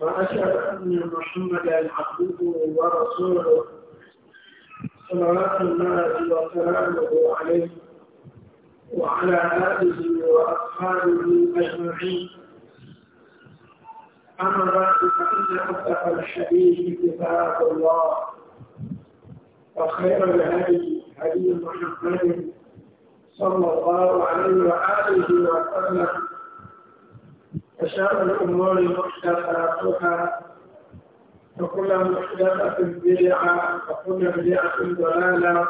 وأشهد أن محمدا عبده ورسوله صلوات الله وسلامه عليه وعلى آله وأصحابه أجمعين أما بعد فإن أصدق الحديث كتاب الله وخير الهدي هدي محمد صلى الله عليه وآله وسلم وشاء الأمور محدثاتها وكل محدثة بدعة وكل بدعة ضلالة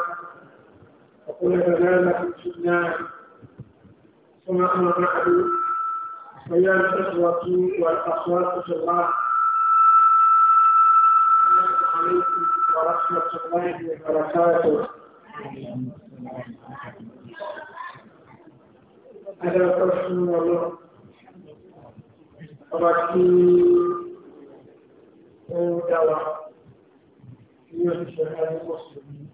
وكل ضلالة في النار ثم أما بعد فيا الإخوة والأخوات في الله السلام عليكم ورحمة الله وبركاته ọba tí ó ń dá wa tí ó ti ṣe ayé mọ̀sùlùmí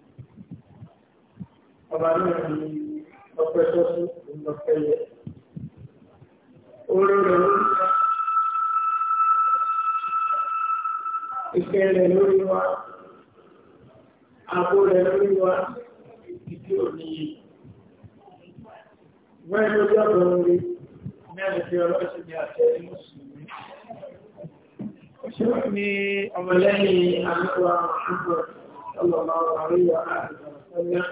ọba náà ni ọpẹ́ sọ́sí ìlọ́pẹ́ yẹ orí rẹ̀ ló ń sá ìfẹ́ rẹ̀ lórí wa àbò rẹ̀ lórí wa ìdí òní yìí wọ́n ń lójú ọ̀dọ́ orí mẹ́rin tí ọlọ́sìn ni àtẹ̀yìn mọ̀sùlùmí ṣe wọ́n ní ọmọlẹ́yìn àmúwà àmúwà ọlọ́mọ àríwá àríwá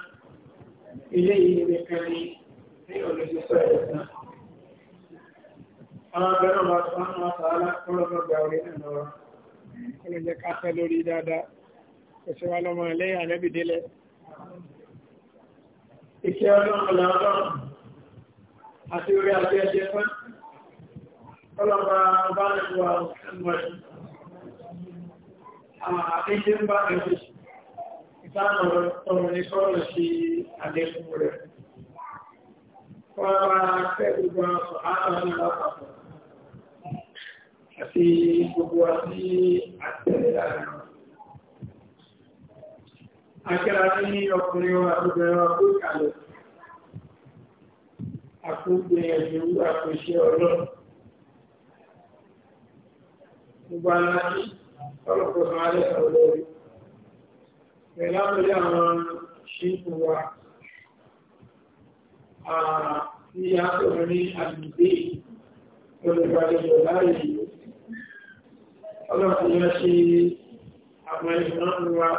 ilé yìí nìkan ní ní olùsísọ ẹ̀sán. Àwọn abẹ́rẹ́ ọba tó máa ń sàálà kọ́lọ́mọ̀ gba orí náà lọ́wọ́. Kí ló jẹ́ ká àti orí àti ẹ̀jẹ̀ fún. Ọlọ́mọ bá ń wà ọ̀sán mọ́ṣẹ́ àfíṣẹ́ ń bá ẹ̀rọ ìtànà ọ̀rọ̀ ní sọ́rọ̀ sí àdékùn rẹ̀. Fọ́nà fẹ́ gbogbo àwọn àtàrí lápapọ̀ àti gbogbo àti àtẹ̀lẹ̀ àrùn. Akẹ́ra ní ọkùnrin wa obìnrin wa kó ọlọ́run. Gbogbo aláàrí ọlọ́pọ̀ sọ alẹ́ sọ̀rọ̀ lórí pẹ̀láwọ́lẹ́ àwọn ṣíkú wa ní àtọ̀rọ̀ ní àdìgbé olùgbàlejò láàyè ọlọ́pọ̀ yọ sí àwọn ìmọ̀nù wa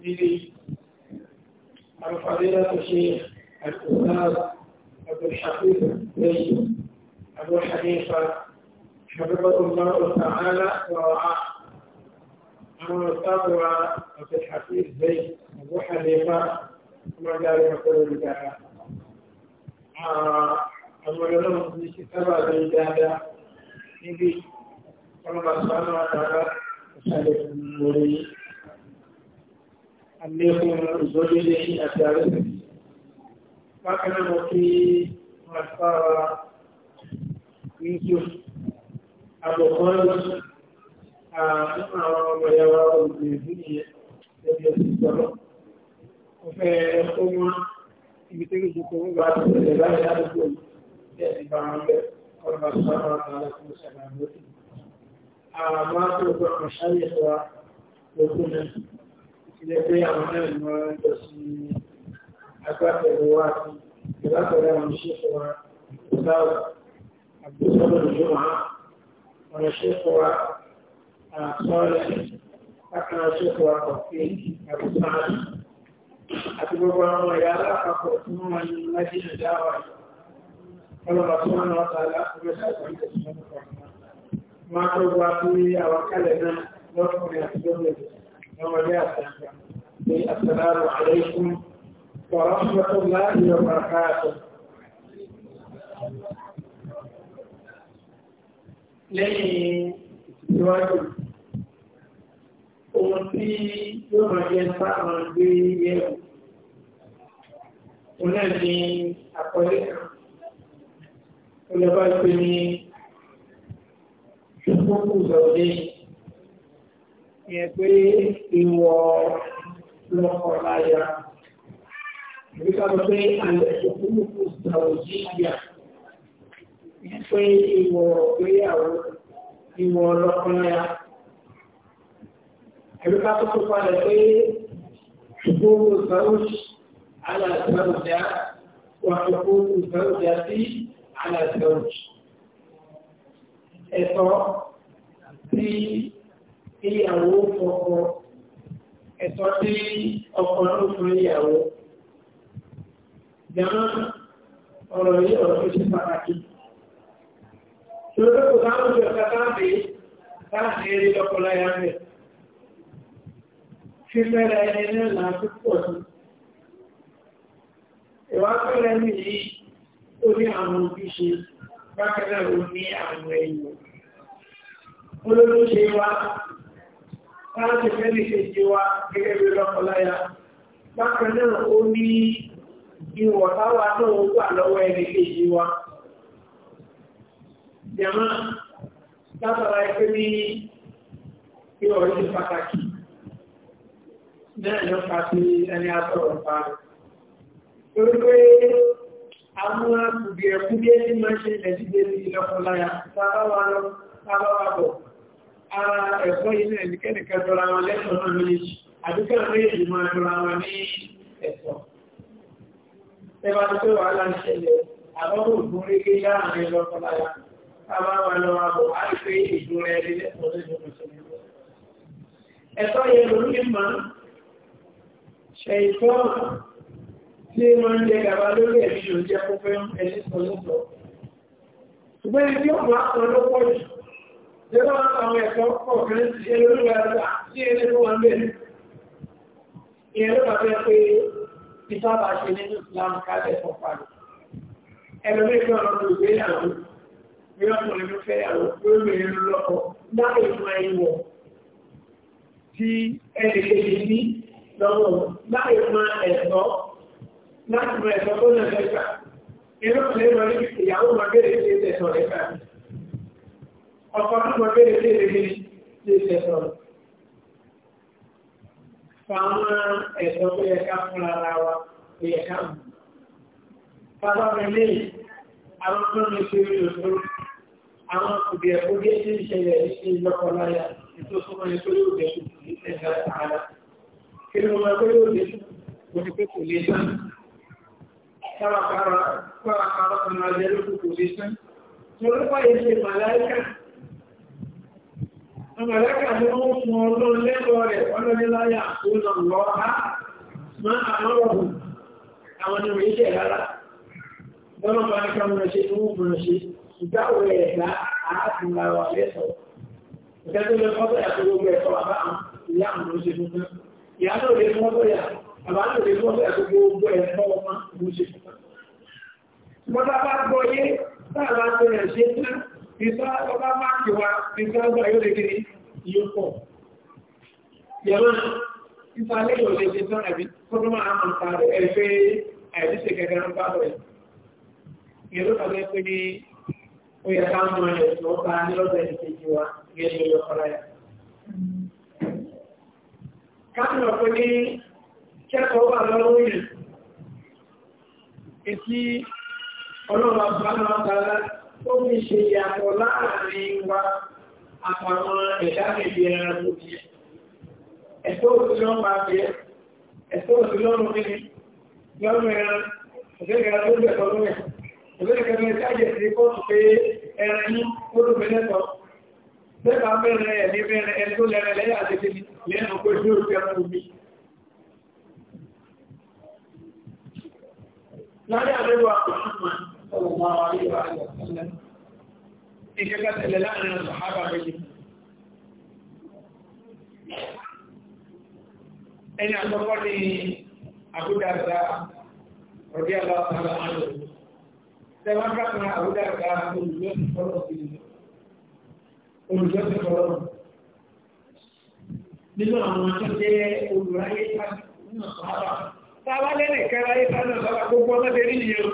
nílé àwọn fàdílà tó ṣe àtìgbàlá أبو الحفيظ ليه أبو حنيفة حفظه الله تعالى ورعاه مرتضوى وفي الحفيظ زيد أبو حنيفة وما قال يقول لك أما لهم في كتابة الإجابة نبي الله سبحانه وتعالى وسالك المولي عليكم زوجي أتعرف وكان وفي مصطفى يوسف أبو خالد nínú àwọn ọmọ ìyá wa obìnrin fún ìyẹn ẹbí ẹsìn sọ̀rọ̀ ó fẹ́ ó mọ ibi tí kìí kó gbogbo àti ìṣẹ̀lẹ̀ láyé ládùúgbò yìí ẹ̀ nípa àwọn ọmọ ọlọ́mọ sọ̀rọ̀ àwọn ọmọ ọmọ sọ̀rọ̀ àwọn ọmọ àwọn máa tó gbọ́ àwọn ṣáyẹ̀ àwọn náà àwọn ìṣẹ́fọ̀ àwọn ìṣẹ́fọ̀ wa صالح أكنا شكوى قفين أبو سعد أتبقى أنه يالا أخوتنا من مدينة دعوة الله سبحانه وتعالى أبسط أنت سبحانه وتعالى ما تبقى في أوكالنا نرحب يحضر السلام عليكم ورحمة الله وبركاته لين سواجه ohun tí yóò máa yẹ sáwọn gbé yẹ̀wò òun náà ní àkọlé kan olùbá pé ní ṣùgbọ́n ìzọ̀lẹ́ yẹn pé ìwọ lọ́kọ̀ láyà ìbí ká pé àlẹ́ ìṣòkúrú kò sàwòjì ìyà yẹn pé ìwọ ìgbéyàwó ìwọ lọ́kọ̀ láyà ẹ̀rọ ká tó tó palẹ̀ pé ṣùgbọ́n olùsọ̀rọ̀ṣì aláàtìmọ̀lùjá wà ṣùgbọ́n olùsọ̀rọ̀jà sí aláàtìmọ̀lùjì. Ẹ̀tọ́ tí ìyàwó fọ́kọ́ ẹ̀tọ́ tí ọkọ ló fún ìyàwó. Ìjọba ọ̀rọ̀ yìí ọ̀rọ̀ tó ṣe pàtàkì. Ṣòro tó kò sáwọn ìjọba káàkiri káàkiri lọ́kọ̀ọ́láyà mẹ́ta. fífẹ́rẹ́ ẹni náà là ń púpọ̀ sí. Ìwáfẹ́rẹ́ ní yìí ó ní àwọn ojúṣe bákan náà ó ní àwọn ẹ̀yìn. Olólóṣe wa, láti fẹ́lẹ̀ kejì wa gẹ́gẹ́ bí lọ́kọláya, bákan ní náà wà lọ́wọ́ ẹni látara ẹgbẹ́ ní pàtàkì. náà yọ pa sí ẹni àtọ̀rọ̀ pa rẹ̀. Torí pé àwọn kùdìẹ̀kùdìẹ̀ tí máa ṣe ẹ̀dígbé ní ìlọ́kọláyà sára wa lọ sára wa bọ̀. Ara ẹ̀kọ́ yìí náà nìkẹ́nìkẹ́ tọ́ra wọn lẹ́sọ̀ náà méjì, àdúgbò méjì máa tọ́ra wọn ní ẹ̀sọ̀. Ẹba tó pé wàhálà ń ṣẹlẹ̀, àbọ̀bọ̀ ògùn régé láàrin ìlọ́kọláyà sára wa lọ wa bọ̀, á rí pé ìdúró ẹni lẹ́sọ̀ lẹ́sọ̀ lẹ́sọ̀ ẹ̀tọ́ lórí máa ṣẹ̀ìtọ́ tí wọ́n ń jẹ gàba lórí ẹ̀bí yóò jẹ́ kó fẹ́ ẹni sọ lọ́pọ̀. ṣùgbọ́n ibi ọmọ akọ ló pọ̀ jù lọ́wọ́ àwọn ẹ̀kọ́ pọ̀ kan ti ṣe lórí ẹ̀rọ sí ẹni tó wọ́n bẹ̀rẹ̀. ìyẹn ló bàbá pé ìsábà ṣe nínú Islam kálẹ̀ fọ́ parí. ẹlòmíkì ọ̀rọ̀ ló gbé yàwó bí ọkùnrin ló fẹ́ yàwó lórí ẹ̀rọ lọ́kọ̀ láì lọ́wọ́ láì mọ ẹ̀tọ́ láti mọ ẹ̀tọ́ tó náà lẹ́ka inú ọ̀lẹ́ mọ níbi ìyàwó máa bẹ̀rẹ̀ sí ilé ẹ̀tọ́ lẹ́ka ọkọ tó máa bẹ̀rẹ̀ sí ilé ilé ẹ̀tọ́ fáwọn ẹ̀tọ́ tó yẹ ká fún ara wa tó yẹ ká mú fáwọn ọmọ ilé àwọn tó ń ṣe orí òṣèlú àwọn kùdìẹ̀ kó gé sí ìṣẹ̀lẹ̀ ìṣẹ̀lẹ̀ ọkọ̀ láyà ètò súnmọ́ ní kí ni mo máa gbé yóò dé mo ti pé kò lè tán kárakára kárakára kan máa jẹ lókù kò lè tán mo ló fàyè ṣe màláìkà màláìkà ni wọ́n fún ọlọ́run lẹ́kọ̀ọ́ rẹ̀ ọlọ́niláyà tó nà lọ́ ẹ̀kọ́ gbogbo ẹ̀kọ́ bàbá ìyá àwọn ọmọ fún ìyá náà lè fún ọgbọ́ yà bàbá náà lè fún ọgbọ́ yà gbogbo ogbó ẹ̀ fọ́ ọmọ ló ṣe fún wọn. mọ́tà bá gbọ́ yé sáàlá tó yà ṣe tán ìsá ọba máàkì wa ìsá ọgbà yóò lè kiri yóò pọ̀. yàrá ìsàlẹ̀ yóò lè ṣe tán àbí kọ́tọ́ máa mọ̀ ta ẹ̀fẹ́ àìsíṣe gẹ́gẹ́ ń bá lọ yìí. ìyẹn ló kàgbẹ́ pé ní ó yẹ káàkiri ọ̀pẹ́ ní kẹ́kọ̀ọ́ wà lọ́wọ́ yìí ètí ọlọ́run àbúrán àtàrà ó fi ṣe ìyàtọ̀ láàrin wa àpàwọn ẹ̀dá ẹ̀bí ẹran tó di ẹ̀tọ́ òṣìlọ́run bá fi ẹ̀ ẹ̀tọ́ òṣìlọ́run bí lọ́rùn ẹran òṣèlérà tó bẹ̀ tọ́lú ẹ̀ òṣèlérà tó bẹ̀ tọ́lú ẹ̀ Bẹ́bà mẹ́rin ẹ̀ ní mẹ́rin ẹni tó lẹ́rẹ̀ lẹ́yà àti lẹ́nu pé tí ó fẹ́ fún mi. Láyé àríwá ọ̀pọ̀ àríwá àjọ̀sílẹ̀. Ìṣẹ́gbẹ́ tẹ̀lẹ̀ láàrin ọ̀sọ̀ hábà méjì. Ẹni àtọ́kọ́ ni àbúdàdà ọ̀dí àlọ́ àlọ́ àlọ́. Tẹ́wọ́n olùjọ́sìn ọlọ́run nínú àwọn tó jẹ́ olùráyé náà sábà sábà lẹ́nà kẹra ayé sábà sábà gbogbo ọlọ́dẹ níyẹn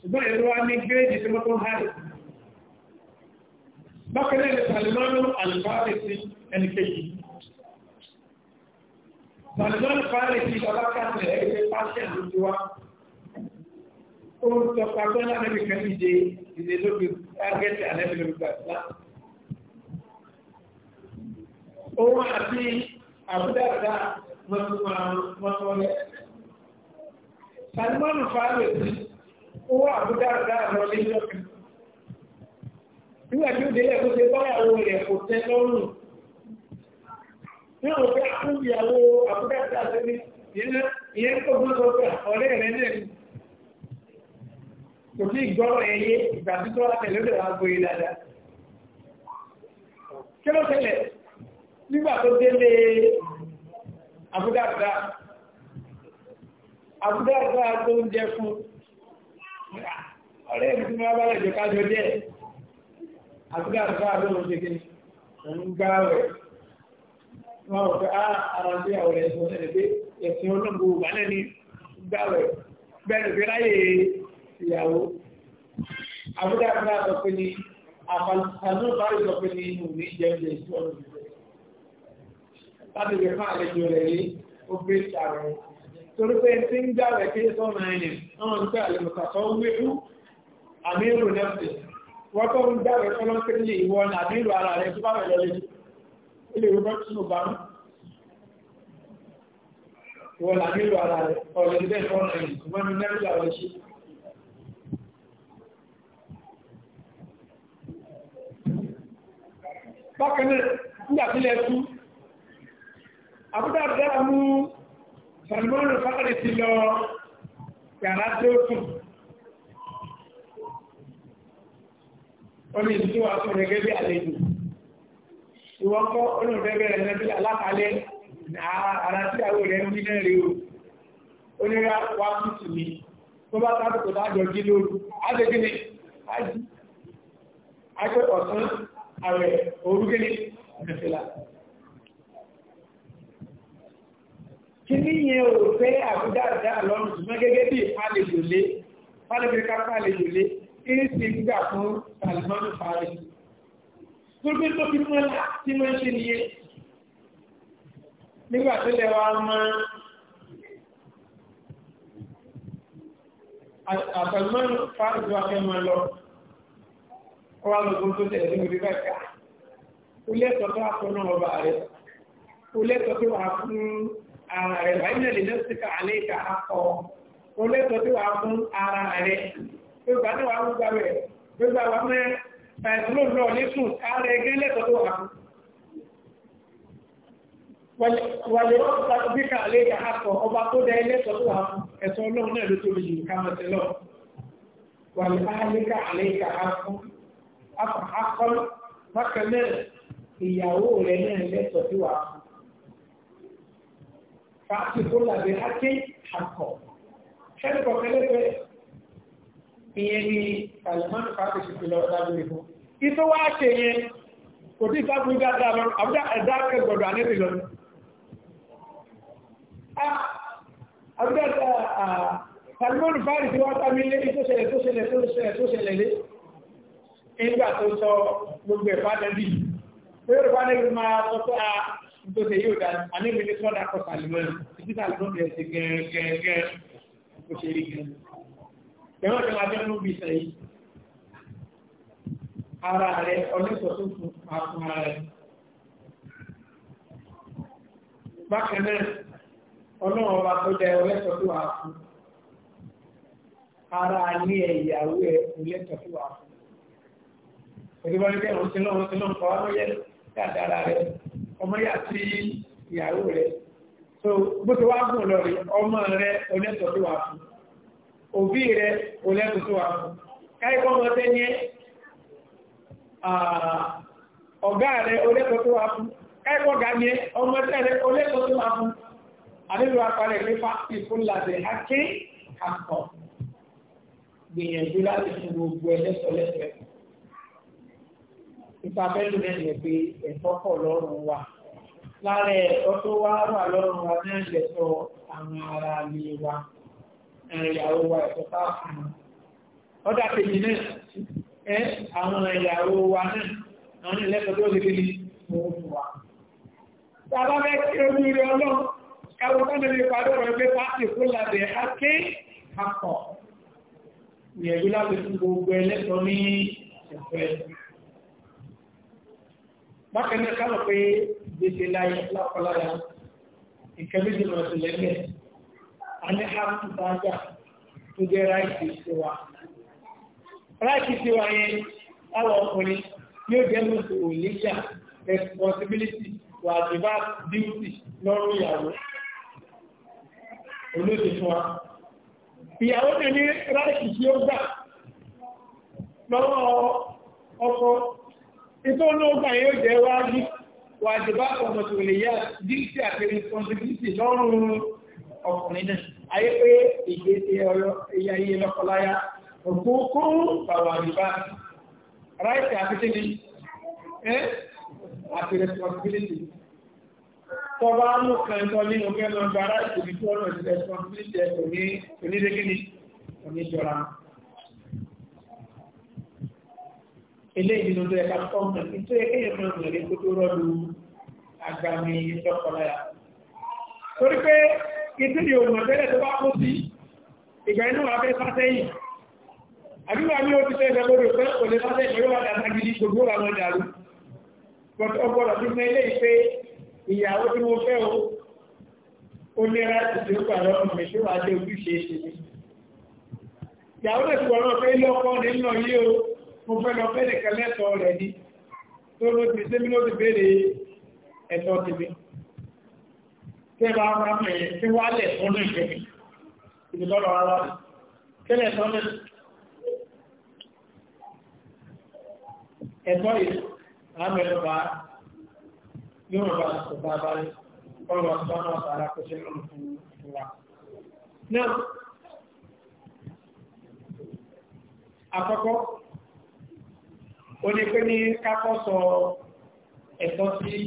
ṣùgbọ́n ẹ̀rọ wa ní gírèjì tí wọ́n tó ń hàrì bákan náà ní Salimanu alifáàrẹsì ẹnì kejì Salimanu fáàrẹsì ọlákàtẹ ẹgbẹ́ pàṣẹ lójú wa ó ń sọ pàtó náà lẹ́bi kan ìdè òun àti àbúdàdà mọ́tòmọ́lẹ́. Salmanu Fáàlù sí owó àbúdàdà lọ́lé lọ́kàn. Nígbà tí ó délẹ̀ tó ṣe báyàwó rẹ̀ kò tẹ́ lọ́rùn. Náà fẹ́ fún ìyàwó àbúdàdà lórí ìyẹn tó gbọ́n sọ pé ọ̀rẹ́ rẹ̀ náà ni. Kò sí ẹyẹ ìgbà títọ́ dáadáa. Kí ló ṣẹlẹ̀? nígbà tó délé àbúdàgbà àbúdàgbà tó ń jẹ fún ọ̀rẹ́ ìlú tí wọ́n bá lẹ́jọ kájọ díẹ̀ àbúdàgbà ló ń ṣe kíni òun gbá ah, rẹ̀ wọ́n rọ̀ pé ara tí àwọn ẹ̀sùn ẹ̀rẹ̀ pé ẹ̀sùn olóògbò wà lẹ́ni gbá rẹ̀ bẹ́ẹ̀ fi ráyè ìyàwó àbúdàgbà sọ pé ní àfàlùfàlù bá rí sọ pé ní ìhùn ní jẹ́ láti lè fún àlejò rẹ̀ yìí ó gbé ṣàrọ̀ torí pé tí ń já rẹ̀ kéé sọ́nà ẹ̀yìn náà ń pẹ́ àlèmọ̀tà tó ń wéwú àmírù nẹ́fẹ̀ wọ́n tó ń já rẹ̀ sọ́nà kiri lè wọ́n ní àmírù ara rẹ̀ tó bá rẹ̀ lọ́lẹ̀ ilé ìwé bá tún bá wọ́n ní àmírù ara rẹ̀ ọ̀rẹ́ ilé sọ́nà ẹ̀yìn wọ́n ní nẹ́fẹ̀ àwọn ṣe. bákan náà nígbà tí lè tún àbúdàdà mú sàlmọ́nù fáàrí ti lọ yàrá tó kùn omi ìdúró aṣọ rẹ̀ gẹ́gẹ́ bí àlejò ìwọ́n kọ́ olùdẹ́gbẹ́ rẹ̀ lẹ́bí alákàálẹ̀ ara tí àwọn rẹ̀ ní náà rí o onírà wá tútù mi tó bá sáà tó dájọ́ jí lóru àdéjì ni ájú àjọ ọ̀sán àwẹ̀ orúgẹ́ni ìrẹsìlá kí ní yẹn ò fẹ́ àbúdáadáa lọ́rùn ṣùgbọ́n gẹ́gẹ́ bí àlejò lé pálẹ́bìrìkà pàlejò lé ìrísí gbígbà fún Salman Faris gbogbo tó fi mọ́ là tí máa ń ṣe nìyẹn nígbà tó lè wá máa Salman Faris wá fẹ́ máa lọ kó wá lọ gbogbo tẹ̀lé ní orí bẹ́ẹ̀ ká ó lẹ́tọ̀ọ́ tó àkọ́nà ọba tó wà fún ara rẹ̀ wáyé náà lè lọ́síkà alẹ́ ìka akọ o lẹ́tọ̀ọ́ tí wàá fún ara rẹ̀ tó gbà wàá ara ẹ̀ lẹ́tọ̀ọ́ tó wàá fún. wàlẹ̀ ọ̀sà bí ká alẹ́ ìka akọ ọba tó dẹ lẹ́tọ̀ọ́ tó wàá fún ẹ̀sùn ọlọ́run náà ló ká lọ. wàlẹ̀ fàájì tó làbí hákí àkọ́ kẹ́lẹ́kọ̀ọ́ kẹ́lẹ́kẹ́ ìyẹn ni Salman fàájì sì fi lọ dábìlì fún ìtọ́ wá ṣe yẹn kò tí ìtàkùn dáadáa lọ àbúdá ẹ̀dá kẹgbọ̀dọ̀ àníbi lọ àbúdá Salman fàájì tí wọ́n tàbí lé tó ṣẹlẹ̀ tó ṣẹlẹ̀ tó ṣẹlẹ̀ nítorí yóò dá alébi ní sọ́dà kọ́ sàlùmọ́ títí sàlùmọ́ bẹ̀rẹ̀ sí gẹ́gẹ́gẹ́ kò ṣe rí gẹ́gẹ́. Bẹ̀rẹ̀ ọ̀dọ́ wa bẹ́ẹ̀ ló bí sẹ́yìn. Ara rẹ̀ ọlọ́sọ̀ tó fún àfún ara rẹ̀. Bákan náà, ọlọ́run ọba tó dá ọlọ́sọ̀ tó wà fún. Ara ní ẹ̀yàwó ẹ̀ ọlọ́sọ̀ wà fún. Òdìbọn ní kẹ́hìn ọ̀sìn náà ọ̀sìn náà kọ́ wá lọ́yẹ̀ dáadáa rẹ̀ ọmọ yà sí ìyàwó rẹ̀ so bó ti wá gùn lọ rí ọmọ rẹ̀ onẹ́tọ̀ tó wà fún òbí rẹ̀ onẹ́tọ̀ tó wà fún káyọ̀ ọmọ tẹ́ ní ọ̀gá rẹ̀ onẹ́tọ̀ tó wà fún káyọ̀ ọ̀gá ní ọmọ tẹ́ rẹ̀ onẹ́tọ̀ tó wà fún àdébí wa parẹ̀ pé fásitì fún gbìyànjú láti fún gbogbo ẹlẹ́tọ̀ lẹ́tọ̀ẹ́ ìfàbẹ́lú lẹ́nu ẹ̀ pé ẹ̀fọ́ pọ̀ lọ́rùn wa lára ẹ̀kọ́ tó wá wà lọ́rùn wa náà lẹ́tọ́ àwọn ará ilé wa ìyàwó wa ẹ̀kọ́ tá fún un ọ̀dà kejì náà ẹ àwọn ìyàwó wa náà àwọn ìlẹ́tọ̀ tó lè fi ní oòrùn wa tàbá bẹ́ kí o ní rí ọlọ́run káwọn tó lè padà rẹ̀ pé pàtì fún làbẹ̀ áké gbèsè láyé lápọ̀lára nǹkan méjì lọ sí lẹ́gbẹ̀ a ní hapun bájá tó jẹ́ ráìtì sí wa ráìtì sí wa yẹn àwọn ọkùnrin yóò jẹ́ mọ̀tò òníyà responsibility wà àdìbá duty lọ́rùn ìyàwó olóòtú fún wa ìyàwó tó ní ráìtì tí ó gbà lọ́wọ́ ọkọ ìtọ́nú ọgbà yóò jẹ́ wájú wàjọba ọ̀nàtòlèyà díìtì àti responsibility lọ́rùn ọkùnrin náà ayé pé ìgbésẹ̀ ọ̀rọ̀ ẹ̀yà iye lọ́kọláya òkúkú bàwàjọba ráìtì àfikíní ẹ́ àti responsibility tọba mú kan tọ́ nínú kẹ́lọ́ gba ráìtì bí tí ọ̀nà responsibility ẹ̀ kò ní onídékíní oníjọra eléyìí ló yẹ ká tọ́nà nítorí ẹ̀kẹ́ yẹn máa mọ̀ ní kó tó rọ́ọ̀lù agbami lọ́kọ̀láyà. torí pé ìdí ni òun àtẹ́lẹ̀ tó bá kó sí ìgbà inú wa fẹ́ sátẹ́yìn àdúrà ní ó ti tẹ́ ìgbà lórí pé kò lè sátẹ́yìn pẹ̀lú wàdà àtàgídí gbogbo wà lọ dàrú but ọgbọ́dọ̀ fi mẹ́ eléyìí pé ìyàwó tí mo fẹ́ o ó nínú ilé o mo fẹ́ lọ fẹ́ nìkan lẹ́tọ̀ọ́ rẹ̀ ni tó ló ti sẹ́mi ló ti béèrè ẹ̀tọ́ ti mi tẹ́ bá wà mẹ́yẹ tí wà lẹ̀ fún ní ìfẹ́ mi ìdí lọ́rọ̀ ara rẹ̀ tẹ́lẹ̀ tọ́ ní ẹ̀tọ́ yìí àmẹ́lẹ́ bá yóò bá sọ bá bá rẹ̀ ọlọ́wọ́ sọ náà sára kó sí lọ́nà fún wa. àkọ́kọ́ ó ní pé ní kákọ́ sọ ẹ̀tọ́ sí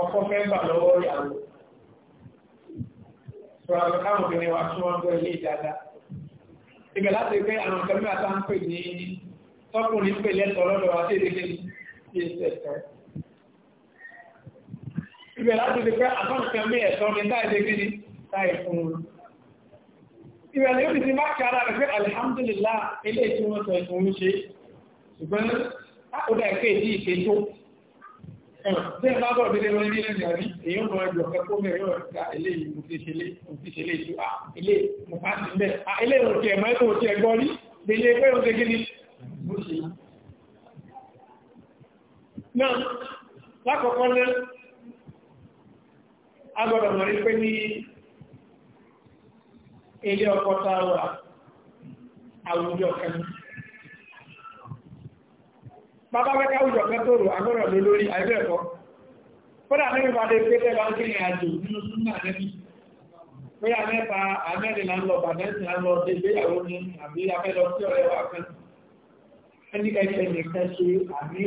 ọkọ fẹ́ gbà lọ́wọ́ ìyàwó sọ̀rọ̀ káwọn obìnrin wa tí wọ́n gbọ́ ilé ìdáadáa ibẹ̀ láti pé àwọn nǹkan mẹ́ta tá ń pè ní tọ́kùnrin pè lẹ́tọ̀ọ́ lọ́dọ̀ wa sí ìdílé sí ìṣẹ̀tọ́ ibẹ̀ láti lè pẹ́ àtọ́nkan mí ẹ̀tọ́ ní táìlé gíní táì fún un ibẹ̀ lè ó ti ti má kí ara rẹ̀ pé alhamdulillah ilé ìtumọ̀ sọ ìtumọ̀ ṣe ṣùgbọ́n ó dá ìpé ìdí ìṣe tó ṣé ẹ bá bọ̀ bí lẹ́wọ́n ní ẹ̀rìn àrí èèyàn mọ̀ ẹgbẹ̀ ọ̀fẹ́ kó mẹ́rin ọ̀gá eléyìí mo ti ṣe lé ìṣú à ilé mo bá ti bẹ́ẹ̀ à ilé ìrò ti ẹ̀mọ́ ẹ̀kọ́ ti ẹ̀gbọ́ rí délé pé ó ṣe gidi bó ṣe náà a gbọ́dọ̀ mọ̀ rí pé ní ilé ọkọ̀ wà àwùjọ kan bàbá fẹ́ káwùjọ mẹ́tòrò agbọ́rọ̀ ló lórí àìbẹ̀ẹ̀kọ́ kódà nínú ìbàdé pé tẹ́lá ń kiri àjò nínú súnmọ́ àdẹ́bí bóyá mẹ́ta àmẹ́rin là ń lọ bàdẹ́sì là ń lọ dé ìgbéyàwó ní àbí afẹ́ kan ẹni ẹni ẹni kan ṣe ni.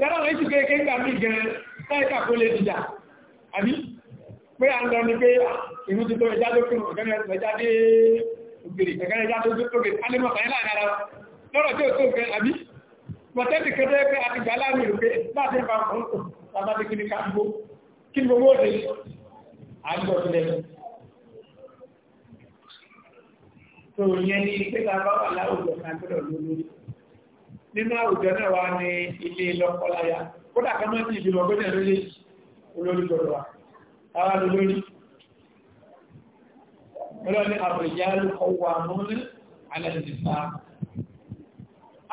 yàrá wọn ti kéèké ń gbà mí gan-an táyì kàkó lè dìjà àbí pé à ń lọ ni pé ìlú ti tó ẹja tó kírun ọ̀gẹ́rẹ́ ẹja dé ògèrè ọ̀gẹ́rẹ́ ẹja tó tó ògèrè ọ̀rọ̀ tí ó tó nǹkan àbí pọ̀tẹ́tì kẹtẹ́ pé àtìgbà láàrin ìrùpé láti bá fún bàbá tí kìíní káàkó kí gbogbo òde àgbọ̀ sílẹ̀ tó yẹn ni pé ta bá wà láwùjọ kan gbọ́dọ̀ lórí nínú àwùjọ náà wà ní ilé lọ́kọ́láyà ọlọ́ni àbùjá ló kọ́ alẹ́ ìdìbò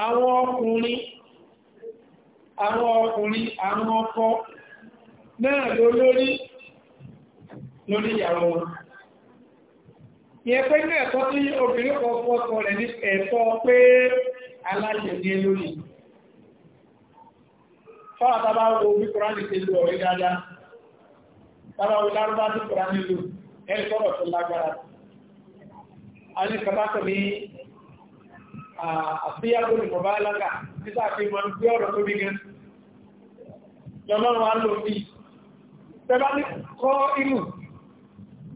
àwọn ọkùnrin àwọn ọkùnrin àwọn ọkọ náà ló lórí lórí ìyàwó ìyẹn pé ní ẹ̀tọ́ tí obìnrin kan ọkọ rẹ̀ ní ẹ̀tọ́ pé aláṣẹ ní lórí fọ́nà tábà wo bí kúránì ti lo ọ̀rẹ́ dáadáa wo lárúbá tí lò ẹ̀rí tó lágbára àfíyàgbò ní bọ̀bá alága títà fi ma ń gbé ọ̀rọ̀ tó bí gan lọ́lọ́run á lò bí tẹ́bá ní kọ́ inú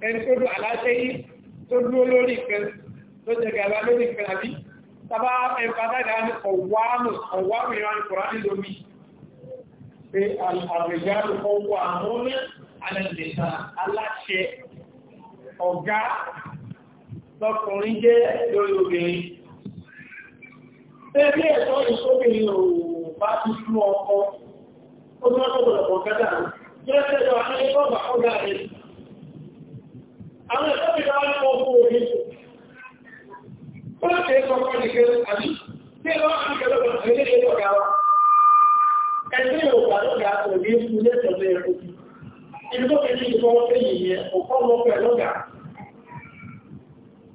ẹni tó dù aláṣẹ yìí tó dúró lórí ìfẹ́ tó jẹ gàba lórí ìfẹ́ àbí tàbá ẹ̀fà dáadáa ní ọ̀wáàmù ọ̀wáàmù ìran kùrá nílò Bébí ẹ̀tọ́ ìṣóbìnrin ò bá ti fún ọkọ, ó ní wọ́n tọ́bọ̀ lọ̀pọ̀ rẹ̀. Jẹ́ ṣẹ́jọ bà ó dà rẹ̀. Àwọn ẹ̀tọ́ ti dáwọ́ nípa ọkọ̀ òní. Ó ṣe sọ fún ẹnìkẹ́ àbí tí ẹ̀rọ àkẹ́kẹ́ lọ́gbọ̀n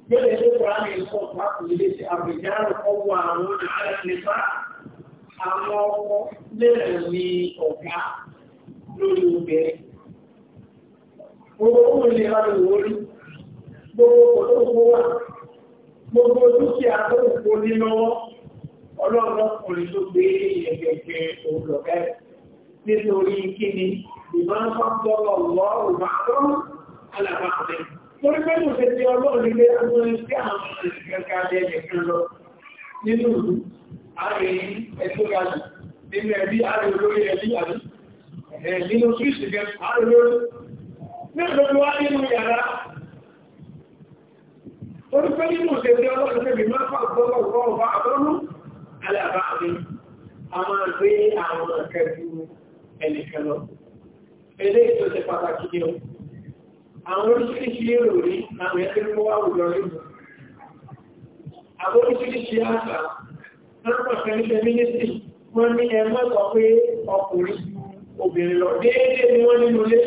Débẹ̀ tó kọ́ra ní ìfọ̀ pàtàkì sí àbìjáàrù ọwọ́ àwọn ààrẹ nípa àwọn ọmọ lẹ́rẹ̀ ní ọ̀gá lórí obìnrin. Gbogbo òun lè rà lò wọlé, gbogbo olóògbé wà, gbogbo dúkìá tó ń kó ní lọ́wọ́, ọlọ́ọ̀lọ́kùnrin tó gbé ẹgbẹ̀gbẹ̀ òun lọ̀gá rẹ̀ nítorí kíni ìbáfà tọ́lọ̀ lọ́rùn bá tọ́rùn torí pẹ́lú ṣe ti ọlọ́run ilé agbóhun sí àwọn ìgbẹ̀ka ẹgbẹ̀ kan lọ nínú ìlú àárín ẹgbẹ́gbàjì nínú ẹbí àárín olórí ẹbí àbí nínú ṣíṣì gẹ àárín olórí nínú lórí wá nínú yàrá torí pẹ́lú ṣe ti ọlọ́run ṣe bí mẹ́fà gbọ́gbọ́ ọba àbọ́rú alábá àbí a máa gbé àwọn akẹ́kọ̀ọ́ ẹnìkan lọ eléyìí tó ṣe pàtàkì ní àwọn oríṣiríṣi èrò rí àwọn ẹgbẹ́ mọ́ àwùjọ rí àwọn oríṣiríṣi àṣà lápapọ̀ ẹgbẹ́ mínísítì wọ́n ní ẹgbẹ́ sọ pé ọkùnrin obìnrin lọ déédéé ni wọ́n nínú ilé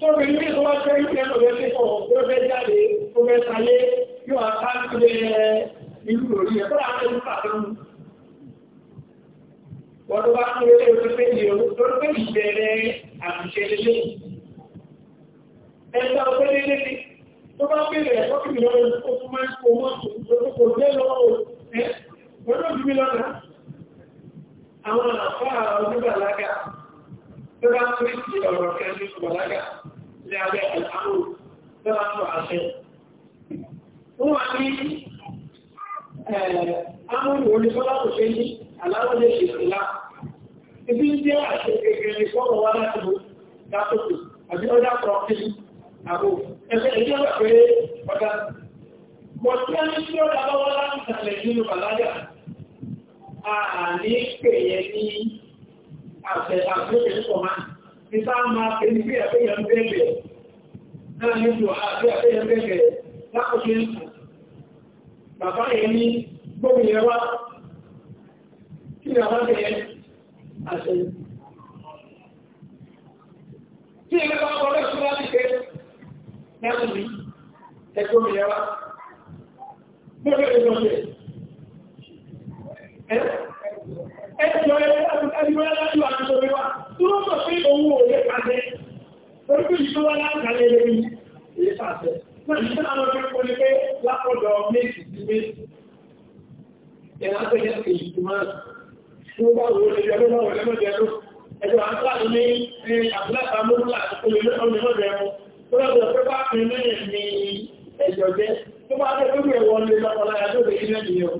tóbi ní tó wá tẹ́ ìpẹ́ ọ̀rẹ́ tí kọ̀ tó fẹ́ jáde tó fẹ́ sáyé yóò àká ilé ìlú lórí ẹ̀ fọ́nà àwọn ìlú pàtàkì wọ́n tó bá ń lé ẹgbẹ́ pé ìbẹ̀rẹ̀ àṣìṣe lélẹ́yìn ẹ̀ta ọ̀pẹ́ lédè ní tó bá bèèrè ẹ̀kọ́ kìí lọ́wọ́ oṣù máa ń kó mọ́ oṣù kò dé lọ́wọ́ ẹ̀ wọ́n ló bí lọ́nà àwọn àfáà onígbàlágà tó bá pè sí ọ̀rọ̀ kẹ́lú ìgbàlágà lé abẹ́ àtàwọn tó bá tó àṣẹ. Wọ́n wá ní amúlù onífọ́lá kò ṣe ní aláwọ̀ lè ṣe ìlà. Ibi ń jẹ́ àṣẹ gẹ́gẹ́ ní fọ́ọ̀rọ̀ wá láti mú dákòtò àbí ọjà kọ̀ọ̀kì àbò ẹgbẹ́ ẹgbẹ́ ọ̀rọ̀ pé ọ̀dà mọ̀ tí a ní sí ọ̀dà lọ́wọ́ láti sàlẹ̀ nínú bàlágà àní pèyẹ ní àfẹ́ àfẹ́fẹ́ nípọ̀ máa ní sáà máa pè ní bí àfẹ́yẹ ń bẹ̀rẹ̀ náà ní ju àfẹ́ àfẹ́yẹ ń bẹ̀rẹ̀ lákòókè ń sùn bàbá yẹn ní gómìnà wa kí ni àbá bẹ̀rẹ̀ àṣẹ. Tí ẹgbẹ́ bá wọlé fún láti ṣe nẹ́kùnrin ẹgbómi ẹwà gbogbo ẹgbẹ́ ọ̀sẹ̀ ẹjọ́ ẹgbẹ́ láti wà nítorí wa tí wọ́n sọ pé owó òye pàdé orúkú yìí tó wá látàlẹ́ lórí ilé pàṣẹ náà ní sáà lọ́jọ́ kó ní pé lápọ̀dọ̀ méjì sí méjì ẹ̀rọ pẹ̀lú èyí tó máa tí ó bá wo ẹjọ́ lọ́wọ́ ẹlẹ́mọ̀jẹ́ lọ ẹjọ́ àtúwà ní àbúlá tó lọ́dọ̀ pé bá pín mẹ́rin ní ẹjọ́ jẹ́ tó bá tẹ́ tó gbẹ̀wọ́ lé lọ́kọ̀láyà tó lè ilẹ̀ ní o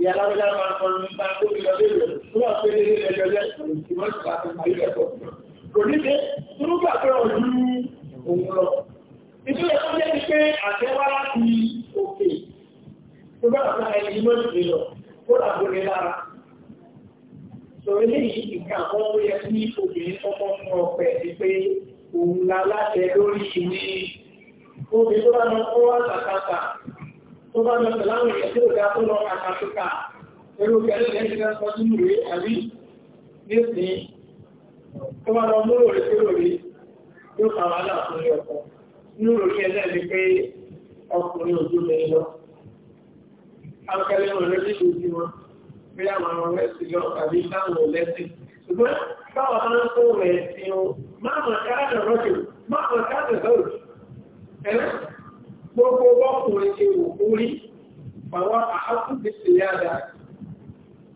ìyá lábẹ́lá máa kọ́ ní bá tó lè lọ́dọ̀ tó wà pé lé ẹjọ́ jẹ́ ìmọ̀ ìgbà tó máa ilẹ̀ pọ̀ kò ní jẹ́ tó ló gbà pé ọ̀dú òun lọ ìtúlẹ̀ tó jẹ́ pé àtẹ́wá láti òkè tó bá wà láti ìmọ̀ ìgbìlọ̀ kó làbó lé lára sọ eléyìí ìgbà kan ó yẹ kí obìnrin òun la láṣẹ lórí ní omi tó bá lọ fún wá kàkàkà tó bá lọ pẹ̀lú àwọn ìyẹn tí ó ga tó lọ kàkàkà ẹrú kẹlẹ́ lẹ́yìn tí wọ́n sọ sínú rẹ̀ àbí nísìnyí tó bá lọ múlò rẹ̀ tó rẹ̀ kẹlẹ́ ni pé ọkùnrin ojú mi lọ báwọn aránkó rẹ̀ sí o máàmà káàdà rọ́jò máàmà káàdà rọ́jò ẹ̀rẹ́ gbogbo ọkùnrin ti wò orí bàwá àákùnbí sí yára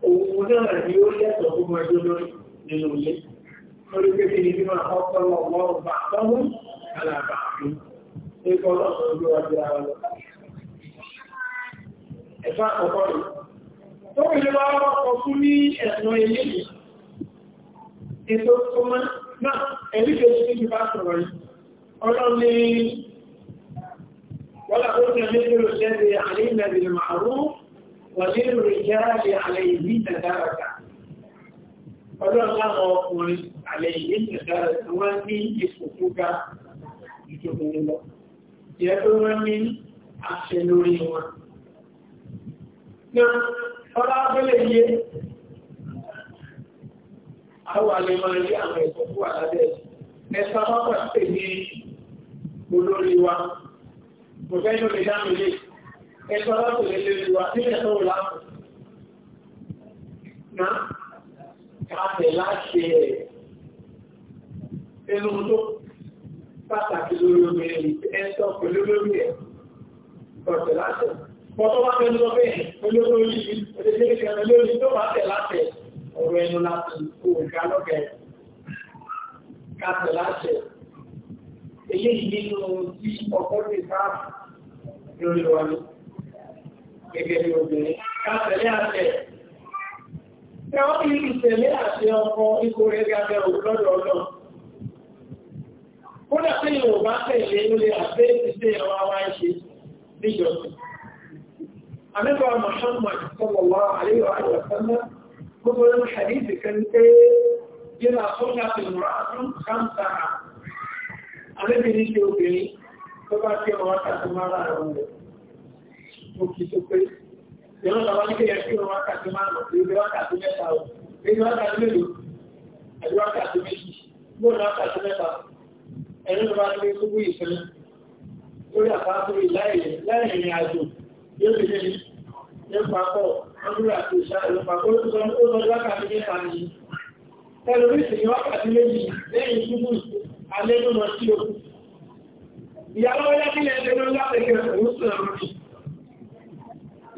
òun náà ni ó lẹ́tọ̀ọ́ gbogbo ẹjọ́ lórí nínú ilé lórí pé ni bí máa kọ́kọ́ lọ wọ́n bá tọ́wọ́ alàbà fún ẹ̀kọ́ lọ́sọ̀ọ́ ló wájú ara lọ. ẹ̀fọ́ àkọ́kọ́ rẹ̀ tó kìí lọ́wọ́ ọkọ̀ fún ní ẹ̀sùn ilé yìí ètò tó mọ́ náà ẹ̀rí kejì ní ti bá sọ̀rọ̀ yìí ọlọ́run ní wọ́lá tó ti ní kí ló jẹ́ ti àlẹ́ ìlẹ̀ màrú wà nínú ìjẹ́ráàlì àlẹ́ ìlú ìtẹ̀dárakà ọlọ́run láwọn ọkùnrin àlẹ́ ìlú ìtẹ̀dárakà wọ́n ní ipò àwọn alẹ́ máa rí àwọn ẹ̀kọ́ fún wa lábẹ́ ẹ̀sán pápá pè ní olórí wa kò fẹ́ yóò lè dáhùn lé ẹ̀sán pápá pè ní olórí wa nílẹ̀ tó wù láàpù náà káàtẹ̀ láṣẹ ẹ̀ ẹnu tó pàtàkì lórí obìnrin ẹ̀sán pẹ̀lú lórí ẹ̀ ọ̀tẹ̀ láṣẹ. Bọ́tọ́ bá fẹ́ lọ bẹ́ẹ̀ olórí olórí tó bá tẹ̀ láṣẹ ọ̀rọ̀ ẹnu láti kó ìgbà lọ́gẹ̀ẹ́ káàtẹ̀ láṣẹ. Eléyìí nínú tí ọkọ̀ lè sáàbù lórí wa ní gẹ́gẹ́ bí obìnrin. Káàtẹ̀lé àṣẹ. Ṣé wọ́n ní ìṣẹ̀lẹ̀ àṣẹ ọkọ ipò rẹ̀ gẹ́gẹ́ lọ́dọ̀ ọlọ́ Kódà pé Yorùbá tẹ̀lé lórí àgbé ìṣe ẹ̀rọ àwa ṣe níjọsìn. Àmẹ́bọ̀ Mọ̀ṣánmà sọ̀rọ̀ wá àríwá àjọ̀sánná كل من حديث كان إلى صنعة المرأة خمسة على بنيتي وبني فبعد يوم وقت ما لا يوم مكي سكري يوم لوالك يكون وقت ما يوم وقت ما يتاو يوم وقت ما يوم وقت ما يوم وقت ما يتاو ẹ̀rọ bá ní gbogbo ìfẹ́ lórí àpapọ̀ ìláìrìn àjò yóò lè nípapọ̀ ọdún àti ìṣàlẹ̀ nípapọ̀ ó sọ ní wákàtí mẹ́ta ni tẹlifíṣì ní wákàtí méjì lẹ́yìn ṣubú alẹ́dùnmọ̀ sí o ìyàwó ọlá nílẹ̀ ẹgbẹ́ ló látẹ̀kẹ́ òun sùn àmì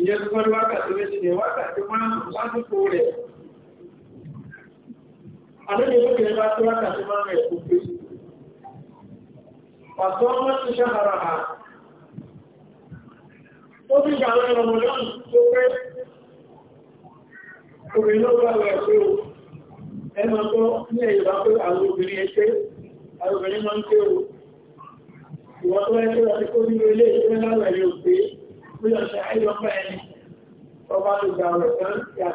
ìyẹn tó ní wákàtí méjì ní wákàtí máa ń lásìkò rẹ̀ àlejò ló kéré bá tó wákàtí máa ń rẹ̀ kò pé pàtó ọmọ ti ṣàhàrà hàn ó ti gbà rẹ̀ ọmọ náà tó pẹ́ obìnrin ló gbà rẹ̀ pé o ẹmọ tó ní ẹ̀yọ̀bá pé àwọn obìnrin ẹgbẹ́ àwọn obìnrin máa ń pé o ìwọ́n tó ẹgbẹ́ ọ̀tí kó nínú ilé ìgbẹ́ láwẹ̀ ní òpé bí lọ ṣe àìlọ́pẹ́ ẹni ọba tó gbà bá pé o rẹ̀ tó pé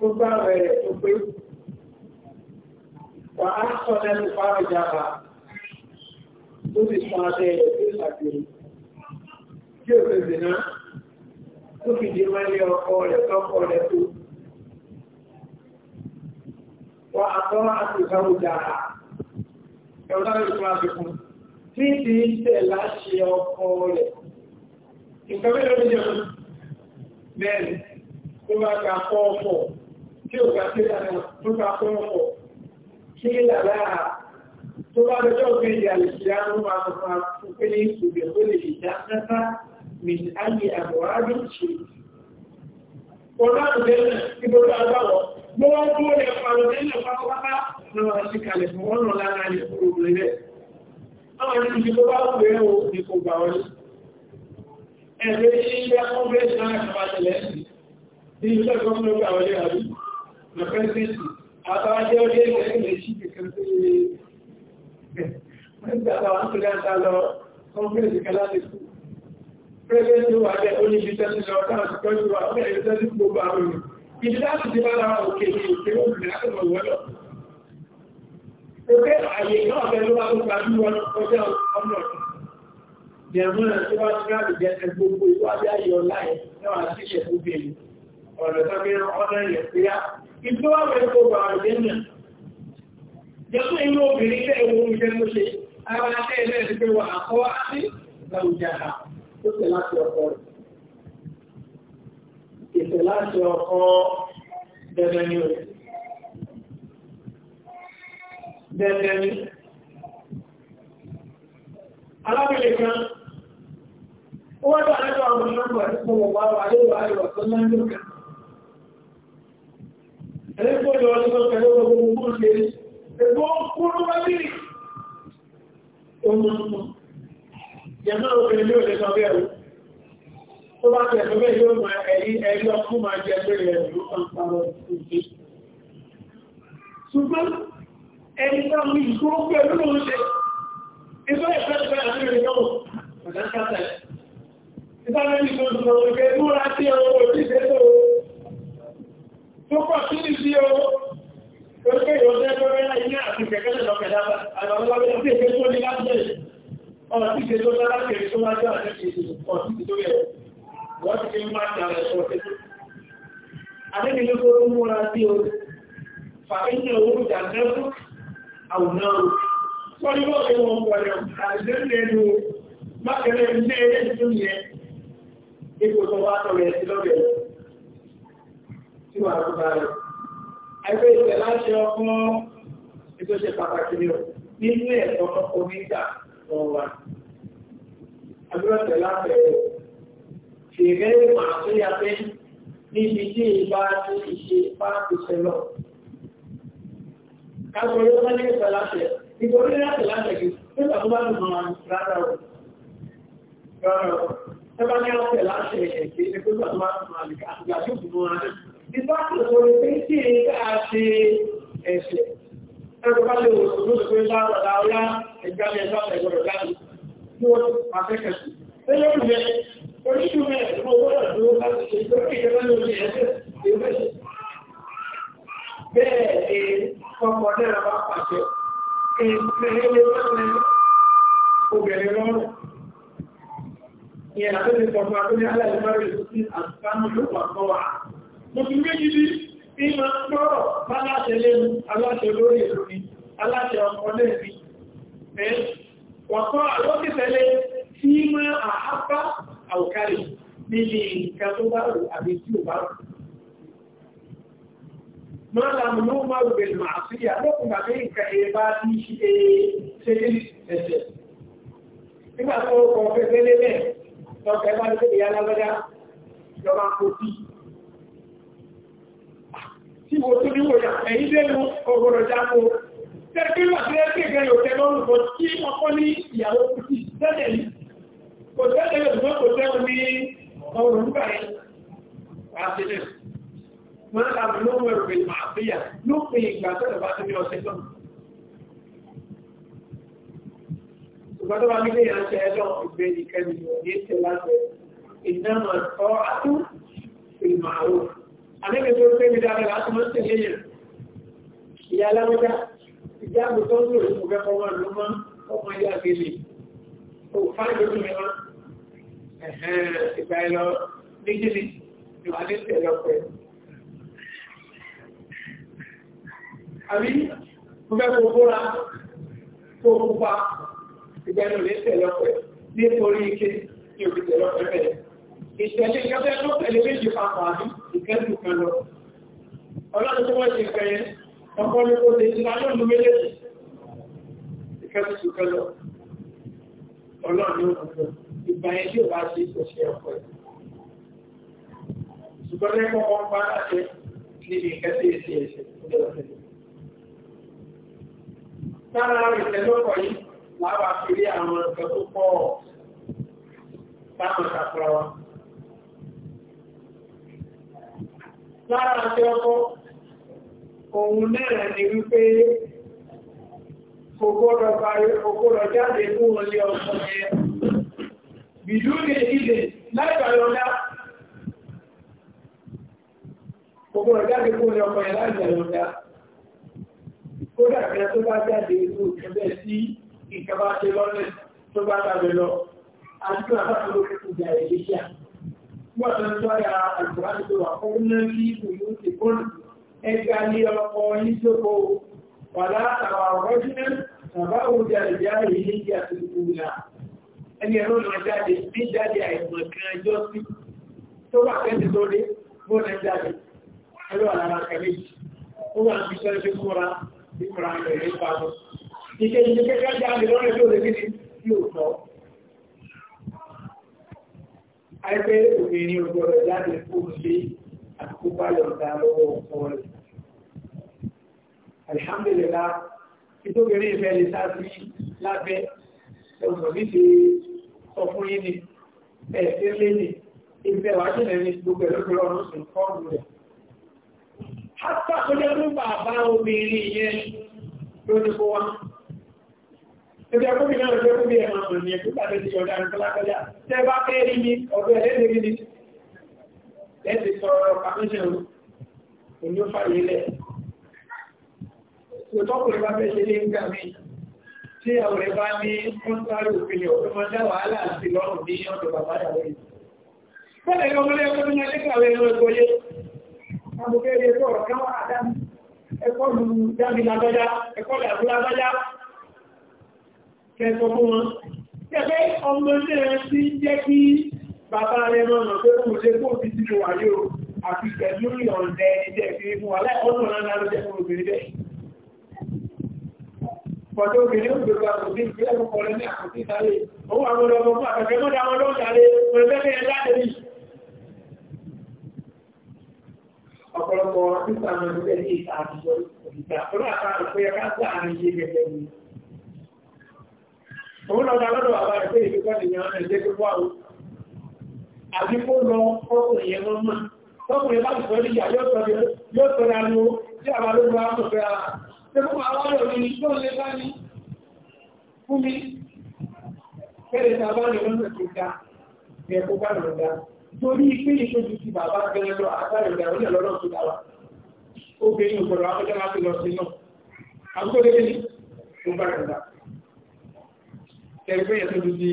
tó gbà rẹ̀ tó pé wà á sọ lẹ́nu fáwọn ìjàmbá ó sì sọ adé ẹ̀ tó ṣàgbèrè tí ò fèsì náà tó fi di mẹ́lẹ̀ ọkọ rẹ̀ tọ́kọ rẹ̀ tó wà á tọ́ àti ìfáwọn ìjàmbá ẹ̀rọ náà lè fún àfikún tí ti ń tẹ̀ láṣẹ ọkọ rẹ̀ nǹkan mẹ́lẹ̀ ló jẹ́ mẹ́rin tó bá ka kọ́ ọ̀pọ̀ tí ò bá tẹ̀lé àná tó bá kọ́ ọ̀pọ̀. قيل لها ترى لو في الإسلام ما تقلت بكل جنة من أي أبواب شئت Ọlọ́run lẹ́nà ìbòrò àgbàwọ̀, gbọ́wọ́ gbọ́ rẹ̀ pàrọ̀ lẹ́nà pátápátá náà sí kalẹ̀ fún ọ̀nà lára rẹ̀ fúrò lẹ́lẹ̀. Àwọn ìdíjì tó bá wùwẹ́ o ní kò gbà wọlé. Ẹ̀rẹ́ ilé ọmọ bẹ́ẹ̀ náà àtàbátẹ̀lẹ̀ sí. Ní ilé ọgbọ́n ló gbà wọlé àrí, mẹ́fẹ́ àtàwọn jẹ́ orí ẹgbẹ́ ẹgbẹ́ sí kẹ̀kẹ́ tó yẹ wọ́n ń gbàtà wọn tó dáńtà lọ kọ́nfẹ́sì kan láti kú pẹ́lẹ́ tó wà jẹ́ oníbi tẹ́lẹ̀ lọ káàkiri tọ́jú wa ọ̀rẹ́ ìlú tẹ́lẹ̀ gbogbo àwọn ènìyàn ìdí láti ti bára òkè ní òkè obìnrin àtọ̀mọ̀ wọ́lọ̀ òkè àyè náà pẹ̀lú wa tó gbajú wọn ọjọ́ ọmọ ọ̀tún jẹ̀mọ́nà tí wọ́n ti ráàlì jẹ́ gbogbo ìwádìí ayọ̀ láì náà àti ìṣẹ̀kú bèèrè ọ̀rọ̀ tó fi rán ọ́nà ìyẹ̀kúyà ìgbówàwẹ̀ tó wà àjẹ́nà jẹ́sù inú obìnrin tẹ́ ewu iṣẹ́ ló ṣe ara tẹ́ ilẹ̀ ti pé wà àkọ́ àti làwùjára tó tẹ̀ láti ọkọ rẹ̀ ìtẹ̀ láti ọkọ dẹ̀dẹ̀ ni rẹ̀ dẹ̀dẹ̀ ni alábìnrin kan ó wájú àlejò àwọn ọmọ náà wà nípa wọ̀wá wà lórí àyọ̀ tó lẹ́yìn kan ẹgbọ́dọ̀ ọdún pẹ̀lú ọgbọ̀n mú ṣe ẹgbọ́ kúrú wá bí ọmọ ọmọ yẹ̀mọ́ obìnrin ní òde sọ bẹ́ẹ̀ tó bá tẹ̀ tó bẹ́ẹ̀ yóò máa ẹ̀yí ẹ̀yọ́ fún máa jẹ pé rẹ̀ ló kàn parọ́ ìdí ṣùgbọ́n ẹni tó ń gbó pẹ̀lú òun ṣe ìfẹ́ ìfẹ́ ìfẹ́ àti ìrìnàmọ̀ ọ̀dá kátà ìfẹ́ ìfẹ́ ìfẹ́ ìfẹ́ ìfẹ́ ìfẹ́ ìfẹ́ ìfẹ́ ìfẹ́ ìfẹ́ púpọ̀ oh. sí ní sí o pé yóò jẹ́ lórí ayé àti kẹ̀kẹ́ lọ́kẹ̀dá àwọn ọlọ́wọ́ tí èké tó ní láti bẹ̀rẹ̀ ọ̀rọ̀ tí èké tó ní láti bẹ̀rẹ̀ tó wájú àti èké ọ̀tí tó yẹ wọ́n ti fi máa tà rẹ̀ sọ tẹ́tẹ́. Adébí ló tó múra sí o, fàáyé owó ìjà mẹ́rù àwùjọ o. Wọ́n ní wọ́n fi wọn wọ̀nyọ̀ àìsẹ́lẹ̀ ẹnu mákẹ́lẹ́ ilé ẹ̀ẹ́dẹ́gbẹ̀rún yẹn. Ipò tó wá tọ̀rẹ̀ sí lọ́bẹ̀ẹ́ tí wà ló bá rẹ̀. Ẹgbẹ́ ìṣẹ̀ láṣẹ ọkùn ètò ṣe pàtàkì ni ó nínú ẹ̀kọ́ onígbà wọn wà. Agbẹ́rẹ́ láfẹ́ fèrè màá tó yà pé níbi tí ìbá ti ìṣe bá ti ṣe lọ. Káàkiri ló bá ní ìṣẹ̀ láṣẹ. Ìgbòrí láti láṣẹ kì í nígbà tó bá dùn rárá o. Rárá o. Ẹ bá ní àṣẹ láṣẹ ẹ̀ṣẹ̀ ìṣẹ́ nígbà tó bá dùn mọ́ àlùkà Di fatti sono pensieri casi essi. Ecco quando lo spendiamo all'aula e già mi esatto e quello già io ma che Ìyẹn àti ìfọ̀mọ́ àti ní alẹ́ ìmọ̀ràn ìlú sí àtìkámọ́ ló mùsùlùmí gidi ìmọ̀ gbọ́rọ̀ aláṣẹ lẹ́nu aláṣẹ lórí ìròní aláṣẹ ọkọ̀ lẹ́ẹ̀bí ẹ́ wọ̀kọ́ àlọ́kẹ̀tẹ̀lẹ̀ tí mọ́ àhápá àwòkárì nílé nǹkan tó bá rò àbí tí ò bá rò máa lámù ló máa rò bẹ̀rẹ̀ màá sí àlọ́kùn àbí nǹkan ẹ̀ bá ti ṣe ṣe ẹ̀ṣẹ̀ nígbà tó kọ̀ fẹ́fẹ́ lélẹ̀ lọ́kẹ́ bá ní pé ìyá lágbájá lọ́ tí wo tó níwò yà ẹ̀yìn lẹ́nu ọgọ́rọ̀ jáko tẹ́gbẹ́lá tí ẹ́gbẹ́ gẹ̀rẹ̀ òtẹ́ lọ́rùn kan tí ọkọ ní ìyàwó kùtì tẹ́lẹ̀ yìí kò tẹ́lẹ̀ yóò tó kò tẹ́lẹ̀ ní ọrùn nígbà yìí wà á tẹ́lẹ̀ wọn á làbí ló ń ní ọ̀sẹ̀ lọ́nà ṣùgbọ́n tó bá ní kéèyàn ṣe ẹjọ́ ìgbé ìkẹ́ni àlẹ́gbẹ̀ tó pé mi dára láti mọ́ sí léyìn ìyá aláwọ́dá ìjáàbò tó ń lò ní ọgbẹ́ ọmọ ló mọ́ ọmọ ilé àgbélé kò fáìlì ojú mi mọ́ ìgbà ẹ̀lọ méjìlì ni wà ní ìtẹ̀lọ pẹ̀ àbí mo fẹ́ kó bóra kó pupa ìgbà ẹ̀lọ ní ìtẹ̀lọ pẹ̀ nítorí ike ní òbí tẹ̀lọ pẹ̀ bẹ́ẹ̀ ìtẹ̀lé ìjọba ẹ̀lọ́ pẹ̀lú méjì papọ̀ àbí ìkẹ́jù kan lọ. Ọlọ́run tó wọ́n ṣe kẹyẹ, ọkọ̀ ní kó lè ti máa lọ́nà méjèèjì. Ìkẹ́jù kan lọ. Ọlọ́run ló kọ̀ ìgbà yẹn tí ò bá ṣe kò ṣe ọkọ̀ ẹ̀. Ṣùgbọ́n ní kọ́kọ́ ń bá láṣẹ níbi ìkẹ́sí èsì ẹ̀ṣẹ̀ Tára ìtẹ́lọ́kọ̀ yìí láwàá fi rí àwọn ọ̀kẹ́ tó pọ̀ táwọn ìtàkùrọ̀ lára tí ọkọ́ òun náà ni wípé ògbọ́dọ̀ jáde fún olè ọkọ̀ ẹ̀ bìdú ní ilẹ̀ láìpàlọ́lá ògbọ́dọ̀ jáde fún olè ọkọ̀ ẹ̀ láìpàlọ́lá ó dàbẹ̀ tó bá jáde ìlú ìkẹ́bẹ̀ sí ìkẹbà ṣe lọ́nà tó bá tàbẹ̀ lọ àdúgbà bá tó lókùnkùn jà ìléṣà waɗanda ya alfahari zuwa ƙaunar fi buyuti kun ẹgbàlẹ̀ ọkọ̀ yíjọ́kọ̀ wàlá àwọ̀rọ̀jìnà bàbá òjá ìjáre ní ìjà tó kúrò ẹni ẹ̀rọ náà jáde ní jáde àìmọ̀ kan ẹjọ́ sí tó wà kẹ́sì lórí bóná jáde ẹlú àlára kẹ́lẹ́jì ó wà ní sọ́rọ̀ tó múra ní múra rẹ̀ ní pàtó ìkejì ní kẹ́kẹ́ jáde lọ́rẹ̀ tó lè kí ni yóò tọ́ àìpẹ́ obìnrin ọjọ́ rẹ̀ láti fún lé àkókò bá yọ̀ǹda lọ́wọ́ ọkọ rẹ̀ alihamdulilá ìtóbìnrin ìfẹ́ lè sáàtì lábẹ́ ẹ̀wọ̀n ní ti sọ fún yín ni ẹ̀ẹ́sẹ̀ lé ní ìfẹ́ wà jìnà ní gbogbo ẹ̀lọ́gbọ̀rọ̀ ọ̀rọ̀ Ibi ẹkùn mi náà ló kú bí ẹ̀mọ̀ ọ̀nà ní ẹ̀kú tàbí ti ọ̀dá ìkọlákọjá. Tẹ́ bá fẹ́ rí ní ọ̀dọ̀ ẹ̀lẹ́dẹ̀ rí ní. Ẹ̀sì sọ̀rọ̀ pàmíṣẹ̀ òun, òun ló fàyè lẹ̀. Ìtọ́kùnrin bá fẹ́ ṣe lé ń gbà mí. Tí àwọn ẹ̀ bá ní kọ́ńtàrí òfin ọ̀dọ́ máa dá wàhálà sí lọ́rùn ní ọ̀dọ̀ bàbá ìyàwó yìí. Bẹ́ẹ̀ ni ọmọlé ẹ̀kọ́ tó ní ẹ̀kọ́ ẹ̀rọ ẹ̀kọ́ yé. Àbùkẹ́ ẹ̀kọ́ ọ̀rọ̀ kan wà kẹsọ fún wọn tẹ́fẹ́ ọmọ náà sí jẹ́ kí bàbá rẹ̀ mọ́nà pé kò ṣe kó ti ti wà ní o àti pẹ̀lú ìyọ̀ǹdẹ ẹjẹ́ fi fún wa láì ọdún náà ló jẹ́ fún obìnrin bẹ́ẹ̀ pọ̀tọ́ obìnrin ó gbogbo àkókò ìpínlẹ̀ púpọ̀ lọ ní àkókò ìsáré òun àwọn ọmọ fún àkàkẹ́ mọ́dá wọn lọ́wọ́ sáré pẹ̀lẹ́fẹ́ ẹ̀ láti rí ọ̀pọ̀lọpọ̀ ìsàmọ̀ ìgbẹ́ ní ìta àtijọ́ ìgbà tó láta àpẹẹrẹ ká Òun lọ da lọ́dọ̀ bàbá rẹ̀ pé ìfikọ́ nìyàn ọ̀nà ìdé tó wà ó. Àbí kó lọ ọkùnrin yẹn mọ́ mọ́. Tọ́kùnrin bá sọ níyà yóò sọ ní ariwo tí àbá ló bá mọ̀ fẹ́ ara. Ṣé fún àwọn ọ̀rọ̀ mi ní tó lè bá ní fún mi? Kẹ́lẹ̀ tí a bá lè lọ́nà tó ga, ẹ̀ kó bá lọ da. Torí pé ìṣojú ẹgbẹ́ ìtọ́jú di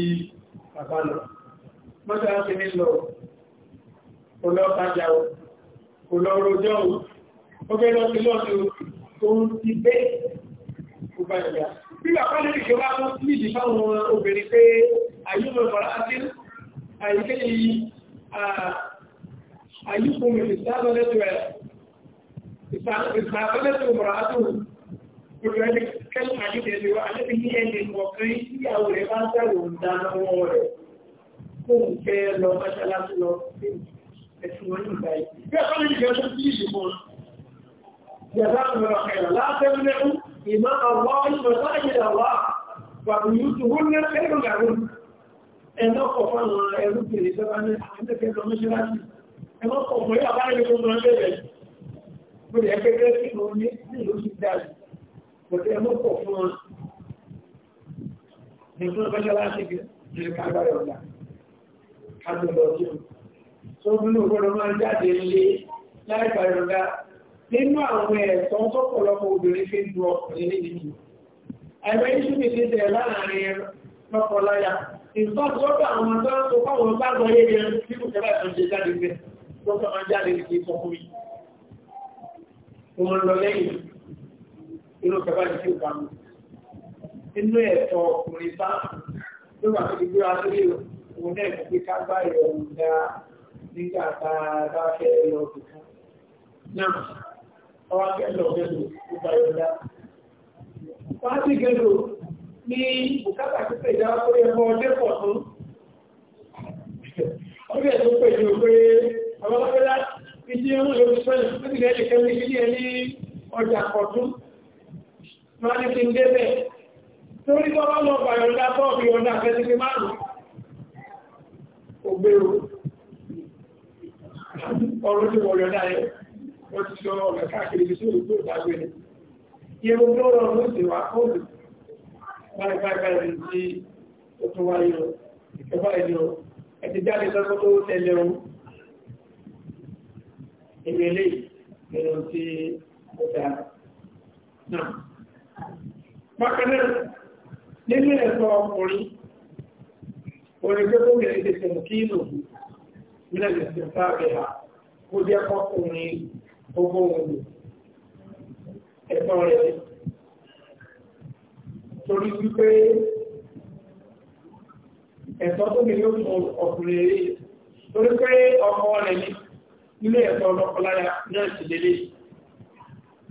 bàbá lọ. Mọ́tà ń fi ní lọ, kò lọ tajà o, kò lọ rojọ́ o, ó fẹ́ lọ sí lọ́nà tó ń ti bẹ́ kó bá ìyá. Bí bàbá lórí ìjọba tó ní ìdí fáwọn Olùrẹ́lẹ̀ kẹ́lù àdídẹ̀lẹ̀ wa, alẹ́bí ní ẹni kọ̀ọ̀kan ìyàwó rẹ̀ bá sẹ́rò ń dáná wọ́n rẹ̀. Kó ń fẹ́ lọ mọ́ṣáláṣí lọ sí ẹ̀sùn wọn nígbà yìí. Bí ọ̀pá ní ìjọ tó bí ìṣòfò. Yàrá mi rọ̀ kẹ̀rọ̀ láti ẹ̀rù lẹ́rù, ìmọ̀ àwọn ìmọ̀ sáàyè àwà, wà ní ìtùwó ní ẹ̀rù gàrú. Ẹ̀nà ọkọ̀ fáwọn ẹrú kiri sọ́ba ní àmẹ́kẹ́ lọ mọ́ṣáláṣí. Ẹ̀nà ọkọ̀ fún yàrá ìlú tó mọ́ ẹgbẹ̀rẹ̀. Bó Porque é muito profundo. Nenhuma vai lá seguir. Ele caga a olhar. Caga o outro. Sobre o governo já dele, lá vai olhar. Nínú àwọn ẹ̀sán tó pọ̀lọpọ̀ obìnrin fi ń du ọkùnrin ní ìlú. Ẹgbẹ́ iṣu mi ti tẹ̀ láàárín lọ́kọláya. Ìfọ́sọ́tọ̀ àwọn tó ń sọ fáwọn bá gbọ́ yé yẹn tí kò tẹ́lá ìtọ́jú jáde bẹ́ẹ̀. Lọ́kọ̀ máa jáde ní kí sọ fún irú kẹfà yìí tí ó bá mú. Inú ẹ̀tọ́ ọkùnrin bá ló wà níbi gbé adúlé òun náà kò pé ká bá ìrọ̀rùn dá nígbà tá a bá fẹ́ lọ kìkan. Náà ọwọ́ akẹ́lọ̀ gẹ́lò ó bá yọ dá. Fáàtì gẹ́lò ní bùkátà pípẹ́ ìdáwọ́ tó yẹ fún ọdẹ pọ̀ tún. Ọdún ẹ̀ tó pè ní pé ọlọ́pẹ́lá ìdí ẹ̀rùn ló ti pẹ́lú fún ìdílé ẹ̀kẹ́ ní ọjà pọ̀ máa ní kí n débẹ̀ torí tó bá lọ bàyọ̀dá tó bí ọ̀dá fẹ́síkí márùn-ún ògbèrò ọ̀rọ̀ tí wọ́n yọ̀dá yẹ wọ́n ti sọ ọ̀rọ̀ káàkiri sí òkú ìdágbé ni iye gbogbo ọ̀rọ̀ ló sì wá kóòdù báyìí báyìí tí ó tún wáyé lọ ìjọba ìlú ẹ̀tì jáde sọ́kọ́ tó tẹ̀lé ohun ìrẹ̀lẹ̀ nínú tí ó dáa náà bákanáà nínú ẹ̀sọ́ ọkùnrin orígbẹ́gbẹ́ ilé ìṣẹ̀lẹ̀ kí ìlú nílẹ̀ ìṣẹ̀lẹ̀ sáàbẹ̀ ha kó jẹ́ ọkùnrin gbogbo òun ẹ̀tọ́ rẹ̀ torí wípé ẹ̀tọ́ tó gbìyànjú fún ọkùnrin eré torí pé ọkọ rẹ̀ ní ilé ẹ̀tọ́ ọlọ́kọláyà náà sì lélẹ́yìí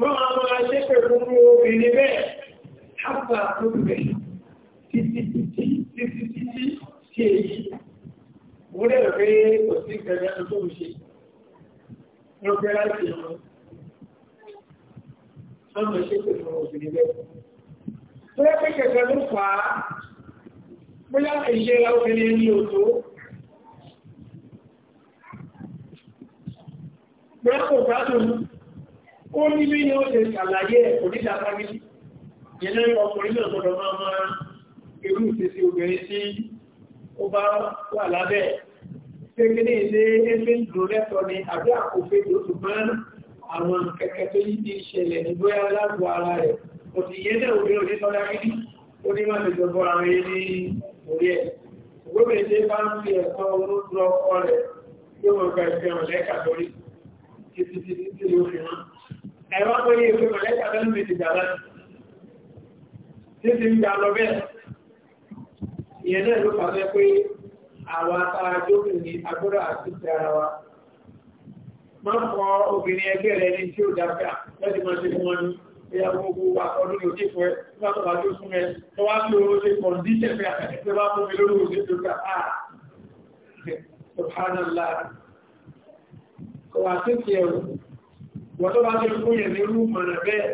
máa máa lẹ́pẹ̀ gbogbo obìnrin bẹ́ẹ̀ hápà lóbẹ̀ títí títí títí títí tí èyí mo rẹ̀ pé kò sí ìgbẹ̀rẹ̀ tó ń ṣe lọ́pẹ́ láti ọmọ ọmọ ìṣẹ́pẹ̀ fún obìnrin bẹ́ẹ̀ tó yẹ pé kẹ̀kẹ́ ló fà á bóyá ìlera obìnrin ní òtó Gbẹ́kọ̀ọ́ gbádùn ó ní bí ni ó ṣe ṣàlàyé oníṣà fámílì ìyẹn lẹ́yìn ọkùnrin náà gbọ́dọ̀ máa máa irú ìṣesí obìnrin tí ó bá wà lábẹ́ kékeré ilé ẹgbẹ́ ìdúró lẹ́tọ̀ ni àbí àkófẹ́ tó ṣùgbọ́n àwọn kẹ̀kẹ́ tó yí ti ṣẹlẹ̀ ní bóyá lágbo ara rẹ̀ kò sì yé náà obìnrin òní sọ́dá kíní ó ní má tẹ̀jọ bọ́ ara rẹ̀ ní orí ẹ̀ gbogbo ìṣe bá ń fi ẹ̀kọ́ olóòtú ọkọ rẹ̀ yóò mọ̀ gba ìfẹ́ ọ̀lẹ́kà lórí títí títí tí ó fi hàn ẹ̀rọ tó yé ìwé mọ̀lẹ́ta lẹ́nu lè ti dàbá títí ń dà lọ bẹ́ẹ̀ ìyẹn náà ló fà mẹ́ pé àwọn aṣáájókù ní agbọ́dọ̀ àti ti ara wa máa ń kọ obìnrin ẹgbẹ́ rẹ ní tí ó dábíà lọ́dí máa ṣe fún wọn ní ẹ̀yà gbogbo àkọọ́dún ní òkè fún ẹ nígbà tó bá tó fún ẹ tó wá fi owó ṣe pọ̀ ní ìṣẹ̀fẹ́ àtàkì tó bá ah, tó ti ẹ̀rù wọ́n tó bá ń lè fún yẹ̀ nírú mọ̀nà bẹ́ẹ̀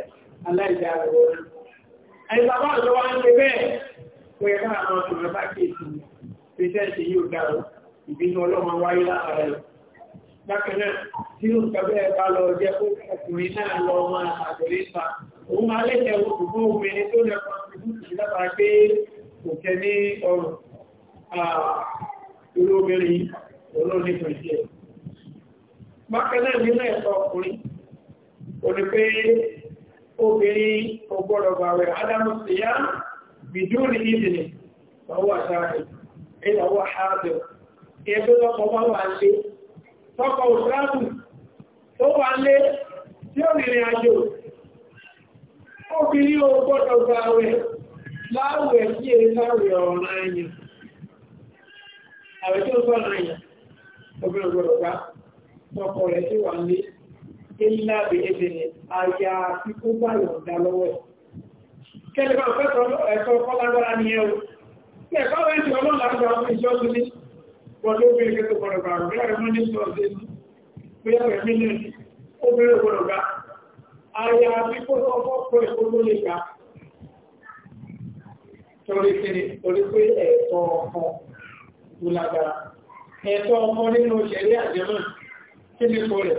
aláìjà rẹ̀ wọ́n. ẹni bàbá ọ̀dọ́ wa ń lè bẹ́ẹ̀ pé ẹ̀ká àwọn ọ̀sùnmọ̀ bá kéèkì pẹ̀sẹ̀ǹtì yóò dárò ìbínú ọlọ́mọ wáyé láàárẹ̀ lọ. bákan náà tí ó ń kẹfẹ́ bá lọ jẹ́ kó ọkùnrin náà lọ máa àgbẹ̀rẹ̀ ta òun máa lè ní pèsè. ọkùnrin òní pé obìnrin ọgbọ́dọ̀ gbàwẹ̀ adámù sí yá bìdúrù ní ìdìní lọ́wọ́ àṣáàrẹ̀ ìlọ́wọ́ àádọ́ ẹgbẹ́ lọ́pọ̀ bá wà ń lé tọ́kọ̀ òṣìláàbù tó wà ń lé tí ó rìnrìn àjò obìnrin ọgbọ́dọ̀ gbàwẹ̀ láwẹ̀ sí ẹ láwẹ̀ ọ̀rọ̀ ẹ̀yìn àwẹ̀ tó sọ̀rọ̀ ẹ̀yìn obìnrin ọgbọ́dọ̀ gbà ilá bí ebi ni àyà àti kó bá yọ̀ǹda lọ́wọ́ ẹ̀. Kẹ́lẹ́bà ọ̀fẹ́sọ̀ ẹ̀sọ́ ọlágbára ni ẹ̀rù. Ẹ̀kọ́ rẹ̀ ti ọlọ́run láti ọdún ìṣọ́jú ní bọ́dé obìnrin kẹ́tọ̀ gbọ́dọ̀ gbà rẹ̀ rẹ̀ mọ́ ní sọ́ọ̀dé ní bóyá rẹ̀ mí lẹ́nu obìnrin gbọ́dọ̀ gbà. Àyà àti kó sọ fọ́pọ̀ ẹ̀kọ́ ló lè gbà. Torí kiri, torí pé ẹ̀tọ́ ọkọ ló lágbára. Ẹ̀tọ́ ọkọ nínú ìṣẹ̀lẹ̀ àjẹmọ́ kí ni kò rẹ̀?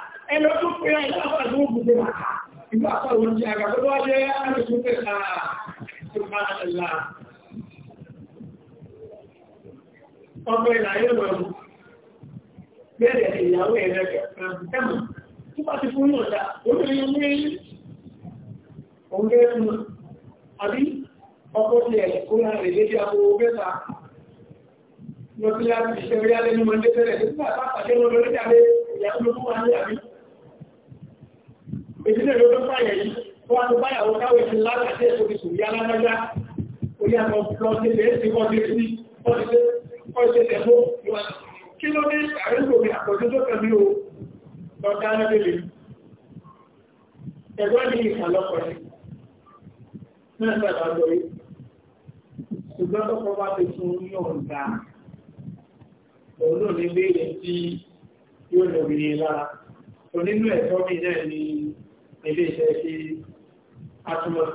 ẹlọ tó pé aláwọ̀ ló gbogbo wà ìlú àpàwọn oúnjẹ àgbàgbọ́ wá jẹ́ àrùsùn pẹ̀lá ìpàdàlá ọmọ ìlàyé lọ́rùn bẹ́ẹ̀rẹ̀ ìyàwó ẹ̀rẹ́ kẹfẹ́mù tó bá ti fún ìrọ̀dá olóyìn ní oúnjẹ ẹ̀mù àbí ọkọ̀ tí ẹ̀ kó láàrin lédí àpò mẹ́ta lọ́tílá ti ṣe orí alẹ́nu mọ́ ìdílé ló lọ́pàá yẹ̀ yìí tó wá tó báyàwó káwé ti lágbàtí èso ti sùn yá lágbàjá orí àtọ̀ lọ sí ilé èsì kọ́ sí sí kọ́ sí tẹ̀mó kí ló ní àrígbò mi àpọ̀jú tó kẹ́mí o lọ dáná lélẹ̀ ẹ̀gbọ́n ní ìsàlọ́pọ̀ ni náà sábà lọ yìí ṣùgbọ́n tó kọ́ bá ti fún ní ọ̀gá òun náà ní béèrè tí yóò lọ bí lára onínú ẹ̀tọ́ mi náà ni ilé iṣẹ́ ṣe atúmọ̀.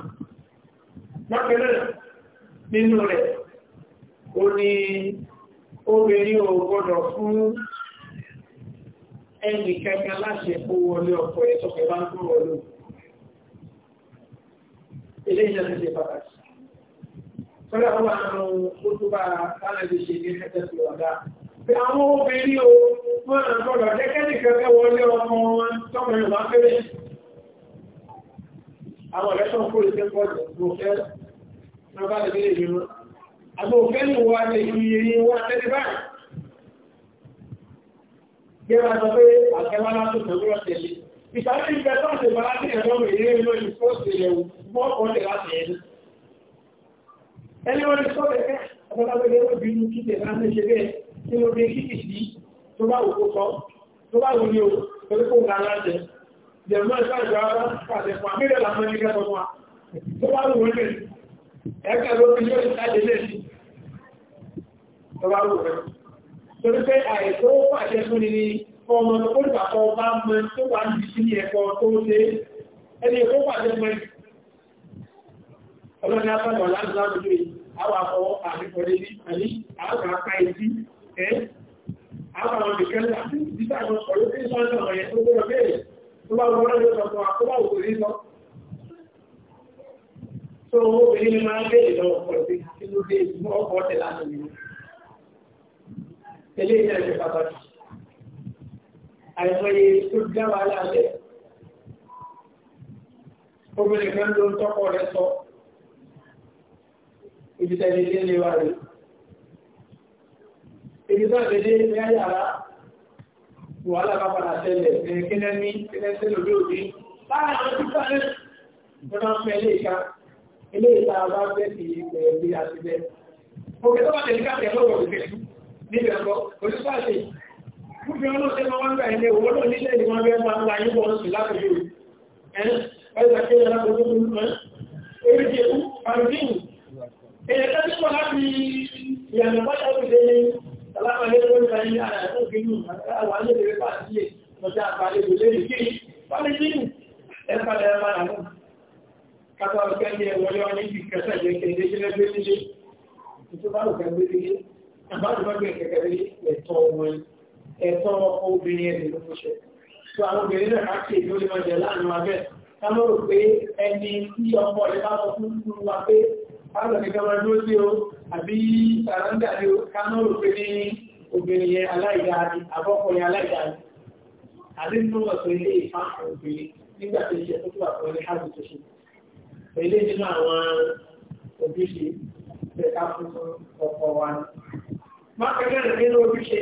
Bákanáà nínú rẹ̀, ó ní obìnrin ò gbọ́dọ̀ fún ẹni kankan láti ẹ̀kọ́ wọlé ọkọ̀ ẹ̀tọ́kẹ̀ bá ń kúrò wọlé. Ilé iṣẹ́ ti ṣe pàtàkì. Sọ́dọ̀ àwọn àwọn olùbá alẹ́bí ṣe ní ẹ̀tẹ́ sí ọ̀dá. Àwọn obìnrin ò wọ́n àgbọ̀dọ̀ jẹ́kẹ́ nìkan wọlé ọmọ wọn tọ́kùnrin bá fẹ́rẹ̀ àwọn ọ̀rẹ́ tó ń kó ìṣẹ́ pọ̀ jù mo fẹ́ ní ọba lè bẹ́ẹ̀ yìí wọn. àbò fẹ́ ní wọ́n alẹ́ iye yìí wọ́n tẹ́lẹ̀ báyìí. gbé wa sọ pé àtẹwà látò tó lọ tẹ̀lé. ìsàlẹ̀ ìgbẹ́ tó ń ṣe bá láti ẹ̀rọ ìrírí inú ìfọ́sẹ̀ ìyẹ̀wò mọ́ ọ̀pọ̀lẹ̀ láti ẹ̀rí. ẹni wọn sọ pé ọ̀pọ̀lọpọ̀ ẹgbẹ́ bínú kí tẹ̀ bá ń ṣe bẹ́ẹ̀ kí ló jẹ̀mọ́ ìṣàjọ́ ara pàdé pàmílẹ̀ làmọ́ ní kẹ́kọ̀ọ́ wa tó bá wù rẹ̀ ẹ̀kẹ́ ló fi yóò ṣáde lè ní tó bá wù rẹ̀ torí pé àìsó pàdé fún ni ọmọ tó kó nípa kọ bá mọ tó wà ní sí ní ẹ̀kọ́ tó ṣe ẹni tó pàdé mọ ọlọ́ni afẹ́lẹ̀ ọ̀làdúrà lójú yìí àwọn afọ àbíkọ̀lẹ́ ní àní àwọn àpá ìdí ẹ́ àwọn àwọn ìkẹ́lẹ̀ àti ìdí tó bá wọ́n rẹ̀ lọ́sọ̀ fún àkọ́bá òkú rí lọ. Tó owó obìnrin ni máa ń bèèrè lọ́wọ́ ọkọ̀ sí kí ló dé ìgbọ́ ọkọ̀ tẹ̀ lánàá mi. Eléyìí náà ṣe pàtàkì. Àìmọye tó dá wa lálẹ́. Obìnrin kan ló ń tọ́kọ̀ rẹ̀ sọ. Ibi ilé wa rè. Ibi tẹ̀lé ilé ní ayára wàhálà bá padà tẹ́lẹ̀ ní kílẹ̀ ní kílẹ̀ sí lórí òbí láàrín àwọn títà rẹ̀ gbọ́nà fẹ́ ilé ìka ilé ìta bá fẹ́ sí ìpẹ̀lẹ̀ bí a ti bẹ́ òkè tó bá tẹ̀lé káàkiri lọ́wọ́ òkè níbẹ̀ ẹ̀kọ́ onípàṣẹ fúnfẹ́ ọlọ́sẹ̀ máa wá ń gbà ilé owó náà nílẹ̀ ìdí wọn bẹ́ẹ̀ máa ń gba yín bọ́ sí lápẹ̀lú ẹ̀ ẹ̀ẹ́dà kí ẹ̀rọ tó tó mú ẹ̀rí jẹ̀kú àrùn Ẹ̀tọ́ obìnrin ẹni ló fúnṣẹ́. Tó àwọn obìnrin náà láti èdè ó lè máa jẹ láàrin abẹ́. Ká mọ́ rò pé ẹni tí ọmọ rẹ̀ bá sọ fún wa pé, "Báwọn nìkan máa dúró sí o, àbí sàrándà ní kánọ́rò pé ní obìnrin yẹn aláìdáadì àbọ́kùnrin aláìdáadì àbí nínú ọ̀sẹ̀ ilé ìfáàkùn obìnrin nígbà tí iṣẹ́ tó wà pẹ̀lú hábù tó ṣe pẹ̀lú nínú àwọn ojúṣe tẹ̀ka fún ọkọ̀ wa ni. má kẹ́kẹ́ rẹ̀ nínú ojúṣe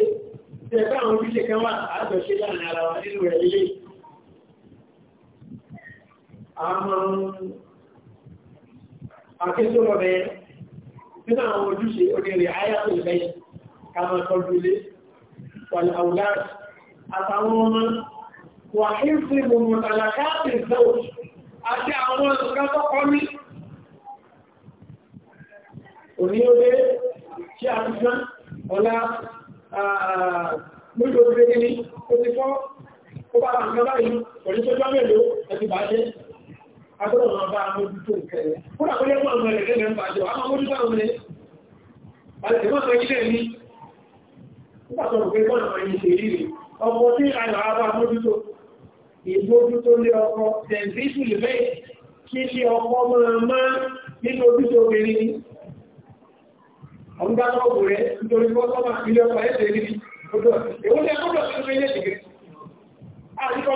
tẹ̀ka àwọn ojúṣe kan wà àjọṣe láàrin ara wa nínú rẹ̀ ilé àwọn akẹ́kọ̀ọ́ nínú àwọn ojúṣe oríire ayáto ìlẹ́yìn kàmọ̀ tọ́júlé wọ̀lá ọ̀gá àtàwọn ọmọ wà ní sí gbogbo tàlàkáàtì ìfẹ́wò àti àwọn ìsìnkátọ́ kọ́mí òní orí tí a ti sán ọ̀lá lójú orí ní ó ti fọ́ agbọ́dọ̀ máa bá amójútó ìkẹyẹ. Fún àkọ́lẹ́ fún àwọn ẹ̀rẹ̀ lẹ́lẹ̀ ń bá jọ, àwọn amójútó àwọn ẹ̀rẹ̀. Àlẹ̀kẹ̀ máa fẹ́ ilẹ̀ ní. Nígbàtọ̀ rò pé fún àwọn ẹ̀yìn ṣe rí rẹ̀. Ọkọ̀ tí ayọ̀ ara amójútó. Ìmójútó lé ọkọ, tẹ̀síṣù lè fẹ́ kí ṣe ọkọ máa máa nínú ojútó obìnrin ni. Àwọn dáná ọkọ̀ rẹ̀ nítorí fọ́sọ́mà ilé ọkọ̀ ẹ̀ ṣe rí rí. Èwo ni ẹgbọ́dọ̀ sí ilé ìgbẹ́? Àti kọ́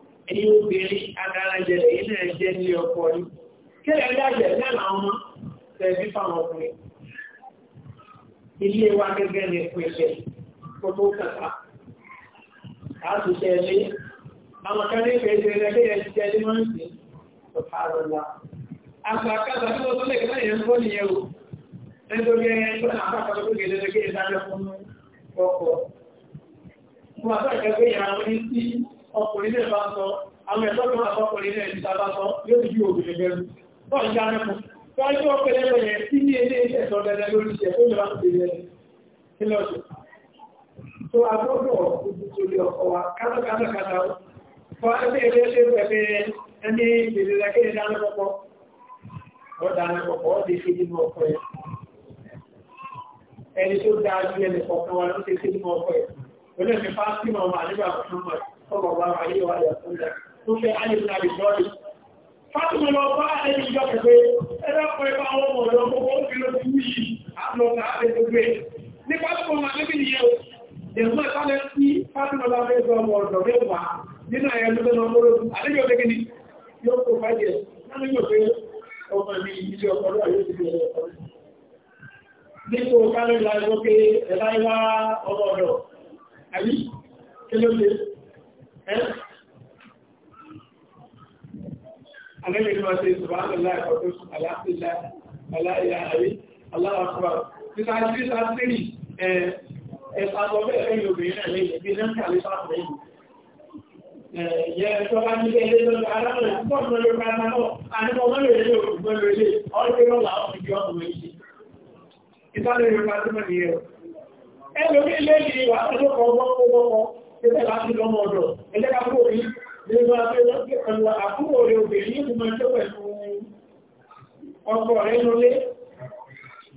èyí obìnrin agarajẹ̀ èyí náà jẹ́ ní ọkọ̀ ní kílẹ̀ ìdájẹ̀ lẹ́nà ọmọ tẹ̀bí fáwọn ọkùnrin ilé wa gẹ́gẹ́ ní pẹ̀lẹ̀ gbogbo kàtà àtúnṣẹ́ ilé àwọn kan ní ìfẹ́ ìrẹ́ ilé ẹ̀ṣẹ́ ilé máa ń sìn ọ̀pá-àrọ̀lá àgbàkátà tó tó lè kẹ́lẹ̀ yẹn ń bọ́ nìyẹn o nítorí ẹni tó náà àpapọ̀ tó gẹ̀ẹ́dẹ́ gẹ́gẹ́ ìdájọ́ fún ọkọ̀ ọkùnrin lè bá sọ àwọn ẹ̀tọ́ tó máa fọ́kùnrin lè ìta bá sọ yóò yí obìnrin bẹ̀rù bọ́ọ̀ já mẹ́kùn tó ń tó pẹ̀lẹ́ lẹ́yẹ tí ní ilé ẹ̀sọ́ dẹ̀dẹ̀ lórí iṣẹ́ tó yọra pè lẹ́yẹ kí lọ sí. tó a gbọ́dọ̀ ojú tó lè ọkọ̀ wa kátàkátà kátà ó kọ́ ẹgbẹ́ ilé ṣe pẹ̀lẹ́ ẹni ìbèrè lẹ́kẹ́ dáná pọ̀pọ̀ ọ̀ dáná pọ̀pọ̀ ọ̀ lè ṣe nínú ọkọ̀ yẹn ẹni tó dáa ju ẹnì kọ̀ọ̀kan wa ló ṣe ṣe nínú ọkọ̀ yẹn olóògbé fásitì mọ̀ ọmọ àdébà kọ̀ọ̀kan mọ̀ صلى الله عليه وآله وسلم وفي علي بن أبي طالب Fátímù lọ bá ẹni ìjọ pẹ̀pẹ́, ẹlẹ́pọ̀ ẹbá àwọn ọmọ ọ̀dọ́ gbogbo ó fi lọ sí yìí, àmọ́ ọ̀gá àti gbogbo ẹ̀. Ní Fátímù máa níbi nìyẹn, ìrùmọ̀ ìpálẹ̀ sí Fátímù lọ bá ẹgbẹ́ ọmọ ọ̀dọ́ mẹ́wàá nínú ẹ̀yẹ lọ́dọ́ lọ mọ́rọ̀ àlejò ọ̀dẹ́ kìíní yóò kó fàájẹ̀ nínú yóò pé ọmọ mi ìdí ọkọ̀ lọ́wọ́ yóò ti bẹ̀rẹ̀ ọkọ̀. Dípò kálẹ̀ ìlànà lókè ẹ̀láìlá ọmọ ọ̀dọ́, àbí kí ló ṣe? annabi kuma sai subhanallah wa alhamdulillah wala ya abi allah akbar ti ta ji ta tiri eh e pa do be e yo be na le bi nan ka le pa be eh ye to ba ni le do ara le ko mo le ka na o an tẹ́tẹ́ láti lọ́mọ ọ̀dọ̀ ẹlẹ́ka kó rí lẹ́nu abẹ́rẹ́ pẹ̀lú àkúrò rẹ̀ obìnrin yìí máa jẹ́ pẹ̀lú ọkọ rẹ̀ lólé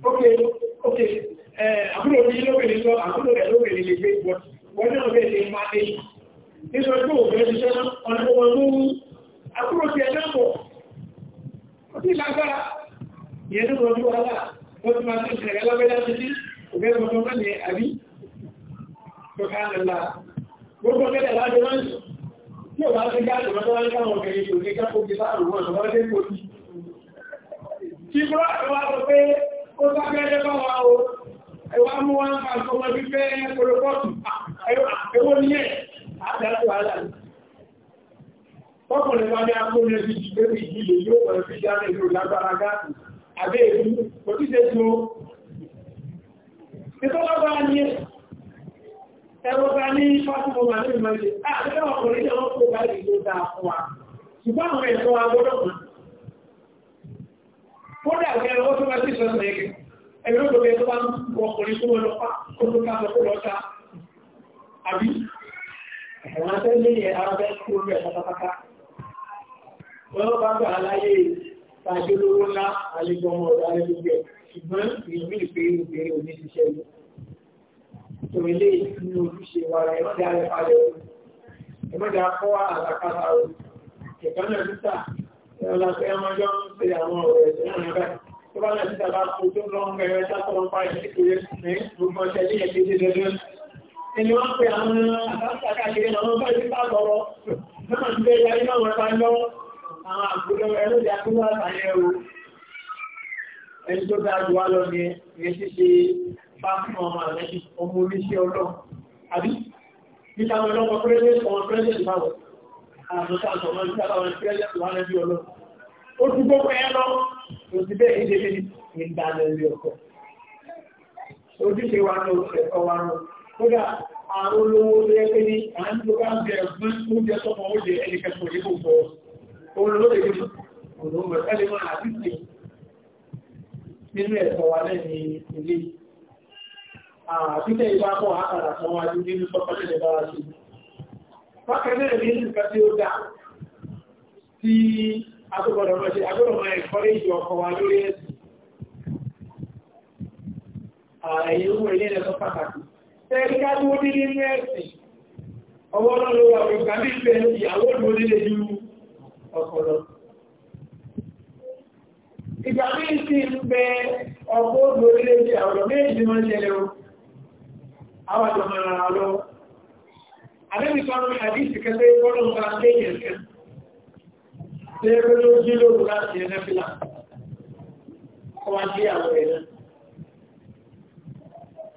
ókè ókè àkúrò rẹ̀ lóbìnrin lọ àkúrò rẹ̀ lóbìnrin lè gbé wọ́n náà bẹ́ẹ̀ lè máa dé nínú ọjọ́ òfin ṣiṣẹ́ ọ̀nà wọn ló ń àkúrò ti ẹ̀dá pọ̀ ó sì lágbára ìyẹn ló rọjú wàhálà wọ́n ti máa ti ìṣẹ̀lẹ̀ lábẹ́dá títí òbẹ́ gbogbo kẹ́lẹ̀ láti wọ́n sùn tí ò bá fẹ́ jáde wọ́n tó wá ń káwọn obìnrin tó ní kápò bí sáàrùn wọn lọ́wọ́ dé kò sí. tí búrọ́ àtọwà sọ pé ó sábẹ́rẹ́ bá wa o ẹwà mú wọn bá sọ wọn bí fẹ́ kọlọpọ́ọ̀tù ẹwọ́ ní ẹ̀ àtàkù àlà ọkùnrin bá ní akóni ẹbí ìgbébí ìdílé yóò pẹ̀lú fi jáde ìlú lágbára gáàsì àbẹ́ èdú kò tí ẹwọ́n bá ní fásitì ọmọ ní ìmọ̀lẹ̀ àti ah, ọkùnrin náà wọ́n kó bá ìlú dáa fún wa ṣùgbọ́n àwọn ẹ̀tọ́ wa gbọ́dọ̀ mọ̀ kódà gẹ́gẹ́ wọ́n tó bá sí sọ sẹ́yìn ẹgbẹ́ tó bẹ tó bá ń wọ ọkùnrin tó wọn lọ pa kó tó ká sọ kó lọ ta àbí ẹ̀wọ̀n tẹ́ lé yẹ ara bẹ́ kó rẹ̀ pátápátá wọ́n bá gbà láyé tàbí olówó ńlá àlejò ọmọ ọ̀dọ́ àlejò gbẹ̀ ṣùgbọ́n tó ilé ìsinmi ojúṣe wa rẹ̀ wọ́n dáre palẹ̀ o ẹgbẹ́dà kọ́ àlàkàlà o ìkànnà títà ẹ̀rọ̀lá pé ọmọ ọjọ́ ń pe àwọn ọ̀rọ̀ ẹ̀sẹ̀ náà nígbà tó bá náà títà bá kó tó lọ ń bẹ̀rẹ̀ sátọ̀ ń pa ìdíkùrẹ́ ní gbogbo ọ̀sẹ̀ ní ẹ̀kẹ́ ti dẹ́dẹ́ ẹni wọ́n pe àwọn àbáṣàkàkiri àwọn bá ti bá lọ́wọ́ náà ti bẹ́ẹ̀ yarí náà wọ́n bá ń lọ́wọ́ àwọn àgbòdò ẹ̀rọ ìdí akúrò àtàyẹ̀ o ẹni tó dáa jù wá lọ ní ẹ̀ ṣíṣe bá fún ọmọ àlẹ́jì ọmọ oníṣẹ́ ọlọ́run àbí níta wọn lọ́wọ́ pẹ́lẹ́ ọmọ pẹ́lẹ́ ìbáwọ̀ àmọ́ta àtọ̀mọ́ níta wọn pẹ́lẹ́ ìwánẹ́bí ọlọ́run ó ti gbogbo ẹ lọ kò sí bẹ́ẹ̀ ní ṣe ní ìdánilẹ́ ọkọ̀ ojúṣe wa ní ẹ̀kọ́ wa ní kódà àwọn olówó tó yẹ pé ní à ń lo bá ń bẹ ẹ̀gbọ́n oúnjẹ tọmọ oúnjẹ ẹni kẹfọ yìí kò bọ olówó lè gbé olówó rẹ̀ ẹni máa àti ṣe nínú ẹ̀kọ́ wa lẹ́yìn ilé títẹ̀ ìbápọ̀ àkàrà àwọn ajú nínú sọ́pọ̀lẹ̀ bára sí. Fákẹ̀lẹ̀ rí nǹka tí ó dá tí agbọ́dọ̀ mọ́ sí agbọ́dọ̀ mọ́ ẹ̀kọ́rẹ́ ìjọ ọkọ̀ wa lórí ẹ̀sìn. Ààyè ah, ohun ilé ẹ̀sọ́ pàtàkì. Tẹ́rí ká tó ní nínú ẹ̀sìn, ọwọ́ náà ló wà pẹ̀lú kàbí ìfẹ́ ìyàwó ló nílé ju ọkọ̀ lọ. Ìgbà mí sí ń bẹ ọkọ̀ lórílẹ̀-èdè àwọn méjì máa ń ṣẹlẹ̀ o àwàjọ mara lọ́wọ́. Àdébì sọ́nà àdíṣì kẹta ìgbọ́nà bá léyìn ẹ̀kẹ́. Ṣé ẹgbẹ́ ló jí lóòrù láti ẹ̀nẹ́ fìlà? Ó wá jí àwọn ẹ̀nà.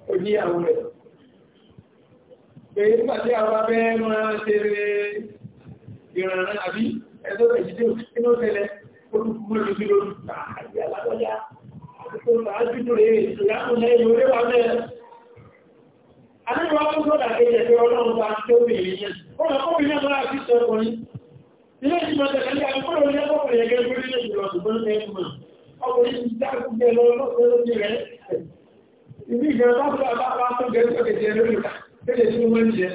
Ó jí àwọn ẹ̀nà. Èyí pàdé àwọn abẹ́ máa ṣe ìrànà àbí ẹ̀tọ́ ìjídé òkú ó tẹ́lẹ̀ olùkú lórí sí lórí. Àyà lágbọ́já. Àti tó Àdúgbà tó sọ́dà kéjẹ̀ pé ọlọ́run bá tó bèèrè yẹn. Ó lọ kọ́ bèèrè máa fi sọ ọkùnrin. Ilé ìjìmọ̀ tẹ̀lé ní àkọ́kọ́ lórí ẹgbọ́kùnrin yẹn gẹ́gẹ́ lórí ìjìmọ̀ ṣùgbọ́n ní ẹgbùn. Ọkùnrin ti dákú jẹ lọ lọ́sọ̀rọ̀ rẹ̀. Ìbí ìjọba bá fún àbá bá tó gẹ̀ẹ́sì ọkẹ̀ jẹ lórí ìta. Kéde tí wọ́n ń jẹ.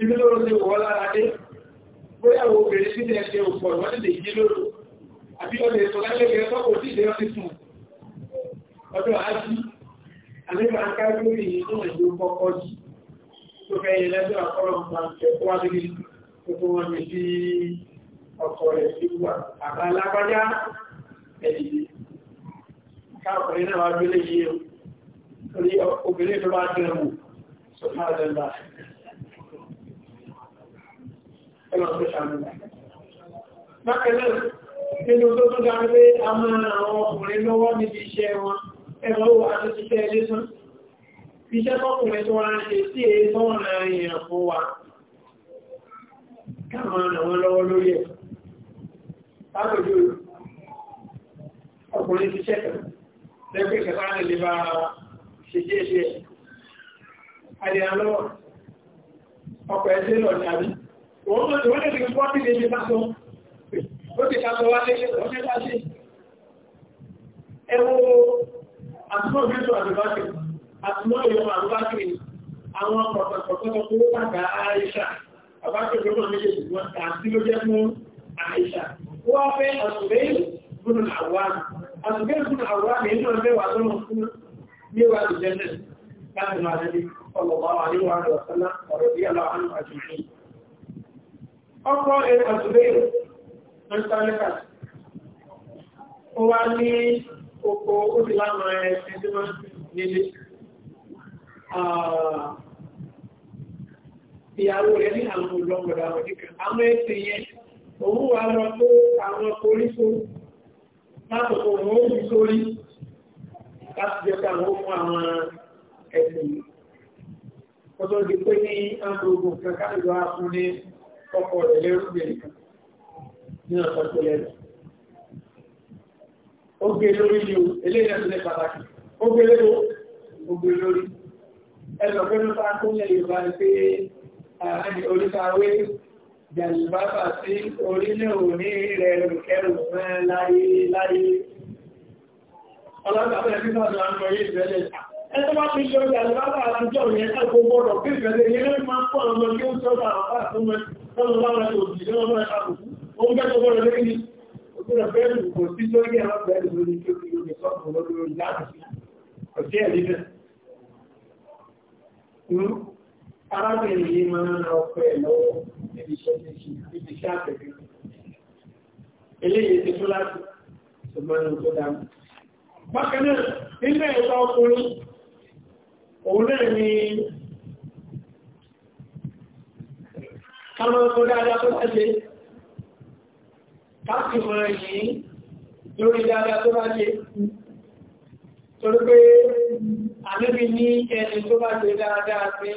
Ibi lóró ti wọ́ lára dé. Bóyá wo bèèrè sí ilẹ̀ ṣe òpọ̀ wọ́n ti lè jí lóru. Àbí ọdẹ ìsọ̀lá lẹ́gbẹ̀ẹ́ sọ́kò tí ìdẹ́ àlébà akágbèrè nínú ẹ̀dùn kọ́kọ́ jù tó fẹ́ yẹ lẹ́dọ̀ àkọ́rọ̀ ọmọ akẹ́kọ̀ọ́ adébí tuntun wọn mi sí ọkọ̀ rẹ̀ sí wà àbá alágbájá ẹ̀dìdì káàkùnrin náà wá gbélé yìí o torí obìnrin tó bá dẹ̀ wò sọ̀tún àdẹ́gbà ẹ̀rọ tó ṣàmùlá bákan náà nínú tó tún dá pé a máa àwọn ọkùnrin lọ́wọ́ níbi iṣẹ́ wọn ẹ̀rọ àti ṣiṣẹ́ ilé tán iṣẹ́ tọ́kùnrin tó wá ń ṣe sí èé tọ́wọ́n èèyàn fún wa káàmà àwọn lọ́wọ́ lórí ẹ̀ lápòjú ọkùnrin ti ṣẹ́kẹ̀ lẹ́gbẹ̀ẹ́ kẹta lè bá ṣe jẹ́ ṣe àdìyàn lọ́wọ́ ọkọ̀ ẹ̀ṣẹ́ lọ tàbí wọ́n mọ̀ tí wọ́n lè fi pọ́pì lè ṣe pásọ ó ti ká sọ wá lé ẹwọ́ àtúnmọ̀ mẹ́tò àdúgbàtì àtúnmọ̀ ìyọ́mọ̀ àdúgbàtì àwọn pọ̀tọ̀pọ̀tọ̀ tó wọ́n tàbí àìṣà àbájọ́ tó wọ́n méjèèjì wọ́n tàbí ló jẹ́ fún àìṣà wọ́n fẹ́ àtúnbẹ́ ìgbónú àwọn àtúnbẹ́ ìgbónú àwọn èyí náà mẹ́wàá tó wọ́n fún mẹ́wàá tó jẹ́ náà láti máa rẹ̀ ọlọ́wọ́ àríwá rẹ̀ ọ̀sánlá ọ̀rọ̀ bí aláwọ̀ àjùmọ̀ ọkọ̀ ẹ̀ àtúnbẹ́ ìgbónú Oko ó fi láwọn ẹ̀sìn tí wọ́n nílé. Ìyàwó rẹ̀ ní àwọn olóògbọ̀dọ̀ àwọn nìkan. Àwọn ẹ̀sìn yẹn, òun wà lọ tó àwọn koríko látọ̀kọ̀ òun ó fi sórí láti jẹ́ ká àwọn fún àwọn ẹ̀sìn yìí. Ọjọ́ di pé ní àgbògbò kankan lọ́wọ́ fún ní ọkọ̀ rẹ̀ lẹ́rú ó gbé lórí ní o eléyìí ẹ̀sùn pàtàkì ó gbé lórí ó gbé lórí ẹ̀sùn pé ló fà kúnlẹ̀ yorùbá ni pé ẹni oríkàwé jàlùbábà sí orílẹ̀ òní rẹ̀ rùkẹ́rù rẹ̀ láyé láyé ọlọ́gbà fẹ́ fífà tó ń lọ yé ìfẹ́lẹ̀ ẹni wá fi ṣe jàlùbábà àtijọ́ yẹn ẹ̀kọ́ gbọ́dọ̀ pé ìfẹ́lẹ̀ yẹn ló máa ń pọ̀ lọ́mọ kí ó sọ́dọ̀ àwọn àtúnmọ̀ lọ́mọ bá wọn kò jì lọ́mọ bá wọn kò Ìjọba pẹ̀lú kò sí lórí àwọn pẹ̀lú lórí tó fi lórí sọ́pù lórí lórí láàrín. Kò sí ẹ̀rí bẹ̀. Arábìnrin yìí máa ń lọ pẹ̀ lọ́wọ́ níbi iṣẹ́ méjì níbi iṣẹ́ àtẹ̀gbẹ̀. Eléyìí ti tún láti ṣùgbọ́n ní tó dáa. Bákan nílẹ̀ ẹ̀tọ́ ọkùnrin, òun náà ni ká máa ń dáadáa tó káàkiri mọ̀ yìí lórí dáadáa tó bá ṣe torí pé àníbi ní ẹni tó bá ṣe dáadáa sí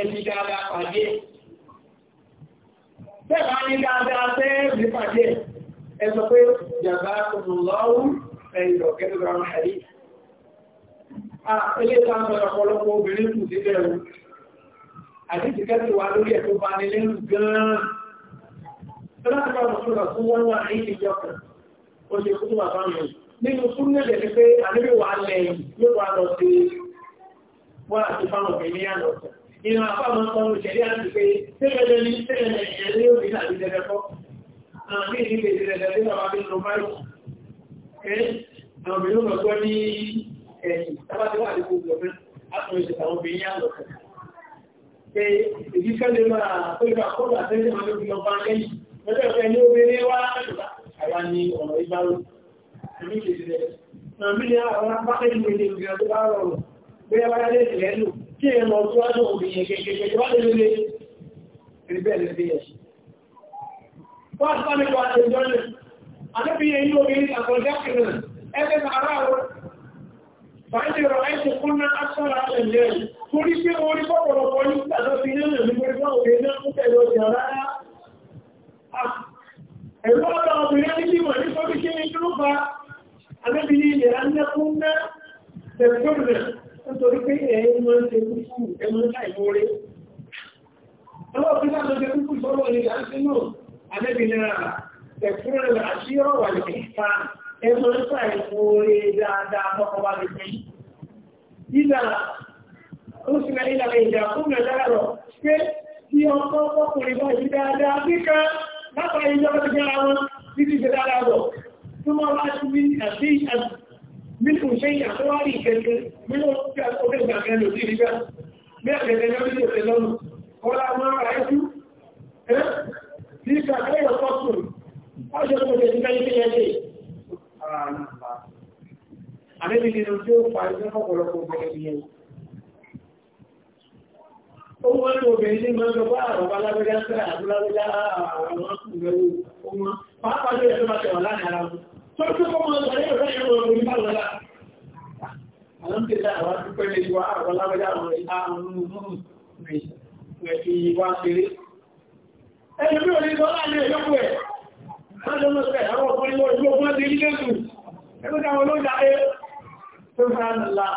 ẹni dáadáa pàdé tẹ́bà ní dáadáa tẹ́ẹ̀bì pàdé ẹ sọ pé jàbá kùnù lọ́wọ́ ẹ̀yìn ọ̀gẹ́dọ̀gbọ̀n àrí ilé ìtàkùn ọ̀pọ̀lọpọ̀ obìnrin kù sílẹ̀ láti bá wọn sọ́nà fún wọn wà ní ìjọ kan ó ṣe kú wà bá mi nínú súnmọ́ lè pé àlébè wà lẹ́yìn yóò wà lọ sí wọ́n àti fáwọn òbí ní àná ọ̀sẹ̀ nínú àpá àwọn ọmọ ìṣẹ̀lẹ̀ àti pé tẹ́lẹ̀ ní tẹ́lẹ̀ ẹ̀rẹ́ òbí àti tẹ́lẹ̀ kọ́ àmì ìdílé ìdílẹ̀ tẹ́lẹ̀ wà nínú báyìí ẹ́ àwọn obìnrin lọ gbọ́ ní ẹ̀yìn tábàtí wà ní gbogbo ọ̀fẹ́ àtúnṣe àwọn obìnrin yà lọ́sẹ̀ pé ìdíkẹ́lẹ̀ máa pé ìgbà kọ́ Ẹgbẹ́ ọ̀fẹ́ ní obìnrin wá àwa ni ọ̀rọ̀ ìbáró. Ẹbí ni àwọn apákẹ́ ìlú ilé ìgbìyàn tó bá rọrùn. Bóyá wáyá lè tẹ̀lẹ́ lò kí ẹ lọ tó wájú obìnrin kékeré wá lè lè rí bẹ́ẹ̀ lè bẹ́ẹ̀ ṣe. Wọ́n sọ nípa àtẹ̀jọ́ lẹ̀. Àdébìyẹ inú obìnrin àkọ́jọ́ kìnnà ẹgbẹ́ sàárà wọn. Báyìí rọ̀ ẹ̀sùn kúnná aṣọ́ra àlẹ̀ lẹ́yìn. orí pọ̀pọ̀lọpọ̀ ní ìgbàdọ̀ fi nílẹ̀ nígbàdọ̀ obìnrin náà ń tẹ̀lé ọjà rárá ẹ̀rọ ọ̀dọ̀ obìnrin ní kíwọ̀ ní kó bí kí ní dúrúfà alẹ́bí ní ilẹ̀ anẹ́kún ná tẹ̀síọ́rẹ̀ nítorí pé ẹ̀yìn mọ́ ń ṣe kúkú ẹmọ láìmọ́rẹ́ ọlọ́ fi láti ṣe kúkú sọ́rọ̀ ní ìdásínú alẹ́bí ní ara tẹ̀síọ́rẹ̀ àti ọ̀wà ìfẹ́ta ẹmọ láìmọ́rẹ́ dáadáa tọ́kọba lè fi ìlà ó sì rẹ̀ ìlà ìjà fún ẹ̀dá rọ̀ pé tí ọkọ̀ ọkùnrin bá yí dáadáa kíkà látàrí ìjọba ti jẹ́ àwọn títí ṣe dáadáa bọ̀ tí wọ́n bá ti ní àti nínú ṣe ìyàtọ́wárí ìkẹ́kẹ́ nínú ọjọ́ ìgbàkẹ́ lò sí ìgbà bí àgbẹ̀dẹ̀ lórí ìṣẹ̀ lọ́nà ọlá máa rà ẹ́jú ẹ́ ní ìṣàkẹ́ ìyọ̀kọ́sùn ọjọ́ ìgbàkẹ́ ìgbàkẹ́ ìgbàkẹ́ àrẹ́bìnrin tí ó fa ìjọ́ ọ̀pọ̀lọpọ̀ ọ̀pọ̀lọpọ̀ Owó wọn tó bẹ̀rẹ̀ ní máa ń lọ bá àrọ̀bá lábẹ́gá ń tẹ́rà àbúláwẹ́lá àwọn ọkùnrin ọmọ. Pàápàá lórí ẹ̀tọ́ máa tẹ̀wà láàrin ara wọn. Tó tó kọ́ mọ́ ọ̀rẹ́ ìrọ̀lẹ́ ìrọ̀lẹ́ orí bá lọ́lá. Àwọn ń tẹ̀lá àwọn akúpẹ́ lè wá àrọ̀bá lábẹ́gá àwọn ìhà àwọn ọmọ rẹ̀ fi wá ṣeré. Ẹni bí òní lọ láàrin ẹ̀yọ́kù ẹ̀. Má lọ mọ́ sẹ́, àwọn ọkùnrin lọ ìlú ọgbọ́n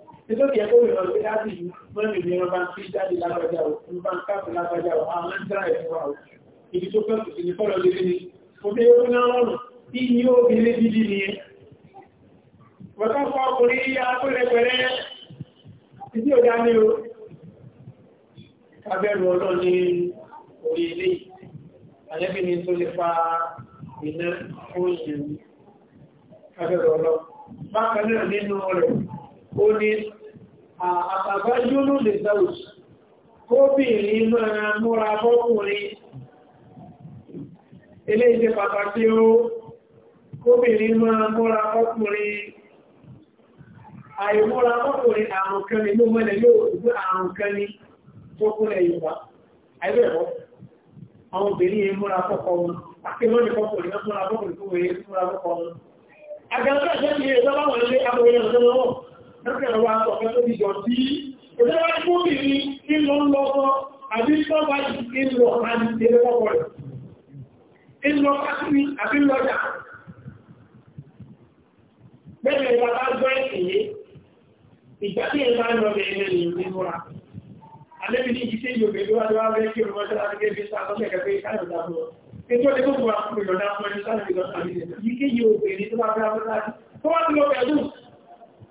nítorí ẹgbẹ́ òmìnira ló dá sí mọ́nì ní wọ́n bá ń fi jáde lágbàjá o ń bá ń káàpù lágbàjá o àwọn ń dára ẹ̀fọ́ o ibi tó fẹ́ kùsì ní fọ́lọ́ lórí ni òbí ó ná ọrùn tí ní obìnrin dídí ni ẹ. bọ́tá fún ọkùnrin yíya pẹ́rẹpẹrẹ títí ò dá ní o kábẹ́rù nínú rẹ̀ ó ní àtàbá yúlù lè dáwùs kóbìnrin máa múra bọ́kùnrin ilé ìṣẹ́ pàtàkì ó kóbìnrin máa múra bọ́kùnrin àìmúra bọ́kùnrin àrùn kan ní ló mẹ́lẹ̀ yóò gbé àrùn kan ní tó kúnlẹ̀ Yorùbá àìbẹ̀rọ àwọn obìnrin yìí múra fọ́kọ wọn akẹ́wọ́n ní bọ́kùnrin múra bọ́kùnrin fún wọn múra fọ́kọ wọn àgbàdo àjẹ́ ti yẹ ìjọba wọn lé abọ́yẹ̀ ọ̀dọ́ lọ́wọ́ lọ́kẹ̀rẹ̀ wa sọ pé tó dìjọ sí òṣèlú àkókò ní ìlọ lọ́wọ́ àbí sọ́wọ́ ìlọ àti ìlọ́wọ́ rẹ̀ ìlọ káàkiri àbí lọ́jà bẹ́ẹ̀ wà bá gbọ́ ẹ̀yẹ ìgbà tí ẹ̀ máa lọ bẹ̀rẹ̀ ní ìmúra alẹ́bí ní ìṣẹ́ yóò bẹ̀rẹ̀ wá lọ́wọ́ bẹ́ẹ̀ kí olùmọ́ṣẹ́ láti gẹ́ bí sáà tọ́lẹ̀ kẹfẹ́ káyọ̀ dáadọ́ ẹjọ́ ẹgbẹ́ gbogbo àkùnrin lọ́dá fún ẹni sáà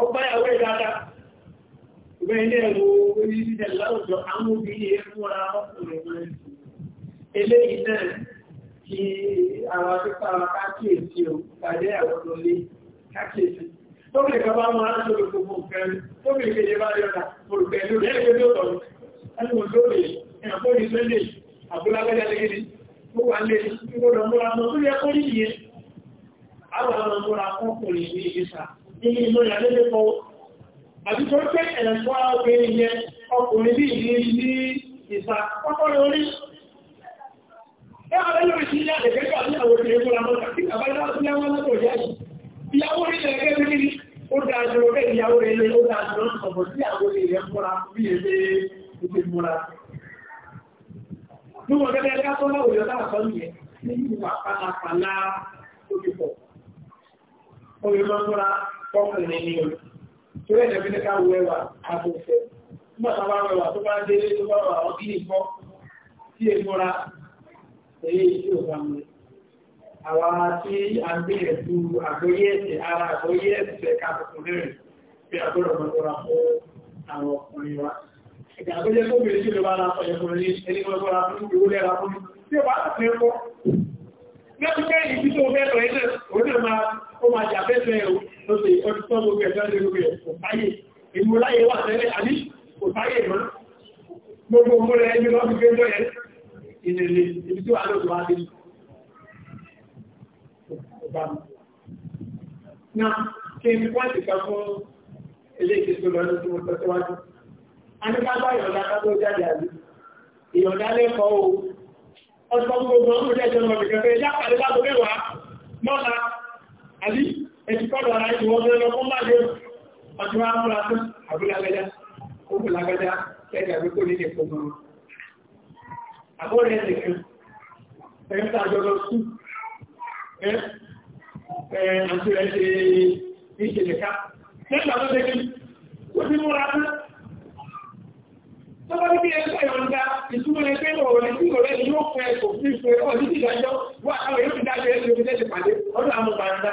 ọgbà ìyàwó ìdáta ìgbẹ́ ilé ẹ̀rọ orí ìdíjẹ láwùjọ àwọn obìnrin yẹn múra ọkùnrin wọn eléyìí náà kí àwọn pípa kákìyèsí o pàdé àwọn lọlé kákìyèsí tóbi kan bá máa ń lórí gbogbo nǹkan tóbi ìkéde bá yọta olùkẹ́ lórí ẹgbẹ́ tó tọ̀rọ̀ ẹni mo lórí ẹ̀kọ́ ní sunday abúlágbẹ́dá lẹ́gẹ́dẹ́ ó wà lé ìgbọ́dọ̀ tó yẹ kó yìí yẹn ní inú ìyàlẹ́lẹ́ kan àti tó pé ẹ̀ẹ̀kọ́ obìnrin yẹn ọkùnrin bí ìlú ní ìsà pọ́pọ́rẹ orí ẹ̀ẹ̀kọ́ lórí sí ilé àdẹ̀gẹ́gbà ní àwọn obìnrin kó lámọ́ta tí àbájá sí àwọn ọlọ́pọ̀ yá ìyàwó orí ẹ̀ẹ́gẹ́ bí ó dájú ọgẹ́ ìyàwó rẹ̀ ilé ó dájú ọ̀pọ̀ sí àwọn obìnrin yẹn fọ́ra bí èdè ìgbèmúra Níwọ̀n gẹ́gẹ́ ẹgbẹ́ tó láwùjọ táà sọ́ nìyẹn, ní ìwà pàtàkì olùmọ́tòrá fọ́kùnrin ní o torí ẹ̀jẹ̀ fínẹ́ ká wẹwà àgbòfẹ́ mọ́ta bá wẹwà tó bá délé tó bá wà ọdí nìkọ́ tí è múra èyí tí ò bá mú àwa tí a ń gbé ẹ̀dù àgbóyé ẹ̀sẹ̀ ara àgbóyé ẹ̀sẹ̀ káàkùnkùn rẹ̀ bí àgbọ̀rọ̀ mọ́tòrá fún àwọn ọkùnrin wa ìgbà tó jẹ́ tó bèèrè sí ìjọba ara ọ̀yẹ̀kùnrin ẹni mọ́tòrá fún ìwúlẹ́ra fún tí ó bá tẹ̀lé ó máa jà fẹ́fẹ́ ẹ̀ ó ṣe ọdún tó gbogbo ẹ̀jọ́ lè rúgbẹ̀ kò táyé èmú láyé wà tẹ́lẹ̀ àní kò táyé mọ́ gbogbo mú rẹ̀ ẹni lọ́bí gbé lọ́yẹ ìrìnlẹ̀ ibi tí wà lọ́dọ̀ wá dé na kí n wá ti kà fún ilé ìkẹsọ lọ́dún tí mo sọ síwájú a ní ká bá ìyọ̀dá ká tó jáde àbí ìyọ̀dá lẹ́kọ̀ọ́ o ọ̀sán gbogbo ọmọdé ẹjọ́ lọ́dún kẹfẹ́ yá pàdé lábọ́ mẹ́wàá mọ́ta àbí ẹ̀tí pọ́dọ̀ ara ìwọ̀n tó lọ fún máa yóò ọdún wá múra fún àbúlágbẹ́dá ó bù lágbẹ́dá tẹ́gbà bí kò nílé fún mọ́ àbúrẹ́ ẹ̀sìn kan ẹ̀yẹ́ tá àjọ lọ sí ẹ̀ àti rẹ̀ ṣe ìṣẹ̀lẹ̀ ká tẹ́gbà tó tẹ́gbà ó ti múra fún Tọ́bá ní bí ẹgbẹ́ ìrọ̀lẹ́gbà ìtumọ̀ ẹgbẹ́ ìrọ̀lẹ́ tí ìrọ̀lẹ́ yóò fẹ́ kò fífẹ́ ọdún ìdájọ́ wà àwọn èèyàn ìdájọ́ ẹgbẹ́ ìrọ̀lẹ́ ti pàdé ọdún àmúgbà ń dá.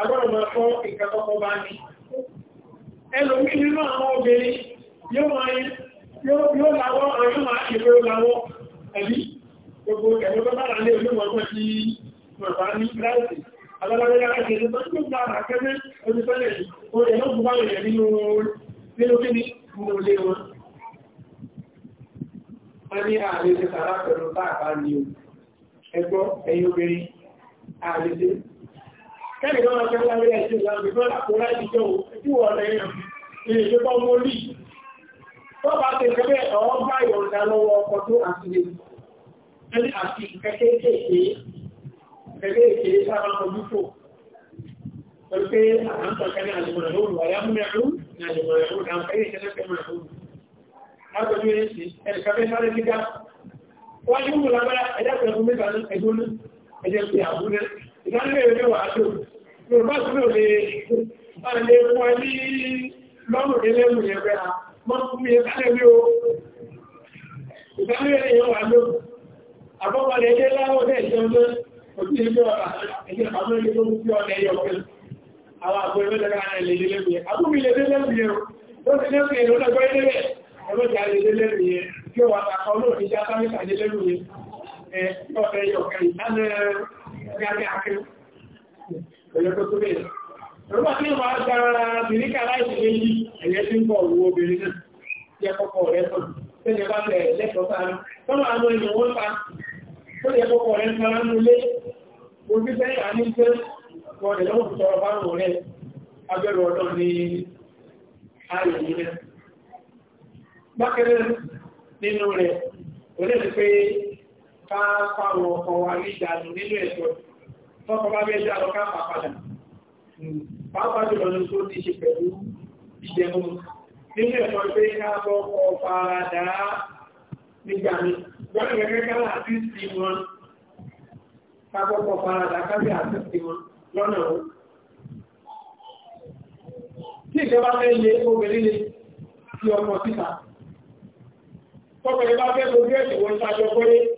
agbọ́dọ̀ máa kọ́ ìkẹ́kọ́kọ́ bá ní ẹlòmí nínú àwọn obìnrin yóò láwọ́ àwọn máa ìwé láwọ́ ẹ̀bí gbogbo ẹ̀rọ tó bára lé olóòwò tí wọ́n bá ní láìsí alọ́lọ́lọ́lọ́ láti ẹ̀sẹ̀ tó tó bá rà kẹ́mẹ́ olùsọ́lẹ̀ ó yẹ lọ́gbù bá rẹ̀ nínú kíní mú lé wọn wọ́n ní ààrẹ ti sàrá pẹ̀lú táà bá ní ẹgbọ́ ẹ̀yìn obìnrin ààrẹ kẹ́lẹ̀ náà ṣe wá rí ẹ̀ṣẹ́ ìlànà ìfẹ́ àkórá ìjọ ìjọ ọ̀rẹ́ ìrìn ìjọba ọmọ orí tó bá ti kẹ́lẹ̀ ọ̀rọ̀ bá ìrọ̀dá lọ́wọ́ ọkọ̀ tó àti ẹni àti kẹ́kẹ́kẹ́ sára ọdún fò pẹ̀lú àhántọ̀ kẹ́lẹ̀ àlùmọ̀rẹ̀ lóòrùn wáyá múlẹ̀ rú ní àlùmọ̀rẹ̀ rú náà kẹ́lẹ̀ ìṣẹ́lẹ̀ mẹ́rin rú. Lágbẹ̀mí ẹni kẹ́lẹ̀ sáré gíga. Wọ́n yóò mú lábẹ́ ẹjẹ́ pẹ̀lú mẹ́ta ẹgbẹ́ ìgbàlẹ̀ ìwé wà lò yorùbá tí ó lè bá lè fún ẹ ní lọ́rùn ní lẹ́rù yẹn bẹ́ẹ̀ mọ́ fún mi ìgbàlẹ̀ ìwé o wà ilé láwọ́ dẹ̀ òtí ilé ọ̀rà ilé tó lè lè o ó ti gbọ́ ilé rẹ̀ lè kíákíá kéwù ẹ̀yẹ tó tó bẹ́ẹ̀. Rọ́bà tí wọ́n máa gba mìíríkà láìsí méjì ẹ̀yẹ tí ń bọ̀ wo obìnrin náà yẹ kọ́kọ́ rẹ̀ sọ. Tẹ́lẹ̀ bá bẹ̀ lẹ́kọ̀ọ́ sára. Tọ́lá àwọn ènìyàn wọ́n pa. Ó yẹ kọ́kọ́ rẹ̀ sára ń lé. Ojú sẹ́yìn àní jẹ́ wọn lè lọ́wọ́ sọ ọba àwọn rẹ̀. Abẹ́rù ọdún ni ayò yìí náà. Bákẹ́rẹ́ nínú rẹ̀, òun náà ti pé ká pàwọn ọkọ̀ wa ní ìdànù nínú ẹ̀tọ́ tọ́kọ bá bẹ́ẹ̀ dáadọ́ ká pà padà pàápàá jùlọ ní tó ti ṣe pẹ̀lú ìjẹmú nínú ẹ̀tọ́ pé ká tọ́kọ paradà nígbà mi wọ́n rẹ̀ kẹ́kẹ́ láti sí wọn ká tọ́kọ paradà kábí àti sí wọn lọ́nà wọn tí ìjọba fẹ́ lé obìnrin lè fi ọmọ síta tọ́kọ ìbá fẹ́ lórí ẹ̀sìn wọn ṣáájọ pẹ́lẹ́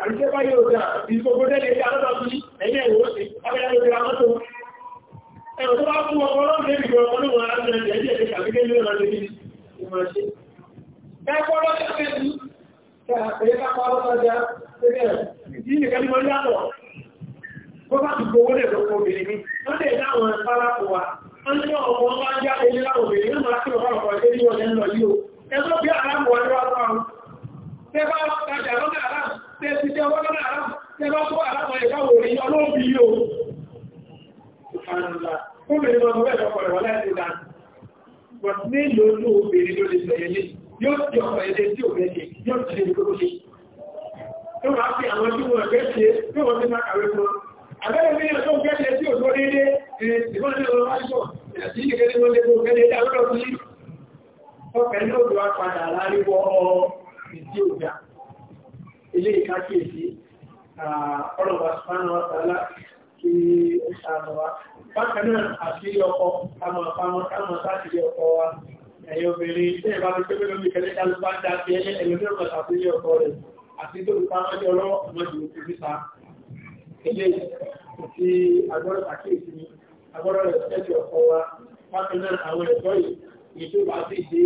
Àríṣẹ́ bá yóò dá ìgbogbo dẹ́lẹ̀ ìdá lọ́dọ̀ sí ẹ̀yẹ ìwò sí abẹ́lẹ́ lórí amọ́tò. Ẹ̀rọ tó bá fún ọmọ ọlọ́run lè bìbọn ọmọ níwọ̀n arábìnrin ẹ̀jẹ̀ ẹ̀jẹ̀ ẹ̀jẹ̀ tàbí kéjì lọ́nà lè bìí ìmọ̀ ṣe. Ẹ̀kọ́ lọ́jọ́ fẹ́ sí, ẹ̀yẹ ká pa ọlọ́jọ́ jẹ́ ìdí nìkan ní wọ́n yàtọ̀. Bó bá ti gbowó lẹ̀ lọ́pọ̀ obìnrin mi, wọ́n lè dá àwọn ìpárá fún wa. Wọ́n ní ọmọ ọmọ ajá ilé láwọn obìnrin náà tẹ́ẹ̀sì tẹ́ ọwọ́ lọ́nà àrá tẹ́ẹ̀bá tó àrámọ̀ ẹ̀ká wò rí ọlọ́bí yóò obìnrin máa mú ẹ̀dọ̀ láti ìlà but ní ìlú olú obìnrin ló lè sẹ̀yẹ̀lé yóò yóò ti lè gbogbo tí ò tó dédé ìwọ́n ní ọlọ́wọ́ àìsọ̀ àti ìgbẹ́gẹ́ ilé ìkákèsí ọlọ́wà sùpánà ọ̀tàlá kí ó ṣàtọ̀wá. Bákan náà àti ọkọ̀ àmọ̀ àpamọ́ àmọ̀ láti ilé ọkọ̀ wa. Ẹ̀yẹ obìnrin ilé ìbá mi pé mẹ́lómi kẹ́lẹ́ kálù bá dá sí ẹlẹ́ ẹlòmí ọ̀pọ̀ àti ilé ọkọ̀ rẹ̀ àti tó ń pamọ́ ní ọlọ́wọ́ ọmọdé òkú níta. Ilé ti agbọ́dọ̀ àkíyèsí ni agbọ́dọ̀ rẹ̀ tẹ́jú ọkọ̀ wa. Bákan náà àwọn ẹ̀kọ́ yìí, ètò bá sì dé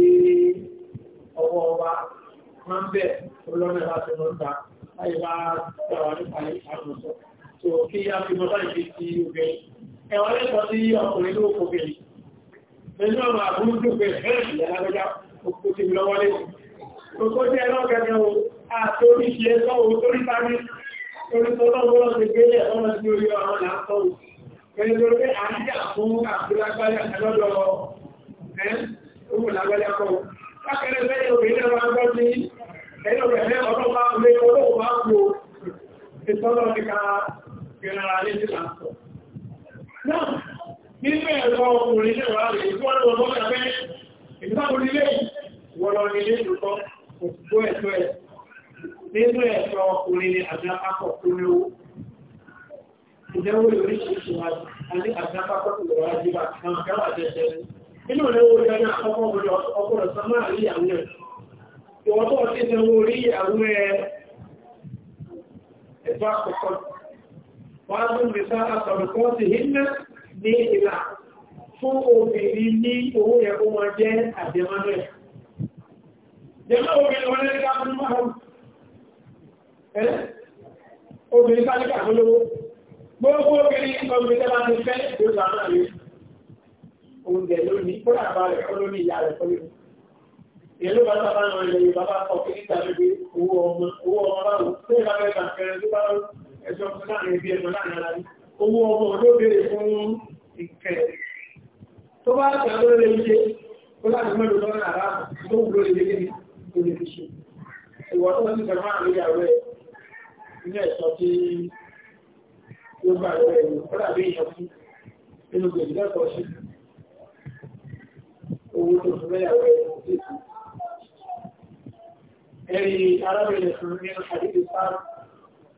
ọwọ́ wa wọ́n bẹ̀ olóòrùn ẹ̀rọ àti ọlọ́ta láyé bá tẹ̀wà nípa ìṣàkóso tó kí á fi mọ́tà ìdí sí obìnrin ẹ̀wọ́n lẹ́tọ̀ọ́ sí ọkùnrin ló kò bèrè nínú ọ̀rọ̀ àbúrú tó bẹ̀ fẹ́rẹ̀ ìyàlágbẹ́já òkú ti lọ́wọ́ lé òkú jẹ́ ẹlọ́gẹ̀ẹ́ o àtórí ṣe sọ́wọ́ torí sáré torí tó lọ́wọ́ ti gbélé ọmọ sí orí ọmọ là ń sọ́wọ́ pẹ̀lú tó pé à ń jà fún àbúrágbájá lọ́dọ̀ ẹ̀ òmùlágbájá kọ́ Ẹ̀yìn ọ̀rẹ́ ọ̀rọ̀ bá ń lé ọlọ́wọ́ bá ń lo ìtọ́lọ́ ní ká gẹ̀rẹ̀ alé sí láàpọ̀. Náà, nínú ẹ̀rọ ọkùnrin náà rẹ̀ ìfọ́nà ọmọ ẹ̀fẹ́ ìfọ́nà wọ́lọ́ nílé lùtọ́ òkúgbó ẹ̀tọ́ ẹ̀. Nínú ẹ̀rọ ọkùnrin ni àdápapọ̀ tó ní owó. Ìjẹ́wó oríṣiríṣi wa ní àdápapọ̀ tó wà jíba àwọn kẹwàá jẹ́ jẹ́. Inú rẹ̀ wo jẹ́ ní àkọ́kọ́ ọkọ̀ rẹ̀ sọ máa rí àwọn ẹ̀sọ́ ìwọ̀n tó ti ní owó orí àwọn ẹ̀fà kọ̀kọ́. Wọ́n á tún mẹ́ta àtàrùkọ́ ti hínà ní ìlà fún obìnrin ní owó yẹ kó máa jẹ́ àjẹmánú ẹ̀. Jẹ́mọ́ obìnrin wọn lẹ́gbẹ́ fún márùn-ún. Ẹ̀rẹ́ obìnrin bá nígbà tó lówó. Gbogbo Ìlú owó ọmọ owó ọmọ fún ìkẹ́. Tó bá tẹ̀ lórí lè ṣe, ó láti mẹ́rin lọ́rùn àrá tó wúlò lè ní kò lè Ìwọ̀n tó ti bẹ̀rẹ̀ máa lórí àwẹ̀ ilé ẹ̀sọ́ tí ó gbà lọ́rẹ̀ ìlú ó dàbí ìyọkú nínú gbèdúgbẹ́ ẹ̀rí arábìnrin fún nínú àdídì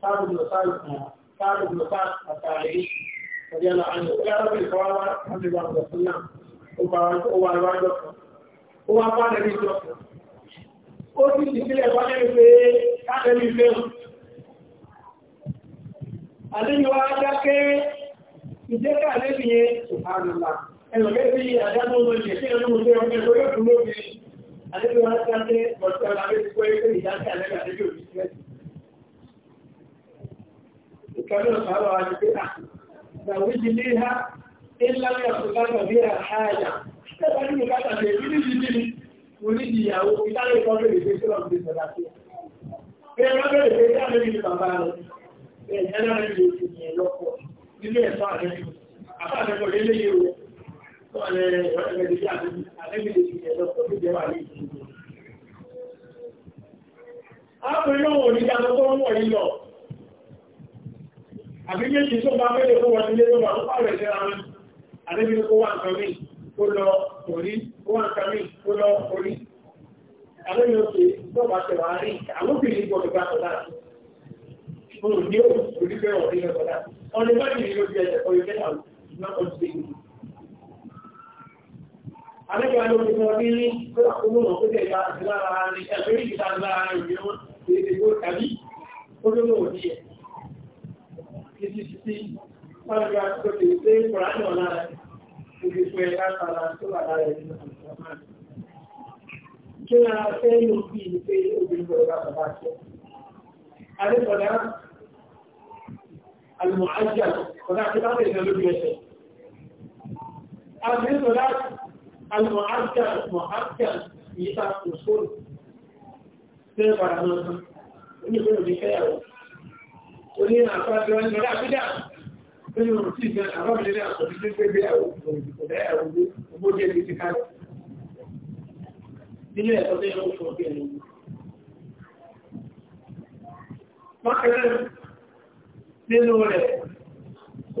sáàrùn lọ́sáàrùn àtàrí ọjọ́lá àyẹ̀ tí arábìnrin kọ́ wá láti bá ọ̀dọ̀ fún náà ó wà ìwájọ́ kan ó wá bá lẹ́rí jọ kan ó sì ti sílẹ̀ bá lẹ́rí pé káàkiri fẹ́hùn àdínyẹwà dákẹ́ ìjẹ́kà lẹ́bìyẹn ṣùgbọ́n àdùnlá ẹ̀lọ́gẹ́ sí àdájọ́ ọmọ ìṣẹ̀ṣẹ́ ẹ̀lú Àdébí wọn ti ṣe ọ̀sẹ̀ ọ̀la bí ti pé ìdájọ́ àlẹ́ àdébí òbí ti rẹ̀. Ìkànnì ọ̀sán àwọn àdébí à. Ah, Ìgbàwí ti lé ha, ńlá ní ọ̀sán lágbà bí àháyà. Ṣé wọ́n ní bùkátà lè rí níbi níbi? Àpìnrin òun nígbà tó ń wọ̀ nílọ. Àbí méjì tó bá mẹ́lẹ̀ kó wọ́n nílé lọ́wọ́ tó pàrẹ̀ jẹ́ ara rẹ̀. Àdébí kó wà nǹkan mí, kó lọ orí, kó wà nǹkan mí, kó lọ orí. Àdébí ó ṣe tó bá tẹ̀wà rí, àlóbìnrin gbọ́dọ̀ bá tọ́lá. Mo ní òun, orí bẹ́ẹ̀ wọ̀ nílẹ̀ tọ́lá. Ọ̀nà bá àmẹ́jọ́ ló ti sọ bí ní pé ọmọ mọ̀ pé ìgbà àti lára rẹ̀ ẹgbẹ̀rẹ̀ ìgbà àti lára rẹ̀ òbí wọn ti ti gbó tàbí ó ló lòó ní ẹ̀. Títí títí pàdùkà tó ti pé Kùránì ọ̀la rẹ̀ ti fi pẹ́ látara tó wà lára rẹ̀ nínú àtìsọ́mọ́. Kí ni a fẹ́ lò bí ní pé obìnrin bọ̀dọ̀ bá bàbá ṣe? Adékọ̀dá Àlùmọ̀ Ájà kọ̀dá àti bá bẹ̀rẹ̀ lórí ẹsẹ̀. Àbí alùmọ̀hájá mọ̀hájá yìí ta kò sóòrò fẹ́ padà náà tán onígbé òní fẹ́yàwó oní àpáàdé wọn lọ́dá àbídà nínú tí ìgbà àbábìnrin náà kò sí pé bí ẹ̀wò kò lẹ́yàwó owó jẹ́ bí ti káàdì nínú ẹ̀kọ́ tó yẹ oṣù ọ̀gbẹ́ ẹ̀lú. Mákẹ́rẹ́ nínú rẹ̀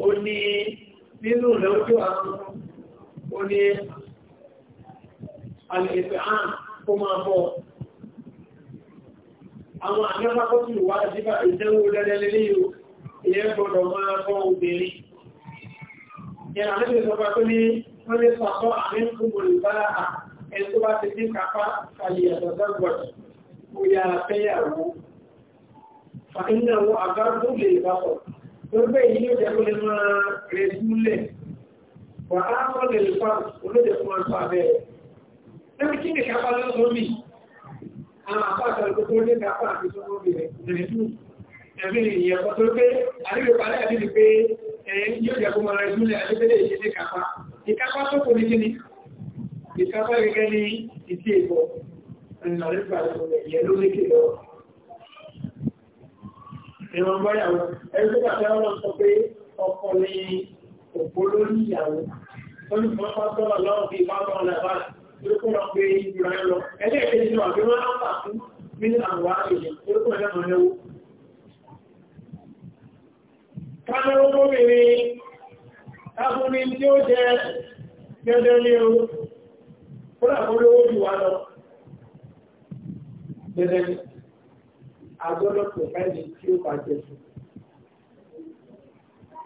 ó ní nínú rẹ̀ ojú àwọn ó ní àlèfẹ́ àn kó máa bọ́. Àwọn àjọ́fà tó ti wá jíbà ìdánwò lẹ́lẹ́lẹ́lẹ́ yóò, ìyẹ́ gbọ́dọ̀ máa bọ́ obìnrin. Ìyẹn àlẹ́fẹ́ sọ pé ní wọ́n lè sàtọ́ àmínkùnmù ìbára ẹni tó bá ti dín kápá kàlì àtọ̀tọ̀ gbọ́dọ̀. Mo yà fẹ́yàwó. Fàínàwó àgbàdo lè bàtọ̀. Gbogbo èyí ló jẹ́ kó lè máa rẹ̀ dúlẹ̀. Wà á sọ́lẹ̀ lè fà olóòjẹ̀ fún ọjọ́ abẹ́rẹ́. Lẹ́mìkí nìkan bá lọ́wọ́ mi, àwọn àpáta ìgbogbo ní ìdápá àti ìṣòro rẹ̀ nìrìnjú. Ẹ̀mí ìyẹn kọ́ tó pé, àríwẹ̀ balẹ̀ àti pé ẹ̀yìn yóò jẹ́ kó mọ́ra ìjúlẹ̀ àti bẹ́lẹ̀ ìṣẹ́ ní kápá. Ìkápá tó kò ní kí ni? Ìkápá gẹ́gẹ́ ní ìdí èbọ̀. Ìnàlẹ́gbà lórí kìlọ̀. Ìwọ̀n bọ́yàwó, ẹgbẹ́ bàtà ọlọ́ sọ pé ọkọ ni òpó lórí ìyàwó. Olùfọ́n lókùnrin ọgbẹ́ ìjìnlẹ̀ lọ ẹlẹ́ẹ̀kejì náà bí wọ́n á pà fún ní àwọn àṣẹyìn lókùnrin náà lọ́wọ́ kánáwó gómìnrin káfúnni tí ó jẹ dandan ní o kúrò àkọlówó jù wá lọ dandan ní agbọ́dọ̀ pọ̀ káyọ̀ tí ó bá jẹ fún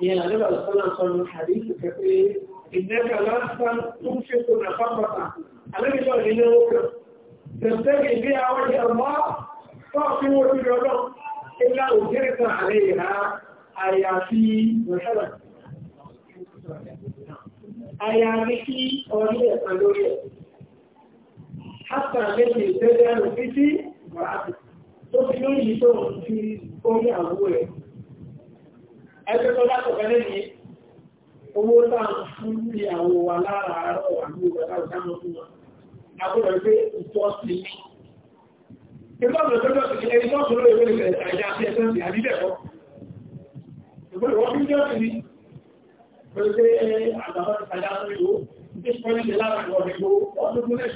ìyẹn àdébàlọ́sọ́nà sọ́nù àdéhùn kẹfẹ́ ìdẹ́gbẹ̀lá tún fi kò nà pápátá àlẹ́bí náà nílé ókè tẹ̀sẹ̀kì bí àwọn ìjọba fọ́ọ̀fí wọ́n ti rọ̀ náà ilá òjèrè kan àrẹ ìhà àyàfi mọ̀ṣẹ́lá àyàfi sí ọdún ẹ̀sán lórí ẹ̀ hátà méjì ìtẹ́jẹ́ ẹ̀rù títí wàhálà tó fi lórí yìí tó ń fi orí àwọ̀ ẹ̀ ẹgbẹ́ tó látọ̀kẹ́ lẹ́yìn owó táà ń fún ní àwọ̀ wà lára àárọ̀ àbúrò bàbá ìdámọ́ fún wọn agbọ́dọ̀ pé ìtọ́ sí ní. Ìgbọ́dọ̀ tó lọ́sí kí ẹni tọ́sí lórí ìwé ìfẹ̀ àìjá sí ẹ̀sán sí àbíbẹ̀kọ́. Ìgbọ́dọ̀ wọ́n fi jọ́ sí ní. Pẹ̀lú pé àgbàmọ́ ti padà sórí ìwó, ìdí ìpọ́nlẹ̀ ìlànà ìwọ̀n ìgbó ọdún múlẹ̀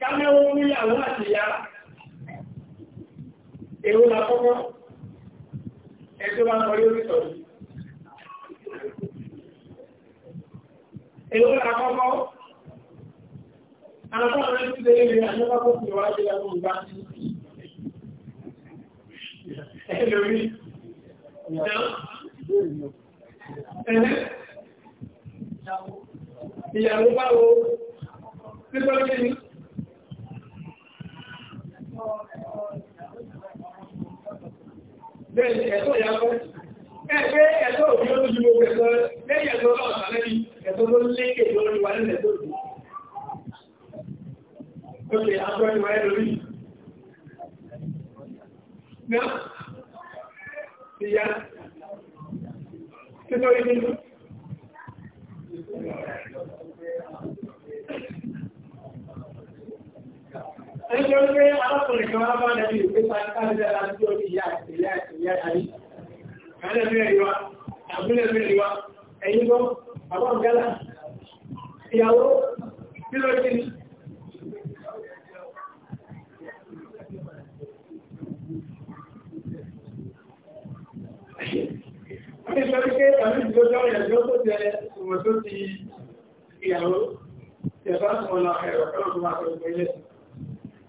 kámẹ́wó níyàwó àti ìyá èrò lápọ́pọ́ ẹ̀tọ́ bá kọrí orítọ̀ èrò lápọ́pọ́ àwọn ọmọ rẹ̀ ti lè rí àwọn ọmọ tó wá jẹ́ àwọn ìgbà sí ẹ̀lórí ìyàwó báwo nígbàgbé ni Bẹ́ẹ̀ni ẹgbẹ́ ẹ̀tọ́ òbí ó lójú gbogbo ẹ̀tọ́ lẹ́yìn ẹ̀tọ́ ọlọ́ọ̀sán lẹ́yìn ẹ̀tọ́ ló lé èdè orí wa nílẹ̀ tó dùn. Ó ṣe ìwà ẹ̀ lórí. Náà, ìyá, kí lórí nínú? Ẹjọ́ pé alákùnrin kan wá bá lẹ́bí ìgbé pàtàkì láti ọjọ́ ìyá ìyá ìyá ayé. Kàlẹ́bí ẹ̀yọ́, àbúlẹ̀bí ẹ̀yọ́, ẹ̀yìn bọ́, àwọn gálà, ìyàwó, kí ló kí ni? Wọ́n ti sọ wípé àwọn ìdíjọ́ ìyàjọ́ tó jẹ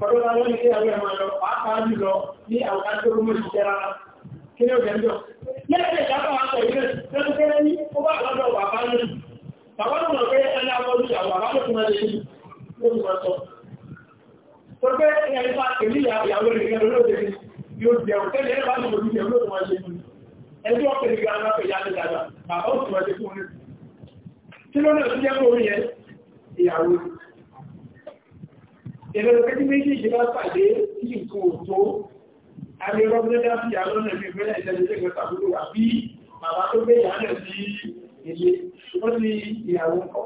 Kọ̀dọ́ta lọ́nà kí àwọn ẹ̀mọ̀ lọ, pàápàá jùlọ ní àwọn akẹ́rù mọ́ ìṣẹ́ra kí ní ọ̀gẹ́ jọ. Lẹ́ẹ̀kẹ́ ìjábọ̀ àtọ̀ ìrẹ́ lọ́dún kẹ́rẹ́ ní ó bá lọ́dọ̀ wà bá ní. Bàbá náà mọ̀ pé ẹni abọ́dú àwọn àbábọ̀ tó máa lè ṣe ó ti máa sọ. Tó pé ẹni bá pèlú ìyàwó rẹ̀ gẹ́gẹ́ lóde yóò jẹun tẹ́lẹ̀ ẹ̀rọ bá ní ojú jẹun lóde máa ṣe fún mi. Ẹni wọ́n pèlú ìgbà náà pèlú àti dàgbà, bàbá ó ti máa ṣe fún mi. Kí ló náà ti jẹ́ fún orí yẹn? Ìyàwó rẹ̀ ìrẹ̀lẹ̀ pẹ́kí méjì ìṣẹ́lá pàdé tí nǹkan ò tó àmì rọ́gbẹ́dá sí àlọ́nà ìlú ìpínlẹ̀ ìtẹ́lẹ́sẹ̀gbẹ̀ tàbílò àbí bàbá tó gbé ìyàlẹ̀ sí ilé ó ti ìyàwó kọ́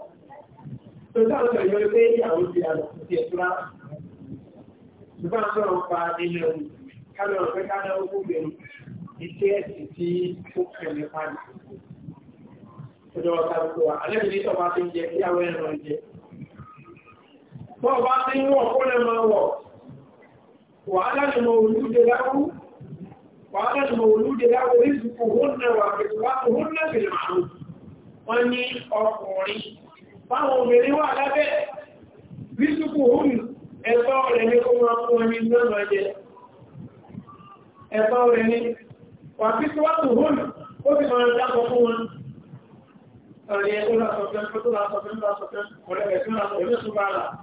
tó dáwọn sọ ìyọ́ pé ìyàwó ti àlọ́ ti ẹ̀tura nígbà sọ̀rọ̀ pa ilẹ̀ òun kálọ̀ ọ̀fẹ́ kálọ̀ ó gbé iṣẹ́ ẹ̀sìn tí ó kẹ̀lẹ̀ padà ọjọ́ ọ̀tà gbogbo wa bọ́ bá ti ń wọ̀ kó lẹ máa wọ̀ wàhálà ni mo olúde láwú wàhálà ni mo olúde láwú orísìkò hónà wà pẹ̀lú hónà sí màánù wọ́n ní ọkùnrin báwọn obìnrin wà lábẹ́ rísìkò hónà ẹ̀tọ́ rẹ̀ ní kó máa fún ẹni náà jẹ ẹ̀tọ́ rẹ̀ ní wà pẹ̀lú hónà ó Ọ̀rẹ́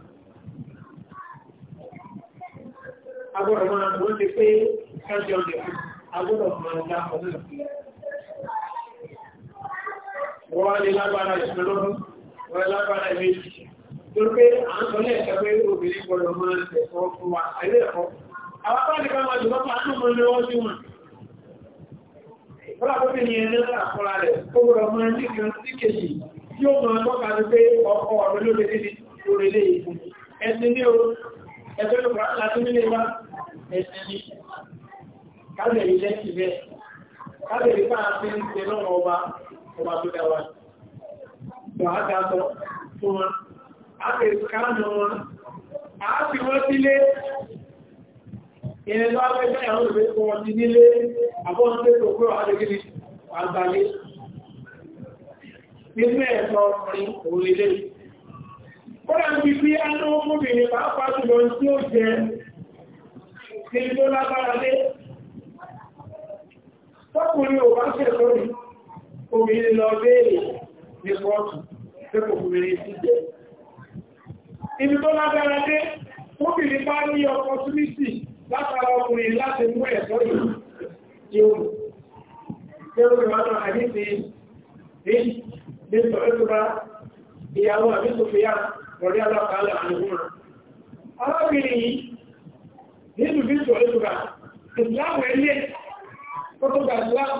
agbọ́dọ̀ máa wọ́n ti pé káńtì ọ̀dẹ̀ agbọ́dọ̀ máa ń dá ọdún ìfẹ́. Wọ́n wá lé lágbára ìṣẹ́lọ́dún, wọ́n lágbára ìmẹ́jì. Torí pé à ń sọ lẹ́ẹ̀kẹ́ pé obìnrin gbọ́dọ̀ máa ń tẹ̀kọ́ fún wa, àìlè ẹ̀kọ́. Àwọn apá nìkan máa jùlọ pa ánú mọ́ ní wọ́n sí wọn. Fọ́lá gómìn ni ẹni náà fọ́ra rẹ̀, ó gbọ́dọ̀ máa ní kan sí kejì tí ó máa tọ́ka ní pé ọkọ̀ ọ̀rẹ́ ló lè orílẹ̀-èdè. Ẹni ní o, ẹgbẹ́ ló láti nílé wa, ẹ̀sìn kálẹ̀ ilẹ̀ ti bẹ́ kálẹ̀ ipá àti ń tẹ lọ́nà ọba ọba tó dáwà wà á dátọ́ fún wọn á lè kánà wọn á fi wọ́n sílé ìrìn lọ́wọ́ pẹ́ bẹ́ẹ̀ àwọn òbí kọ́ wọn ti nílé àbọ́n tẹ́ tó kúrò àdégírí àgbàlẹ̀ nínú ẹ̀sọ́ ọkùnrin òun ilé Kọ́lá ń bí bí á náà fún mi ní pàápàá jùlọ tí ó jẹ ní tó lágbára lé tọ́kùnrin ò bá ṣe lórí obìnrin lọ béèrè ní pọ́ọ̀tù pẹ́kọ̀ obìnrin sí jẹ́ ibi tó lágbára lé obìnrin bá ní ọkọ̀ súnmítì látara ọkùnrin láti mú ẹ̀tọ́ yìí Arábìnrin yìí nílùú bí ìṣòro ìṣòro ìsìláàmù ẹlẹ́ kótógbà ìsìláàmù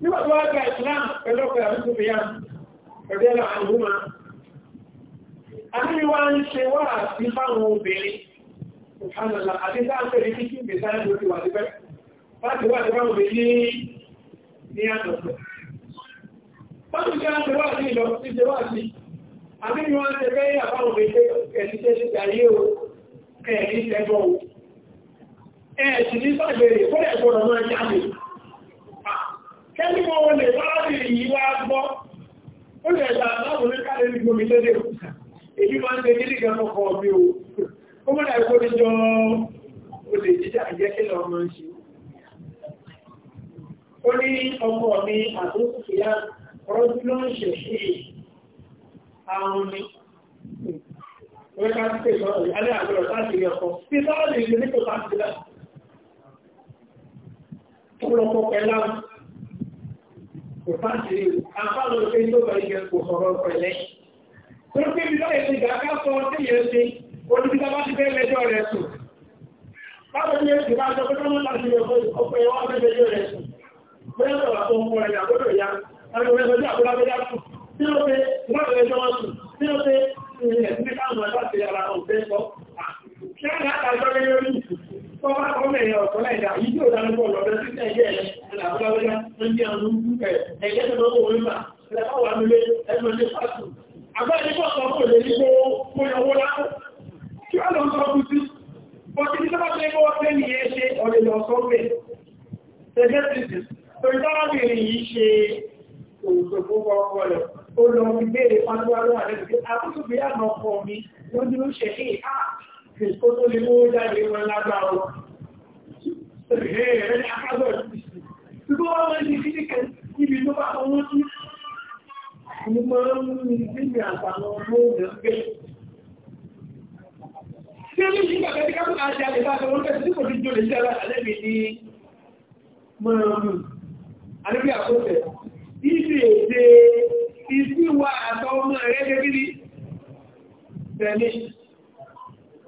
nígbà tó wá gba ìsìláàmù pẹ̀lú ọ̀pẹ̀ àbúkù fi yá pẹ̀lú ẹ̀lọ àìhúmá àbí wá ń ṣe wá àti fáwọn obìnrin ìfànàlà àti sáàpẹ̀ ní kíkí ìgbésáré ló ti wà síbẹ̀ láti wá ìfáwọn obìnrin ní àtọ̀tọ̀ Bájú jẹ́ láti wá sí ìlọ sí ṣe wá sí, àbí ni wọ́n ń ṣe fẹ́ àbáwọn obìnrin ẹ̀sìn ayé o, ẹ̀ẹ̀kì tẹ́gbọ́ o ẹ̀ẹ̀sì ní sàgbèrè fọ́lẹ̀ ẹ̀kọ́rọ̀ lè fárábì wá gbọ́ ó lè dà láàrín káàlẹ̀ ní gbomi lẹ́dẹ̀ òkúta èyí máa ń tẹ nílì gan ọkọ̀ ọ̀bí o ó mọ́lá ẹ̀kọ́ ní jọ olè jíjà ìjẹ́kẹ́lẹ̀ ọmọ ń ṣe ó ní ọkọ̀ mi àtúnkùfìyà ọ̀pọ̀lọpọ̀ pẹ̀lá kò fáṣìí àbálò pé tó bẹ̀rẹ̀ yẹ kò sọ̀rọ̀ pẹ̀lẹ́. Tó pé bí lọ́yẹ̀ ti gbà ká sọ tí yẹ ṣe, olùdíjá bá ti fẹ́ lẹ́jọ́ rẹ̀ sùn. Báwo ni èsì bá jọ pé tọ́lọ́ láti yẹ ọpẹ wá fẹ́ lẹ́jọ́ rẹ̀ sùn? Bẹ́ẹ̀ sọ̀rọ̀ tó ń mú ẹ̀yà gbọ́dọ̀ ya, àwọn ọmọ ẹgbẹ́ àbúrá bẹ́yà sùn. Tí ó pé ìwọ́n lẹ́jọ́ wọn sùn, tí ó pé ìrìnlẹ̀ sí káàmù ẹgbẹ́ àti yàrá ọ̀gbẹ́ sọ. Kí á ní àtàjọ́ lé lórí ìsìn. Tọ́lá ọmọ èèyàn ọ̀tọ́ láìdá, yìí tí ó dá lọ́pọ̀ lọ́dọ́ sí ẹgbẹ́ ẹ̀lẹ́, ìlàbọ́láwọ́lá, ó ń bí àwọn orúkú ẹ̀, ẹgbẹ́ tó lọ́wọ́ orí mà, ẹ̀lẹ́fọ́wà nílé, ẹgbẹ́ ní pàtó. Àbẹ́ ní pọ̀ sọ fún òlè ní kó kó yọwọ́ lápò. Kí wá lọ sọ fún sí? Bọ̀dé ní sábà fẹ́ kọ́wọ́ fẹ́ ní ẹ ṣe ọ̀lẹ̀ lọ sọ pé. Ṣẹjẹ́ ti sì, torí tọ́lábìnrin yìí ṣe òṣòfò kọ́kọ́ lọ. Ó lọ fi béèrè pátúwá lọ́wọ́ àdébìkẹ́, àkóso bí àmọ́ ọkọ mi, wọ́n dúró ṣẹ̀ṣẹ̀ kò tó lè mú jáde wọn lágbàá Ẹ̀rẹ́ ni akábọ̀ sí. Ṣùgbọ́n wọ́n máa ń di kíníkẹ́ níbi tó bá ọwọ́ sí. Mo máa ń mú mi síbi àtàwọn ọmọ òun gbé. Ṣé ní ìgbà kẹ́kẹ́ ká máa jẹ bá a sọ̀rọ̀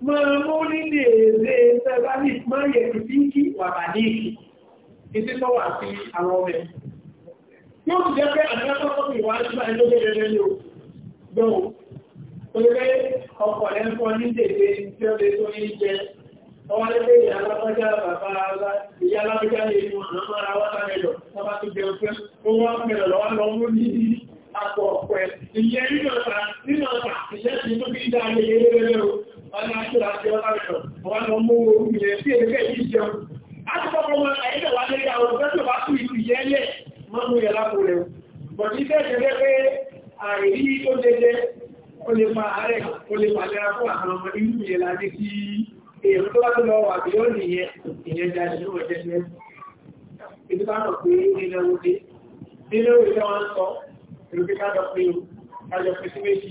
máa mú nílé èdè tẹ́lámì máa yẹ̀ sí kí wàbà ní ìkì ìdí tó wà sí àwọn ọmọ ẹ̀. yóò ti jẹ́ pé àjẹ́kọ́kọ́ ìwà ìgbà ẹlẹ́gbẹ̀ rẹ̀ ní o gbọ́n o lè pé ọkọ̀ rẹ̀ ń fọ́ ní dèdè tí ó lè tó ní jẹ ọwọ́ lẹ́gbẹ̀ ìyá alábọ́já bàbá ìyá alábọ́já lè mú àwọn ọmọ ara wọ́n sáré lọ wọ́n bá ti jẹun pé ó wọ́n mẹ́rọ lọ́wọ́ lọ mú ní àpọ̀ ọ̀pọ̀ ẹ̀ ìyẹn nínú ọ̀sà ọ̀nà àṣírà àti ọ̀tàrẹ̀kọ̀ wọ́n lọ mú orú ilẹ̀ sí ẹgbẹ́ yìí jẹun láti kọ́kọ́ mọ́ ẹ̀ẹ́dẹ̀ wà lẹ́gbẹ̀ àwọn ọ̀gbẹ́sọ̀ bá tún ìlú yẹ́ lẹ̀ mọ́mú yẹ lápò rẹ̀ bọ̀dí bẹ́ẹ̀ jẹ́ pé àìrí tó dédé ó lè fa ààrẹ ó lè fa lẹ́ra fún àwọn ọmọ inú yẹ láti kí èèyàn tó bá tó lọ wà bí ó nìyẹn ìyẹn jáde ní ọjọ́ ìṣẹ́ ìdí bá rọ̀ pé nínú owó dé nínú ìṣẹ́ wọn sọ èrò pé ká jọ pé ká jọ pé sí méjì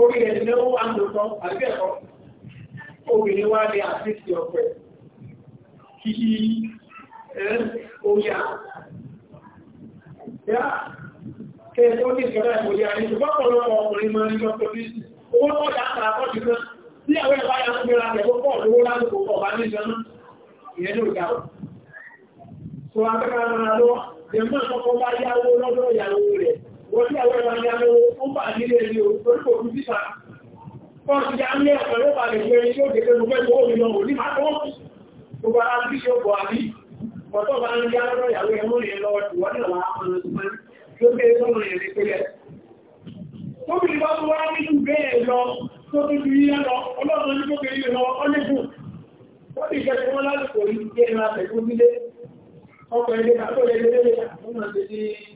orí ẹ̀ ní ó wà ń ẹ̀kọ́ obìnrin wá ní àfíìsì kí yá kẹ́ẹ̀kọ́ ní ìjọba ìmòyà ní ṣùgbọ́n pọ̀lọpọ̀ ọkùnrin mọ́ ní ya fún ìrànlẹ̀ tó pọ̀ lówó lásìkò ọ̀bá ní ìjọ náà ìyẹn ní òjá so abẹ́kà wọ́n tí àwọn ìwọ̀n ìyá lówó ó bà nílé ilé orúkọ òkú síta wọ́n ti yá ní ọ̀pẹ̀lẹ́ bà lè fẹ́ tí ó gẹ̀ẹ́ mú fẹ́ mọ́ òmìnà òní máa tó gbogbo ara bí ṣe bọ̀ àbí ọ̀tọ́ bá ń yá lọ́rọ̀ ìyàwó ẹmú ní lọ́wọ́ tí wọ́n nílò àwọn ọmọ tó máa tí ó gẹ̀ẹ́ sọ́nà ìrìn pẹ́lẹ̀ tóbi bá tó wá nínú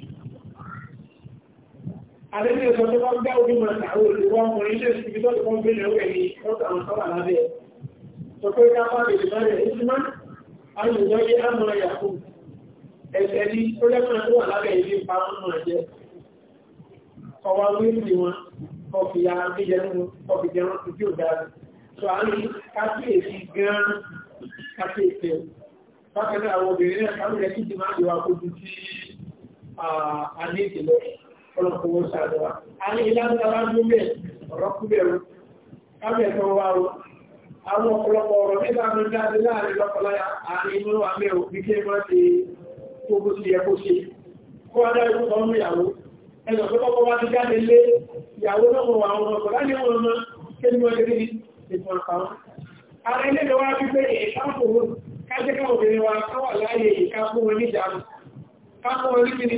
àdébí ìsọ tó wọ́n gbá ojú mọ̀ta àwọn olùwọ́n mọ̀ iṣẹ́ ìsìnkú tó ti wọ́n gbé lẹ́wọ́ ẹ̀ ní ọ̀tà àwọn sọ́wà lábẹ́ sọ pé ká bá lè bá rẹ̀ ìsìnmá alùjọ yé àmọ́ yàkú ẹ̀sẹ̀ ní ó lẹ́kùn tó wà lábẹ́ ìdí ipa wọn mọ̀ jẹ́ ọwọ́ wíńdì wọn ọfì ya méjẹ nínú ọfì jẹ wọn tí ó dára sọ àmì káfíèsí gan káfíèsí ọlọ́pọ̀ owó ṣàdọ́wà. A ní ìlànà alájúmẹ̀ ọ̀rọ̀ kúbẹ̀rù, kábẹ̀ẹ̀tọ́ wá o. Àwọn ọ̀pọ̀lọpọ̀ ọ̀rọ̀ nígbà mi jáde láàrin lọ́pọ̀láyà àárín inú àmì òbí kí wọ́n ti kó bó ti yẹ kó ṣe. Kó adá ikú kan mú ìyàwó. Ẹnà tó kọ́kọ́ wá ti jáde lé ìyàwó náà wọ àwọn ọmọ ọ̀gá ní wọn mọ́ kí ni wọ́n ti rí ìfọ̀n àpamọ́. Ààrẹ ilé ìwà fi pé ìkáàpò wọn kájẹ́ká obìnrin wa káwà láàyè ìkáàpò wọn níjàánu. Káàpò wọn rí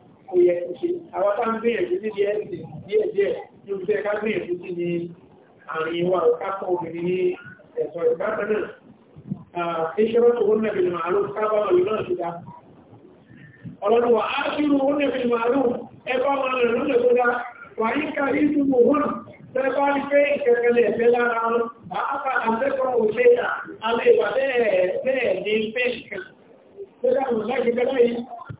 kò yẹ kò ṣe àwọn tá ń gbìyànjú ní díẹ̀ díẹ̀ díẹ̀ ní oṣù ẹ̀ká gbìyànjú sí ni àárín wa ká fún obìnrin ní ẹ̀sọ́ ìbátan náà iṣẹ́ wọn tó wọ́n nẹ̀bí ní màálù kábà ọ̀lú náà ṣe dá ọlọ́dún wa á sí irú wọn nẹ̀bí ní màálù ẹgbẹ́ ọmọ rẹ̀ ló lè tó dá wà ní ká ìlú mòhún tẹ́ bá rí pé ìkẹ̀kẹ̀lẹ̀ ẹ̀fẹ́ lára wọn àáfà àfẹ́kọ̀ọ́ òṣèlú alẹ́ ìwà bẹ́ẹ̀ bẹ́ẹ̀ ní fẹ́ẹ̀kẹ̀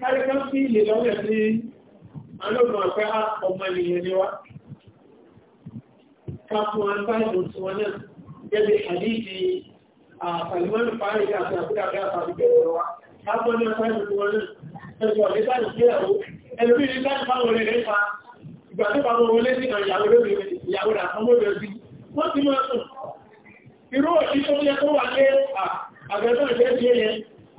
káríká sí ilé lọ́wọ́ sí alóògùn àpẹ́ ah, ọmọ ènìyàn ni wá káfún àtàìdò tí wọ́n náà gẹ́gẹ́ àdíjì àtàlùmọ́nù fàárí àti àbúdàbẹ́ àtàlùgbẹ̀rẹ̀ wá káfún àtàìdò tí wọ́n náà ẹ̀sùn ọ̀dẹ́ta ìgbéyàwó ẹlùmí ní láti fáwọn rẹ̀ nípa ìgbà tó bá wọn wọlé sí ìyàwó lórí ìyàwó rà fún mọ́bẹ̀ sí wọ́n ti mọ́ ẹ̀sùn irú òṣìṣẹ́ tó yẹ tó wà ní àgbẹ̀tọ̀ ìfẹ́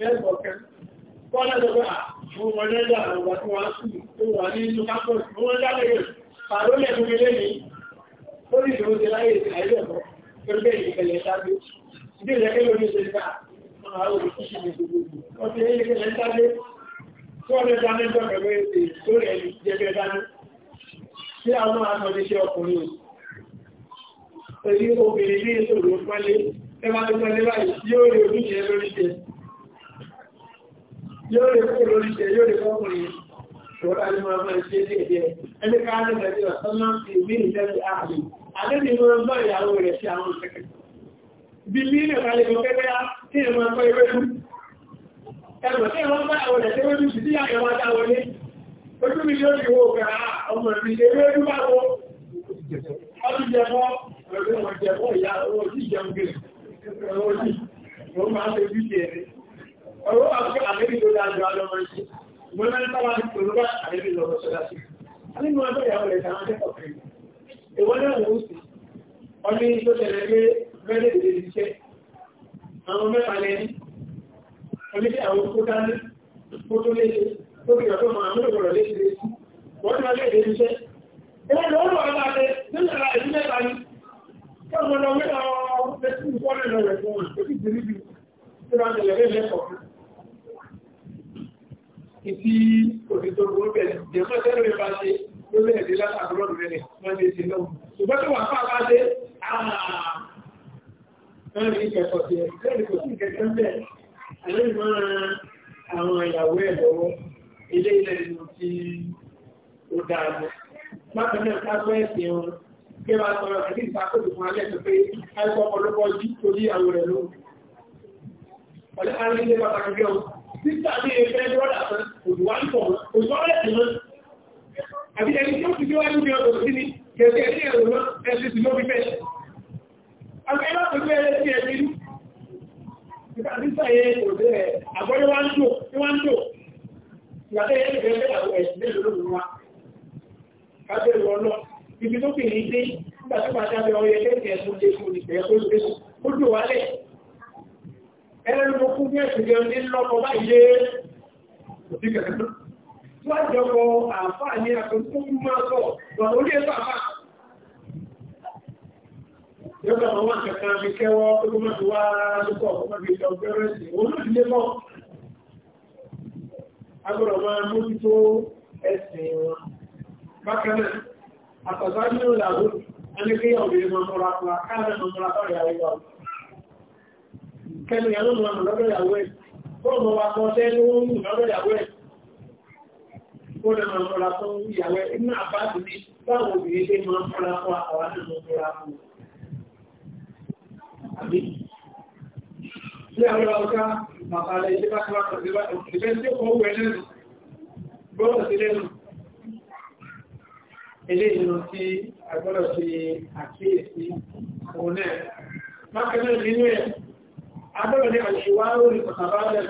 lẹ́gbọ̀kẹ́ kọ́lá lọ́gbà àwọn ọmọdé ẹgbà àwọn ọgbà tí wọ́n á sùn tó wà ní inú kápọ̀sì wọ́n jáde rẹ̀ pàrólẹ̀ tó gẹ́lẹ́ ní ó ní ìdúró ti láyé ìsìn àìlẹ́ẹ̀kọ́ pẹ̀lú ìkẹlẹ̀ ìtàgbé ìdí ìrẹ́kẹ́ lórí ìṣẹ́ ìgbà àwọn olùkúṣì ní gbogbo ọdún ilé ìkẹlẹ̀ ìtàgbé tí wọ́n mẹ́ta mẹ́jọ pẹ̀lú ètè tó rẹ̀ jẹ́gẹ́ dání sí àwọn àmọ́déṣẹ́ ọkùnrin pẹ̀lú obìnrin ní ìṣòro pẹ́lẹ́ ẹgbà tó pẹ́lẹ́ báyìí yóò rí ojúṣe lórí jẹ́ yóò lè kó lórí ṣe yóò lè fọ́kùnrin ṣòro alẹ́mọ̀ọ́mọ́ ṣe déédéé ẹni ká ní ẹ̀dẹ́ ọ̀sán náà ti bí ìtẹ́lẹ̀ ààrẹ alẹ́ni mọ́ bá ìyàwó rẹ̀ sí àwọn ìṣẹ́kẹ̀ bí ní ilẹ̀ kalẹ̀ mọ́ kẹ́kẹ́ tí ẹ̀ máa kọ́ ìwé fún ẹ̀rọ tí wọ́n bá ọ̀rọ̀ àti àbẹ́bí ló dájú alọ́mọ sí mo náà tọ́wà ní olúbá àbẹ́bí lọ́wọ́ sọ́dá sí nínú ọjọ́ ìyàwó rẹ̀ tàwọn akẹ́kọ̀ọ́ kan ìwọ náà wọ́n sì ọdún yìí tó tẹ̀lé pé mẹ́rin èdè iṣẹ́ àwọn mẹ́ta lẹ́ni oníṣẹ́ àwọn tó dání tó tó léṣe tó fi ọ̀dọ́ máa mú ìwọ̀rọ̀ léṣe léṣe wọ́n ti máa lé èdè iṣẹ́ ìwọ ló wọ́n wà láti nílẹ̀ ra ìlú mẹ́ta ni kí ọmọ lọ wí lọ fẹ́sí ìdí òṣìṣẹ́ orúkẹ́ jẹ́sọ́ tẹ́lú ìbá ṣe lórí ẹ̀dẹ́ látàkùrọ̀dù rẹ̀ wọ́n lè ṣe lọ́wọ́ ṣùgbọ́n tó wà fáà bá ṣe ààrùn ẹ̀rìn ìkẹ́kọ̀ọ́ sí ẹ̀rìn kò sí ìkẹ́kẹ́ ń bẹ̀ àlẹ́yìn mọ́ àwọn ìyàwó ẹ̀ lọ́wọ́ ilé ilẹ̀ ìlú tí ó dáa mọ́ bákan náà ká gbọ́ ẹ̀sìn wọn kí wọ́n sọ ẹ̀dí ìfàkóso fún alẹ́ tó pé àìsàn ọ̀pọ̀lọpọ̀ jí torí àwọn rẹ̀ lóhùn ọ̀lẹ́ Sísà ní ẹgbẹ́ brọ́dà kan, òdùwà ń tọ̀ wọn, òdùwà rẹ̀ sí wọn. Àbí ẹni tí ó ti déwájú ní ọdọ̀ sí ni, kẹ̀kẹ́ ní ẹ̀rọ náà, ẹ̀sìn sì ló fi fẹ́. Àwọn ẹlọ́ tó gbé ẹlẹ́sì ẹ̀mí ní. Ìgbà sísà yẹn kò dé ẹ̀, àgbọ́dé wá ń jò, ní wá ń jò. Ìgbà tẹ́ ẹ̀sìn ẹ̀sìn ẹ̀sìn ẹ̀sìn ẹ̀sìn ẹ̀sìn kájọ ìwọ lọ ibi tó kì í dé nígbà tó bá dábẹ́ ọyẹ lẹ́sìn ẹ̀sùn jésù wálẹ̀ ẹlẹ́nu mo kú bí ẹ̀sùn jẹun ní lọ́pọ̀ báyé òtíkẹ̀ẹ́sùn tí wá jọpọ̀ àfáà ní àkókò máa sọ wà lórí ẹ̀sọ́ àfáà yọ́gbà àwọn wọn kẹta fi kẹwọ́ tó kó máa ti wá lókọ̀ ọmọ fi jọ bẹ̀rẹ̀ sí olóòdìlé mọ́ agbọ́dọ̀ máa mójútó ẹ̀sìn wọn bákan náà àtàgbájú làwọn ẹni kéyàwó lè máa mọ́ra fún akáàrẹ̀ mọ́ra fún àyàwó kẹnu ìyàwó mọ̀ lọ́dọ̀ ìyàwó ẹ̀ fọ́ọ̀mù wa kọ́ tẹ́ ló ń mú lọ́dọ̀ ìyàwó ẹ̀ kó lè máa múra fún ìyàwó ẹ̀ inú àbáàdì ní báwọn obìnrin ṣe máa múra fún àwa náà ló múra fún àbí tí àwọn ọ̀gá màkàlẹ̀ ìdíbà tí wọ́n kọ̀ síbá ìfẹ́ tí ó kọ́ wẹ̀ lẹ́nu gbọ́dọ̀ sí lẹ́nu eléyìnà tí a gbọ́dọ̀ ṣe àkíyèsí òun náà mákàlẹ̀ nínú ẹ̀ agbọ́dọ̀ ní àṣìwárò ní pàtàkì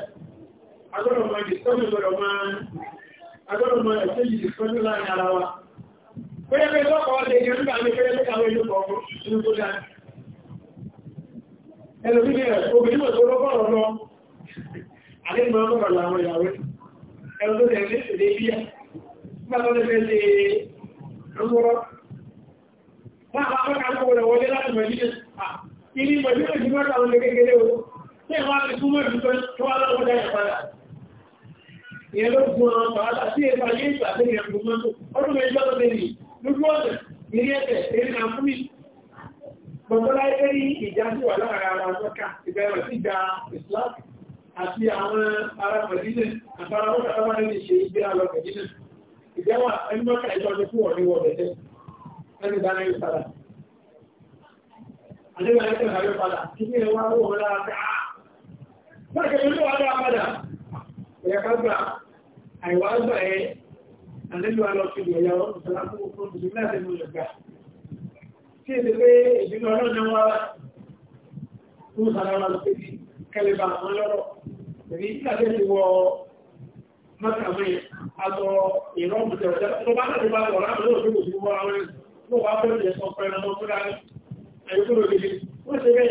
agbọ́dọ̀ máa dìsọ́nù lọ́dọ̀ máa agbọ́dọ̀ máa ẹ̀sẹ́ yìí dìsọ́nù láàrin ara wa pẹ́lẹ́pẹ́ lọ́kọ̀ ọdẹ ìgbẹ̀ nígbà ní tí ìwọ́n á fi túmọ̀ ìlú tó wá lọ́wọ́ lẹ́yìn padà. Ìyẹn ló fún ọ̀nà pàdà sí ẹ̀fà yé ìgbà tó yẹ fún mọ́tò. Ọdún mẹ́jọ lọ́dọ̀ bẹ̀rẹ̀ lójú ọ̀sẹ̀ ìrí ẹ̀sẹ̀ èrí náà fún mi. Bọ̀bọ́lá ẹgbẹ́ ní ìjà sí wà lára ara Mọ́kà ìbẹ̀rẹ̀ sí ìjà Islam àti àwọn ará Mẹ̀dínà àtàrà wọ́n tàbí wọ́n lè ṣe ìgbé alọ Mẹ̀dínà. Ìjà wà ẹni Mọ́kà ìjọ ọdún fún ọ̀ní wọ bẹ̀tẹ̀. Ẹni dáná yóò padà. Àdébà ẹ̀sẹ̀ náà yóò padà. Kí ni ẹ wá wọ̀ lára Bákan ilé wa dáa padà, ẹ̀yàká gbà, àìwá gbà ẹ, àlejò wa lọ sí ìlú ẹ̀yà ọ̀rọ̀ ìṣẹ́lá fún òkú òbí láti mú lè gbà. Tí èdè pé ìdílé ọlọ́dún wa fún sàrà wa lọ pé kí kẹlẹ̀ bá àwọn lọ́rọ̀. Èmi ìtàgé ti wọ mọ́tàmí àtọ ìrọ́mù tẹ̀ ọ̀jẹ́ tó bá láti bá wọ̀ láti lóòótọ́ òṣùwọ́ àwọn ẹ̀rọ wọ́n wá fẹ́rẹ̀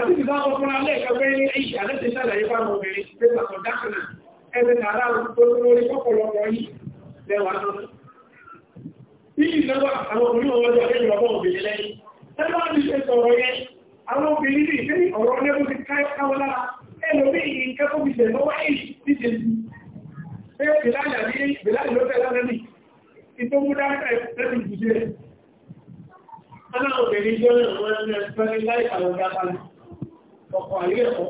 àti ìdá ọkùnrin alẹ́ ìkẹgbẹ́ ní èyí àlẹ́sẹ̀ sàlàyé bá mọ̀ mẹ́rin pé pàtàkì dákànà ẹgbẹ́ tààrà tó lórí pọ́pọ̀lọpọ̀ yìí lẹ́wà náà. Ìyí lọ́wọ́ àwọn ọkùnrin wọn wọ́n jẹ́ ìrọ̀bọ̀ obìnrin lẹ́yìn. Ẹgbẹ́ wọn ti ṣe sọ̀rọ̀ yẹn, àwọn obìnrin ní ìfẹ́ ọ̀rọ̀ lẹ́gbẹ́ ọkọ̀ ayé ẹ̀kọ́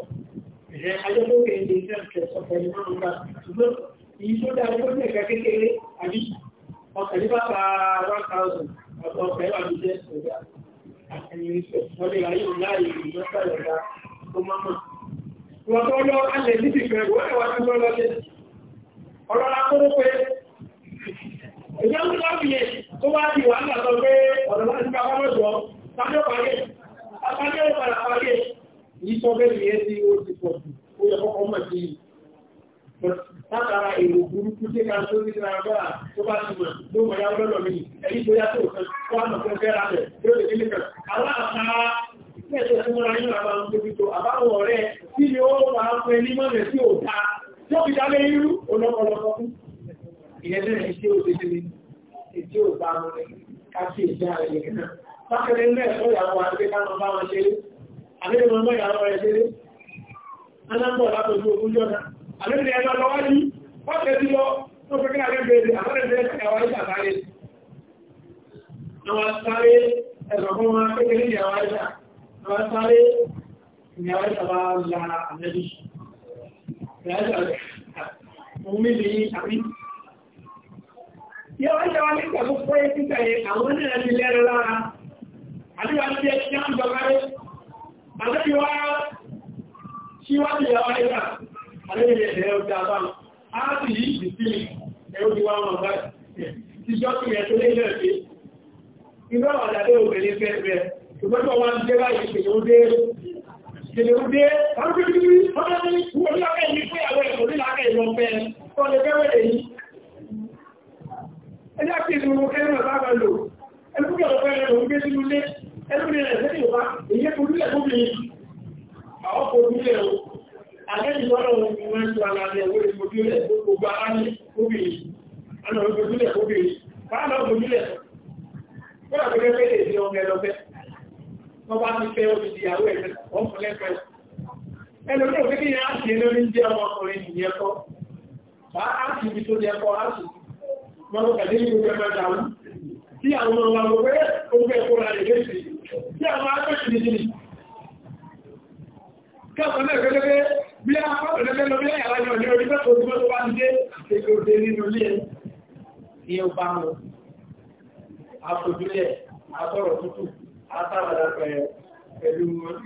ẹ̀rẹ́ ajọ́lógè ilé iṣẹ́ ìkẹsọ̀ pẹ̀lú máa ń gbà ṣùgbọ́n èyí tó dá ẹgbẹ́ ní ẹ̀ka kékeré àbí ọkọ̀ ní bàbá one thousand ọkọ̀ ọkọ̀ ẹ̀wà ní jẹ́ ọ̀gá àtẹ̀yìn ìṣẹ̀ wọlé ayé ìláyè ìjọba ìjọba tó máa mọ̀. ìwọ̀n tó lọ alẹ̀ níbi ìgbẹ̀rù ẹ̀wà tó lọ lọ ọlọ́lá tó ló pé ìjọba tó bá fi yẹ tó bá di wàhálà sọ pé ọ̀dọ̀ láti bá wọ́n lọ́jọ́ ìsọ̀bẹ̀rẹ̀ yẹn tí ó ti pọ̀ jù ó yẹ kọ́kọ́ mọ̀ sí i látara èrò burúkú tí ká tó nílá agbára tó bá ti mọ̀ ló mọ̀ yá lọ́lọ́ mi ẹ̀yí tó yá tó kan wà mọ̀ fún fẹ́ rálẹ̀ tí ó lè nílé kan aláàfá ẹ̀ṣẹ̀ tí wọ́n ráyìn àbá ń tóbi tó àbáwọ̀ ọ̀rẹ́ tí ni ó wà ń pẹ ní mọ̀nà tí ò ta fi dálé irú olọ́pọ̀lọpọ̀ fún ìyẹn náà iṣẹ́ ò àlẹ́gbẹ̀rún ọmọ ìyàrá rẹ̀ léré alábọ̀ látọ̀jú ogun jọ́nà àlẹ́gbẹ̀rún ẹgbẹ́ lọ́wọ́ ní pọ́tẹ̀ sí lọ tó fẹ́ kí àlẹ́gbẹ̀rẹ̀ àlẹ́gbẹ̀rẹ̀ ẹ̀wà ìjà sáré àwọn sáré ẹ̀rọ̀gbọ́n wọn kékeré ìyàwó ìjà àwọn sáré ìyàwó ìjà bá lára àmẹ́bí Yọ́wọ́ ìjọba ní ìgbàgbọ́ pé títẹ̀ àwọn ní ẹni lẹ́rọ lára, àdúgbà ní ẹni tí a ń jọ lára Àjẹ́bí wá síwájú ìyàwó ìgbà, àlẹ́bí ẹ̀rẹ́ ojú àbá, a ti yí ìsìnkú ẹ̀rọ ti wá wọn bá ti jọ́ sí ẹ̀ tó lé ilẹ̀ sí. Ìgbà wà dàdé obìnrin fẹ́ rẹ̀, ìgbẹ́jọ́ wá ń dé báyìí kèlè ó dé, kèlè ó dé, àwọn kìrìkìrì, wọ́n lọ́pẹ́ yìí fún ìyàwó ẹ̀kọ́ nílàkẹ́ ìlọ́pẹ́ tó lè fẹ́rẹ̀ yìí. Ẹjá kí ìlú kẹ́rẹ̀ bá bá lò, ẹlúgbẹ̀rẹ̀ fẹ́rẹ̀ lò ń gbé sínú lé, ẹlòmí rẹ̀ lẹ́yìn ìwá èyí kò nílẹ̀ tó bí àwọn kò nílẹ̀ o àlẹ́yìn lọ́rọ̀ wọn ń sọ ara rẹ̀ owó lè fojú rẹ̀ gbogbo ara ní kóbì àná ló fojú rẹ̀ kóbì báà lọ fojú rẹ̀ kó lọ fẹ́ fẹ́ lè di ọmọ ẹlọfẹ́ wọ́n bá ti fẹ́ omi di àwọn ẹ̀fẹ́ wọ́n fún lẹ́fẹ́ ẹlòmí òfin ni a ti lórí ń jẹ́ ọmọkùnrin nìyẹn kọ́ báà á sì ibi tó yẹ kọ́ á sì mọ́tò kàdé ní gbogbo ẹgbẹ́ dàrú tí àwọn ọmọ wa gbogbo ẹgbẹ́ kó ra lè lé sí i bí a máa gbẹ̀ṣì ní jìnnì kẹ́kọ̀ọ́ náà gẹ́gẹ́ bí a pàtàkì lọ bí ẹ̀yà ní ọdún orí mẹ́kọ̀ọ́ tí wọ́n tó bá ń dé ètò òde nínú ilé ìyẹ́ ọba ń lọ àfojúlẹ̀ àtọ̀rọ̀ tútù àtàràdà pẹ̀lú wọn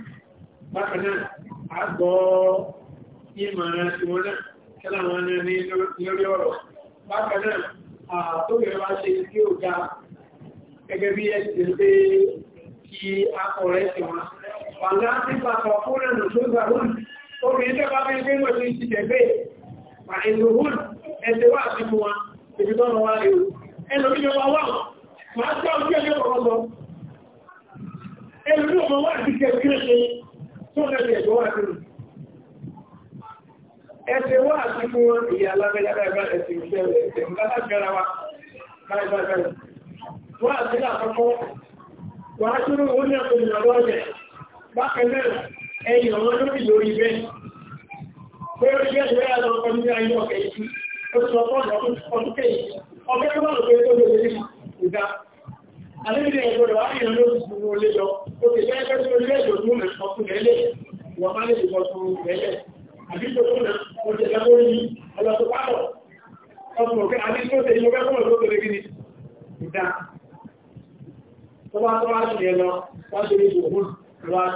bákan náà àgbọ̀ ìmọ̀ràn tí wọ́n náà kẹ́lá wọn náà ní lórí ọ̀rọ̀ bákan náà àtòkèrè wá ṣe tí ó ga gẹ́gẹ́ bí ẹ̀sìn pé kí akọ̀rẹ́ sí wọn. Wàlá ti pàtàkì fún ẹ̀nà tó gbà hún, obìnrin tẹ́ bá bí i gbẹ́gbẹ̀ sí ti tẹ̀gbẹ́ pàtàkì hún ẹ̀sẹ̀ wà sí fún wọn, èbí tọ́nà wá rí ẹnu bí yọ wá máa jẹ́ ojú ẹjọ́ ọ̀rọ̀lọ́. Ẹnu bí ọmọ wà sí kẹ̀kẹ́ ṣe tó lẹ́lẹ̀ ẹ̀jọ́ wà sí ẹ̀sẹ̀ wà sí fún wọn ìyà alábẹ́lára ẹ̀bá ẹ̀sẹ̀ ìṣẹ́ wàá ṣúrú owó ní ọ̀pọ̀ ìrìnàlọ́ ọ̀jẹ̀ bákan náà ẹ̀yìn ọ̀wọ́n lórí lórí bẹ́ẹ̀ pé ó jẹ́ ìwé àlọ́ ọkọ̀ ní ayé ọkẹ̀ yìí ó ti sọ fọ́ọ̀nù ọdún kẹ́yìn ọkẹ́ tó bá lò pé tó lè rí ìdá alẹ́bìnrin ẹ̀gbọ́dọ̀ wá ìrìn lórí ìṣòro olé lọ ó ti fẹ́ fẹ́ tó lé ìlò mú mẹ́sàn fún ẹlẹ́ wọ́n má lè dìbọn fún ẹlẹ́ àbí tó tó nà ó jẹ́ lọ́wọ́ ní ọlọ́tọ̀ pátọ̀ ọkùnrin àbí tó tẹ̀yìn ọgbẹ́ fún ọ̀dọ́ tó lè rí ìdá tọ́wọ́ tọ́wọ́ ṣe yẹ lọ wọ́n ṣe ìṣò òun lọ́wọ́ lọ́nà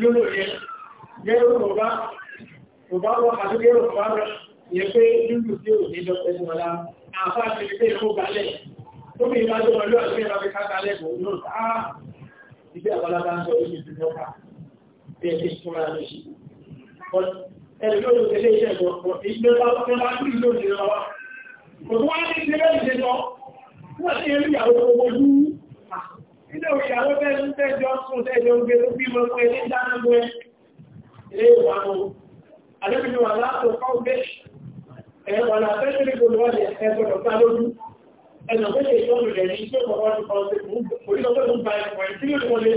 lórí ẹ̀ gẹ́rù ọba ọba wọ àti gẹ́rù ọba rẹ̀ yẹ pé lúlù tí ò ní Wọ́n ní ẹlú ìyàwó ojú. Ilé ìyàwó bẹ́ẹ̀ ń tẹ́jọ́ sún tẹ́jọ́ gbé tó bímọ fún ẹni dáná gbé. Ilé ìwà mú. Àdébìnrin wà látò fáwọ́gbé. Ẹ̀wọ̀n àfẹ́sẹ̀rẹ̀ gbogbo wà ní ẹgbẹ̀rún bá lójú. Ẹnà pé ṣe ìtọ́jú rẹ̀ ní ṣé ọ̀rọ̀ ti pa ọ̀sẹ̀ fún orílẹ̀-èdè ń ba ẹ̀kọ́ ìdílé wọlé.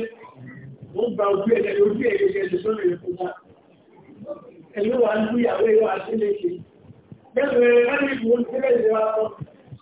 Mo ń gba ojú ẹ̀jẹ̀ lójú ẹ̀jẹ̀ ẹ̀jẹ̀ sórí ìfúnná. Ẹ̀yọ́ wa ń bú ìyàwó ìwà àti ilé ṣe. Bẹ́ẹ̀ ni ẹ̀rọ ìwọ̀n ti fẹ́ ìlera kan.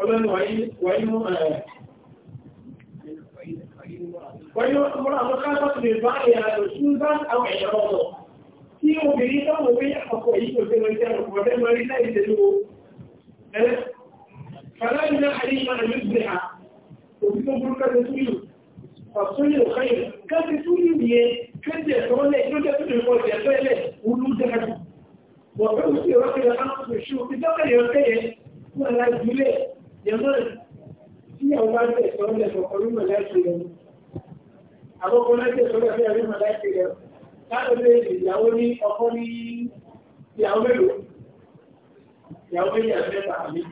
ọlọ́ni wáyé múra àwọn káàkiri lè bá ẹ̀yà rẹ̀ ṣúgbá àwọn ẹ̀yà ọ̀dọ̀ tí obìnrin táwọn pé ọkọ̀ yìí kò tẹ́lọ jẹ́ ọkọ̀ tẹ́lọ rí láì tẹ́lú ẹ́ fàláyìn náà àrí ìmọ̀ àlú ìgbé à òbí tó burú kẹ́sẹ̀ túlù ọ̀túnlẹ̀ òkèèrè kẹ́sẹ̀ túlù yẹn kẹ́sẹ̀ ẹ̀tọ́lẹ̀ tó jẹ́ túlù pọ̀ jẹ́ fẹ́lẹ̀ olú jẹ́ wọ́n fẹ́ jẹ́mọ́ tí àwọn bá tẹ̀ sọ́ọ́ lẹ̀ kọ̀ọ̀kan ní mọ̀láìsì rẹ̀ àkọ́kọ́ láti ẹ̀sọ́ lẹ̀ fẹ́ẹ́ rí mọ̀láìsì rẹ̀ káàkiri lè ìyàwó ní ọkọ ní ìyàwó mélòó ìyàwó méjì àti mẹ́ta àmì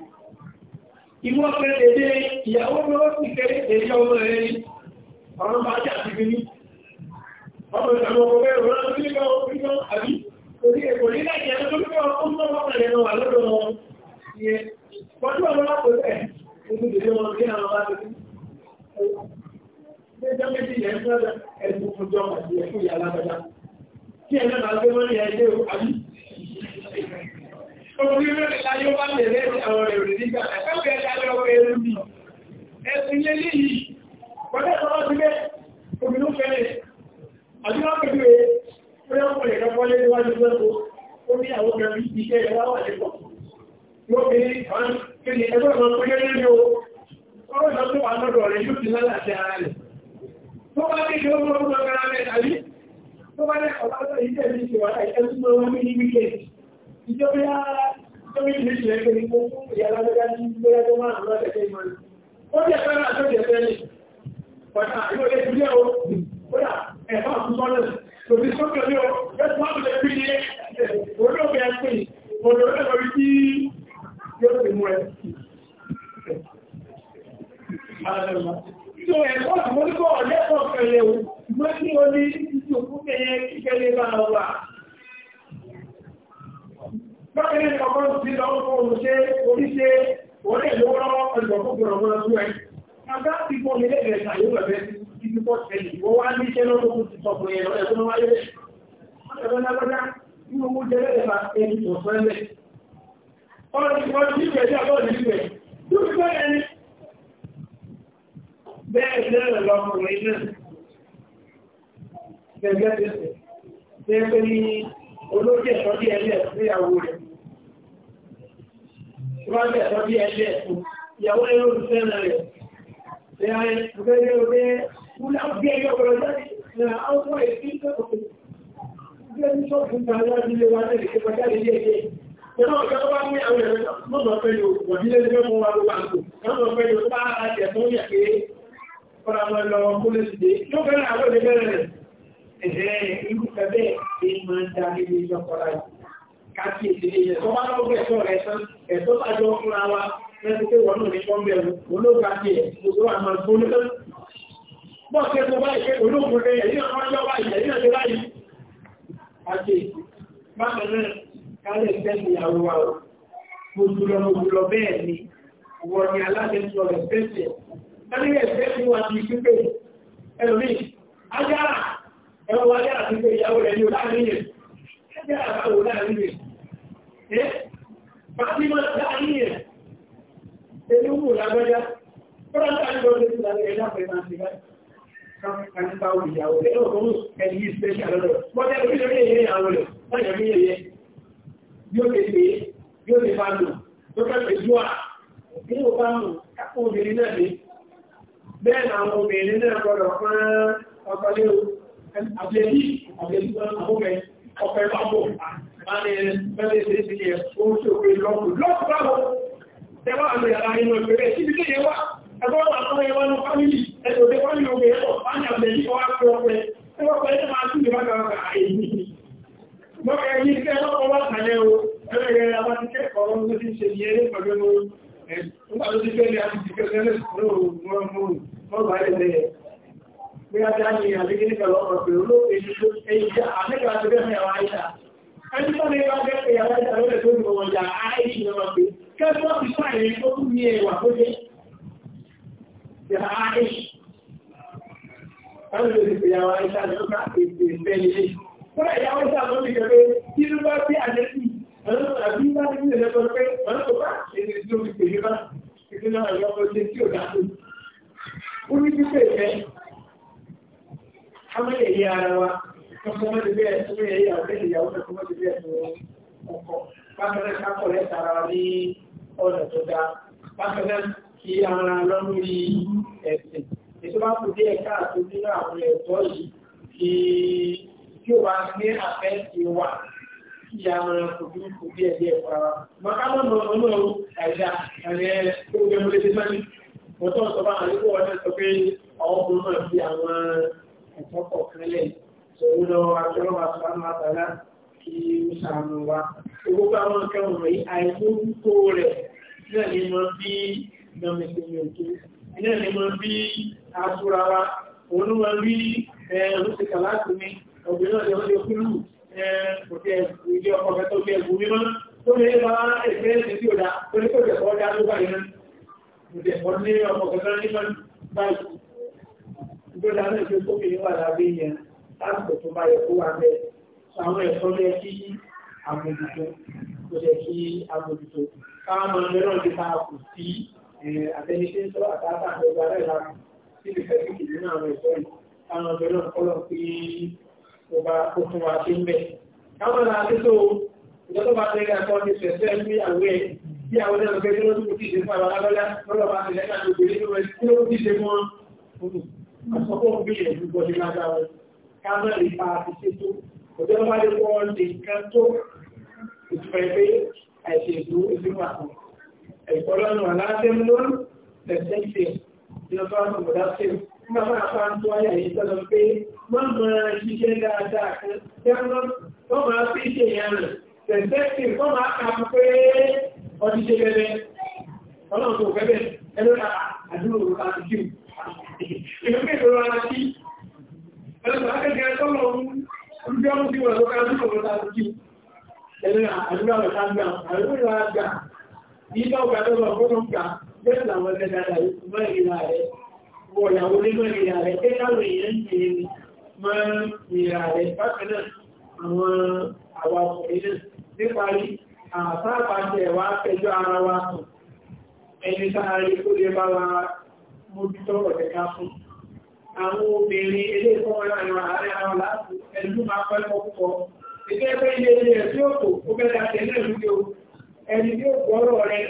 ìwọ́n kẹ́lẹ̀ dé ìyàwó lọ́wọ́ sí kẹ́lẹ̀ èyí ọmọ rẹ̀ ní ọ̀rọ̀ máa jẹ́ àti gbé ní ọmọ ìsàmù ọmọ rẹ̀ rọ̀ lọ́wọ́ sí ọmọ ìjọ àbí orí ẹ̀kọ́ nígbà tí ẹ̀kọ́ tó ń bọ̀ ọmọ Pọ̀jú àwọn alápòtẹ́ ojú ìdílé wọn kí àwọn bá ti ní ẹjọ́ méjì yẹn fún ẹ̀sùn fún jọ àti ẹ̀kú ìyá alábẹ́dá. Kí ẹ̀nà bá gbé wọ́n ní ẹjẹ́ àbí. Orí rẹ̀ láyé wá tẹ̀lé àwọn rẹ̀ rẹ̀ nígbà ẹ̀kọ́ ẹ̀dá lọ́wọ́ ẹrú mi. Ẹ̀sìn lé léyìí, pọ̀jú àwọn ọdúnlẹ̀ obìnrin fẹ́lẹ̀. Àbí wọ́n pẹ̀lú ẹ̀ pé ọkùnrin kan wọlé níwájú lọ́tọ̀ ó ní àwọn ọmọ iṣẹ́ ìwáwà lẹ́kọ̀ọ́ lóbìnrin kan kí ni ẹgbẹ́ ọ̀nà tó yẹ́ nílé o ọ̀rọ̀ ìlọ́ tó wà lọ́dọ̀ rẹ̀ yóò ti lálàtí ara rẹ̀ tó bá ní kí ó mọ́ ọmọ ọmọ ara rẹ̀ tàbí tó bá ní ọ̀pọ̀lọpọ̀ ìjẹ́ mi ti wà láì ẹni mọ́ wọn ní wíkẹ́ẹ̀dì ìjọba ìjọba ìlú ìṣẹ̀lẹ̀ pé ní gbogbo ìyá lágbẹ́gá ní gbẹ́gá tó máa ń lọ́tẹ̀ẹ́ ìmọ̀ ó jẹ́ fẹ́ láti ọjọ́ ìfẹ́ ni pọ̀tà ìwọ̀n lè fi lé o kódà tí You ti mú ẹ. Tó ẹ̀kọ́ àmúlùkọ́ ọ̀lẹ́kọ̀ọ́ pẹ̀lẹ̀ o, mọ́ tí ó ní ìjòkú kẹyẹ kíkẹ́lé bá wà. Bákaní ọkọ̀ sí lọ́wọ́ fún olùṣẹ́ oríṣẹ́ orí ìlú lọ́wọ́ ọjọ́gbọ́gbọ̀n ọmọ ọdún ẹ̀. Àgbá ti fọ́ mi lẹ́gbẹ̀ẹ́ ṣàyẹ̀wò ẹ̀fẹ́ ti ti pọ̀ tẹ̀lé. Wọ́n wá ní iṣẹ́ lọ́wọ́ tó ti sọ̀kùn ẹ̀rọ ẹ̀kọ́ wáyé rẹ̀. Wọ́n tẹ̀lé lágbájá nínú owó jẹ́rẹ̀ ẹ̀fà ẹni tó fẹ́lẹ̀. Bẹ́ẹ̀ náà lọ́kùnrin náà, gẹ́gẹ́ tẹ́sẹ̀, tẹ́ẹ̀ pé ní olóògbé ẹ̀sọ́ bí ẹlẹ́ ẹ̀sùn ìyàwó rẹ̀. Rọ́gbẹ̀ ẹ̀sọ́ bí ẹlẹ́ ẹ̀sùn ìyàwó rẹ̀ ló fẹ́ rẹ̀. Ẹ̀yà ẹ̀sùn rẹ̀ ló fẹ́ kúlá bí ẹyọ́ ọ̀rọ̀ jáde ní àwọn ọmọ ìpínlẹ̀ Ìjọba ìjọba bá ní àwọn ẹ̀rọ lọ́dọ̀ pẹ̀lú òwòdílé ní mẹ́fún wa ló wà ń kò. Lọ́dọ̀ pẹ̀lú tó bá àti ẹ̀fún yẹ̀ pé ọ̀rọ̀ àwọn ẹ̀lọ kólé sí dé. Yóò fẹ́rẹ̀ àwọn ẹ̀lẹ́ bẹ̀rẹ̀ rẹ̀. Ẹ̀hẹ́ irú kẹfẹ́ èyí máa ń dá nínú ìjọ kọ́lá yìí. Káàkiri ìdílé yẹn tó bá lọ́gbẹ̀ ẹ̀tọ́ rẹ̀ sán, ẹ̀tọ́ bá jọ fúnra wa lẹ́sí pé wọ́n náà ní pọ́ńbẹ̀rù, olóògbà ti ẹ̀, gbogbo àmọ́ gbóná lọ́nà bọ́ọ̀kẹ́ tó bá ìṣẹ́ olóògùn rẹ̀ ẹ̀yìn àwọn ọjọ́ báyìí ẹ̀yìn àti báyìí. Àti bákan náà kálẹ̀ ìfẹ́sì ìyàwó wa o mojúlọ mojúlọ bẹ́ẹ̀ ni wọ ni aláṣẹ́sọ rẹ̀ fẹ́sì kálẹ̀ ìfẹ́sì wa ti pípẹ́ ẹlòmí ajára ẹwọ wáyé àti pé ìyàwó rẹ̀ ní o láàrínyẹ̀ ajára báwo láàrínyẹ̀ ẹ́ fatima láàrínyẹ̀ elúwù lágbájá fọ́nàtà ń lọ sí ìlànà ẹ̀dá pẹ̀lú àti báyìí kan bá ìyàwó ẹ̀rọ kan ẹ̀yí special lọ́dọ̀ yóò lè lè yóò lè bá lò tó kẹ́kẹ́ jù à ní ò bá lò kápọ̀ obìnrin náà ní bẹ́ẹ̀ àwọn obìnrin náà gbọ́dọ̀ fún ọkọlé àbẹ̀lí àbẹ̀lí àbúkẹ́ ọ̀pẹ́ bábọ̀ àti bẹ́ẹ̀ ṣe ti yẹ ó ṣe òwe lọ́pù lọ́pù báwọ̀ tẹ́wọ́ àmì àrà nínú ìpínlẹ̀ síbi tí yẹ wá ẹgbẹ́ wà fún ẹwà ní fámìlì ẹ̀sọ̀ tẹ́wọ́ ní obìnrin ọ̀ Mọ́kẹ́ yí kẹ́ lọ́pọ̀ wá kàlẹ́ o, ẹgbẹ̀rẹ̀ àwọn ti kẹ́kọ̀ọ́ ọmọ tó ti ṣe ní ẹlẹ́ pẹ̀lú ọmọ nígbà tó ti fẹ́ ní àti ìdíkẹ́ lẹ́lẹ́ ìṣòro mọ́rùn-ún bá lẹ́lẹ́ ẹ̀. Bí a já ní àdíkẹ́ nígbà lọ́pọ̀ pẹ̀lú olóògbé ṣíṣó, èyí jẹ́ àmẹ́kà tó bẹ́ẹ̀ mẹ́wàá àìṣà. Ẹni tó ní bá jẹ́ pé àwọn ìṣàlẹ́ lọ́pẹ̀ tó ń bọ̀ wọ̀nyà àìṣì lọ́wọ́ pé kẹ́kọ̀ọ́ ti sáàyè ó kú ní ẹwà tó jẹ́. Yà àìṣì. Ẹni tó ti pè àwọn àìṣà lọ́pẹ̀ Fọ́nà ìyàwó sàmọ́ mi rẹ̀ kí ló bá sí àjẹ́sì, àwọn àbí bá ní ilẹ̀ lọ́pọ̀ pé wọ́n tó bá èdè tí ó fi pè é bá títí náà lọ́pọ̀ ṣe tí ò dáko. Ó ní pípé ìfẹ́. Ká má lè yé ara wa, ọkọ̀ mọ́ ti bẹ́ẹ̀ tó yẹ ìyàwó bẹ́ẹ̀ ìyàwó náà kọ́ mọ́ ti bẹ́ẹ̀ tó ọkọ̀. Bákan náà ká kọ̀ lẹ́ta ara ní ọ̀nà tó dáa. Bákan náà kí ara lọ́rùn ẹ̀sìn. Ètò bá kù díẹ̀ káàtó nínú àwọn ẹ̀tọ́ yìí kí tí ó wà ní àfẹ́ ti wà kí a máa kojú kojú ẹ̀ díẹ̀ fún ara. Màkà mọ́ mọ́ ọmọ ọmọ àìdá àrẹ tó gbé mú létí mọ́ni. Mo tọ́ sọ bá àlékún wọn náà sọ pé àwọn ọmọ náà fi àwọn ẹ̀tọ́ pọ̀ kálẹ̀. Sọ̀rọ̀ lọ akẹ́rọ̀ wa sọ àwọn àtàlá kí ó sàánú wa. Gbogbo àwọn nǹkan wọ̀nyí àìmójútó rẹ̀ náà ni mo bí ìdánmẹ́sẹ̀mẹ́sẹ̀. Náà ni mo bí asúra wa. Òun ló máa rí ẹ̀rọ obìnrin náà lè wọ́n lè kúrú ẹ̀ẹ́dẹ̀ ilé ọkọ̀ rẹ̀ tó jẹ́ ìgbò mímọ́ tó lè bá ẹ̀fẹ́ ẹ̀sìn tí ó dá tó lè kó jẹ̀ kọ́ dá ló bá yẹn ìdẹ̀kọ́ ní ọkọ̀ kẹta nípa báyìí ìgbọ́dá náà ṣe tó kìí wà lábẹ́ yẹn lásìkò tó bá yẹ kó wà bẹ́ẹ̀ àwọn ẹ̀kọ́ lẹ́ kí àmójútó tó lẹ́ kí àmójútó káàmọ̀ mìíràn ti ta kù sí àtẹniṣẹ́ńtọ́ àtàtà àgbẹ̀gbẹ̀ ará ìlànà sí ìfẹ́ kò bá okun wa ṣe ń bẹ̀. káwọn náà ti tó ìjọba bá tẹ̀lé àkọ́ ti sẹ̀sẹ̀ ní àwẹ̀ bí àwọn ẹ̀rọ pé kí ló tún ti ṣe fún àwọn alábẹ́lá lọ́dọ̀ bá tẹ̀lé àti òbí nínú ẹ̀ kí ló ti ṣe fún wọn. àsọpọ̀ ń gbìyànjú bọ́ sí lágbára káwọn lè pa àti ṣètò òjọba bá lè kọ́ nǹkan tó ìfẹ́ pé àìṣe ìlú ìlú àkọ́ ẹ̀kọ́ lọ́nà aláṣẹ ń lórí tẹ̀sẹ̀ ń ṣe ìjọba ọ̀dà ṣe nígbà máa fa ń tó ayé yìí sọ́dọ̀ pé wọ́n máa ṣiṣẹ́ dáadáa kan tẹ́wọ́n wọ́n máa fi ṣe ìyànà tẹ̀sẹ̀tì wọ́n máa kà á pé ọdún ṣe bẹ́ẹ̀ ọlọ́run tó bẹ́ẹ̀ ẹ̀rọ àdúrò àdúgbò ìlú kékeré ara sí ẹ̀rọ akẹ́kẹ́ tọ́lọ̀ ọdún ọdún tí wọ́n lọ́kọ́ àdúgbò àdúgbò ẹ̀rọ àdúgbò àdúgbò àdúgbò àdúgbò ìgbà ọgbà tó lọ fọ́nà ń kà bẹ́ẹ̀ làwọn ẹgbẹ́ dáadáa yìí wọ ìyàwó nínú ìyà rẹ̀ pé káwọn èèyàn ń ṣe ni máa ń ìyà rẹ̀ bákan náà àwọn àwa ọkùnrin náà níparí àtàpàṣẹ wa fẹjọ́ ara wa sùn ẹni sáàrí tó lè bá wa mójútó ọ̀rẹ́ ká fún àwọn obìnrin ilé ìfowópamọ́ àwọn àárẹ̀ àwọn láti ẹlú máa pẹ́ púpọ̀ ìgbẹ́ pé ilé ilé ẹ̀ tí ó tò ó bẹ́ẹ̀ láti ẹ̀lẹ́ ìlú ẹni tí ó gbọ́rọ̀ rẹ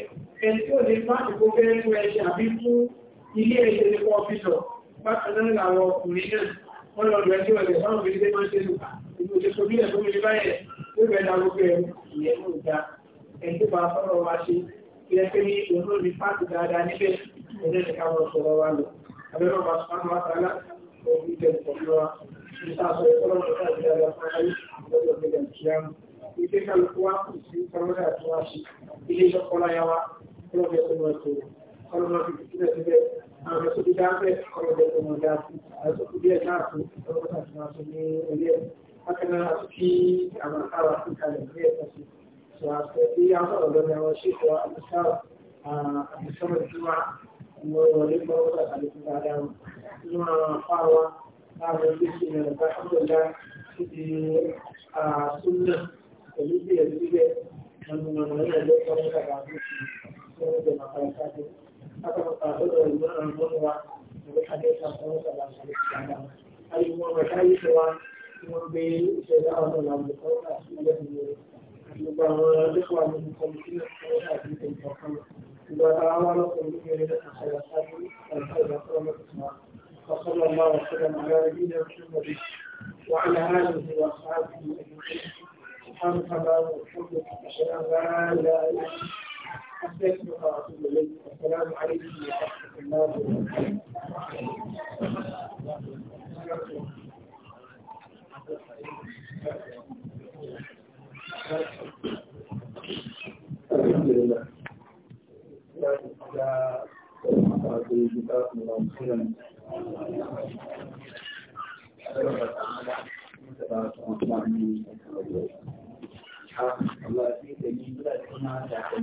ẹni tí ó lè má ti kó fẹ́ fún ẹṣẹ́ àbí fún ilé ẹ̀ṣẹ́ ní fún ọ́fíṣọ̀ bákanáà làwọn ọkùnrin náà wọ́n lọ rẹ̀ jọ ẹ̀rẹ̀ fáwọn ìdílé máa ń ṣe lùkà ìlú òṣèṣò bí ẹ̀fún mi báyẹ̀ ló bẹ̀rẹ̀ agogo ẹ̀rù ìyẹn ló ga ẹni tó bá sọ̀rọ̀ wa ṣe kí ẹ pé ní òun ló ní pàtó dáadáa níbẹ̀ ẹ̀rẹ́ ní ká wọ́n sọ̀rọ̀ wa lọ abẹ́rẹ́ ọba sọ̀rọ̀ wa sọ̀rọ̀ òun jẹ́ ìfọ̀fọ́ wa ìṣàṣọ ìfọ̀rọ̀ nípa ìdájọ́ fún ayé lọ́jọ́ gbẹ̀dẹ̀ kíámù ilé kálukú wa kù sí kọlọ́dà tó wá ṣe ilé iṣẹ́ kọlọ́yà wa kọlọ́dà tó wá ṣe kọlọ́dà tó wá ṣe àwọn ẹ̀sọ́ tó dá bẹ́ẹ̀ ọlọ́dẹ tó mọ̀ dá fún ẹ̀sọ́ tó díẹ̀ náà fún ọlọ́dẹ tó máa sọ ní orí ẹ̀ bákan náà tó kí àwọn ará fún kalẹ̀ ní ẹ̀sọ́ sí sọ àṣẹ tí a sọ̀rọ̀ lọ́nà àwọn ṣètò àbùsáwà àbùsáwà tí wà ní ọ̀rẹ́ mọ́wọ́sà àlejò dáadáa wọn nínú àwọn afá wa láàrin ilé sí ilẹ̀ bá ṣọ́dọ̀dá síbi àṣúnà pẹ̀lú bí ẹ̀ أخذ المرأة المروة وبحديث رسول صلى الله عليه وسلم أي هو مشايخ وبسيدة أرض الأرض الإخوة من المخلصين في إذا تعاون قلوبهم الخيرات والخير قوم وصلى الله وسلم على نبينا محمد وعلى آله وأصحابه أجمعين سبحانك اللهم وبحمدك أشهد أن لا إله إلا أنت أستغفرك وأتوب إليك السلام عليكم ورحمة الله وبركاته الحمد لله Allah ya da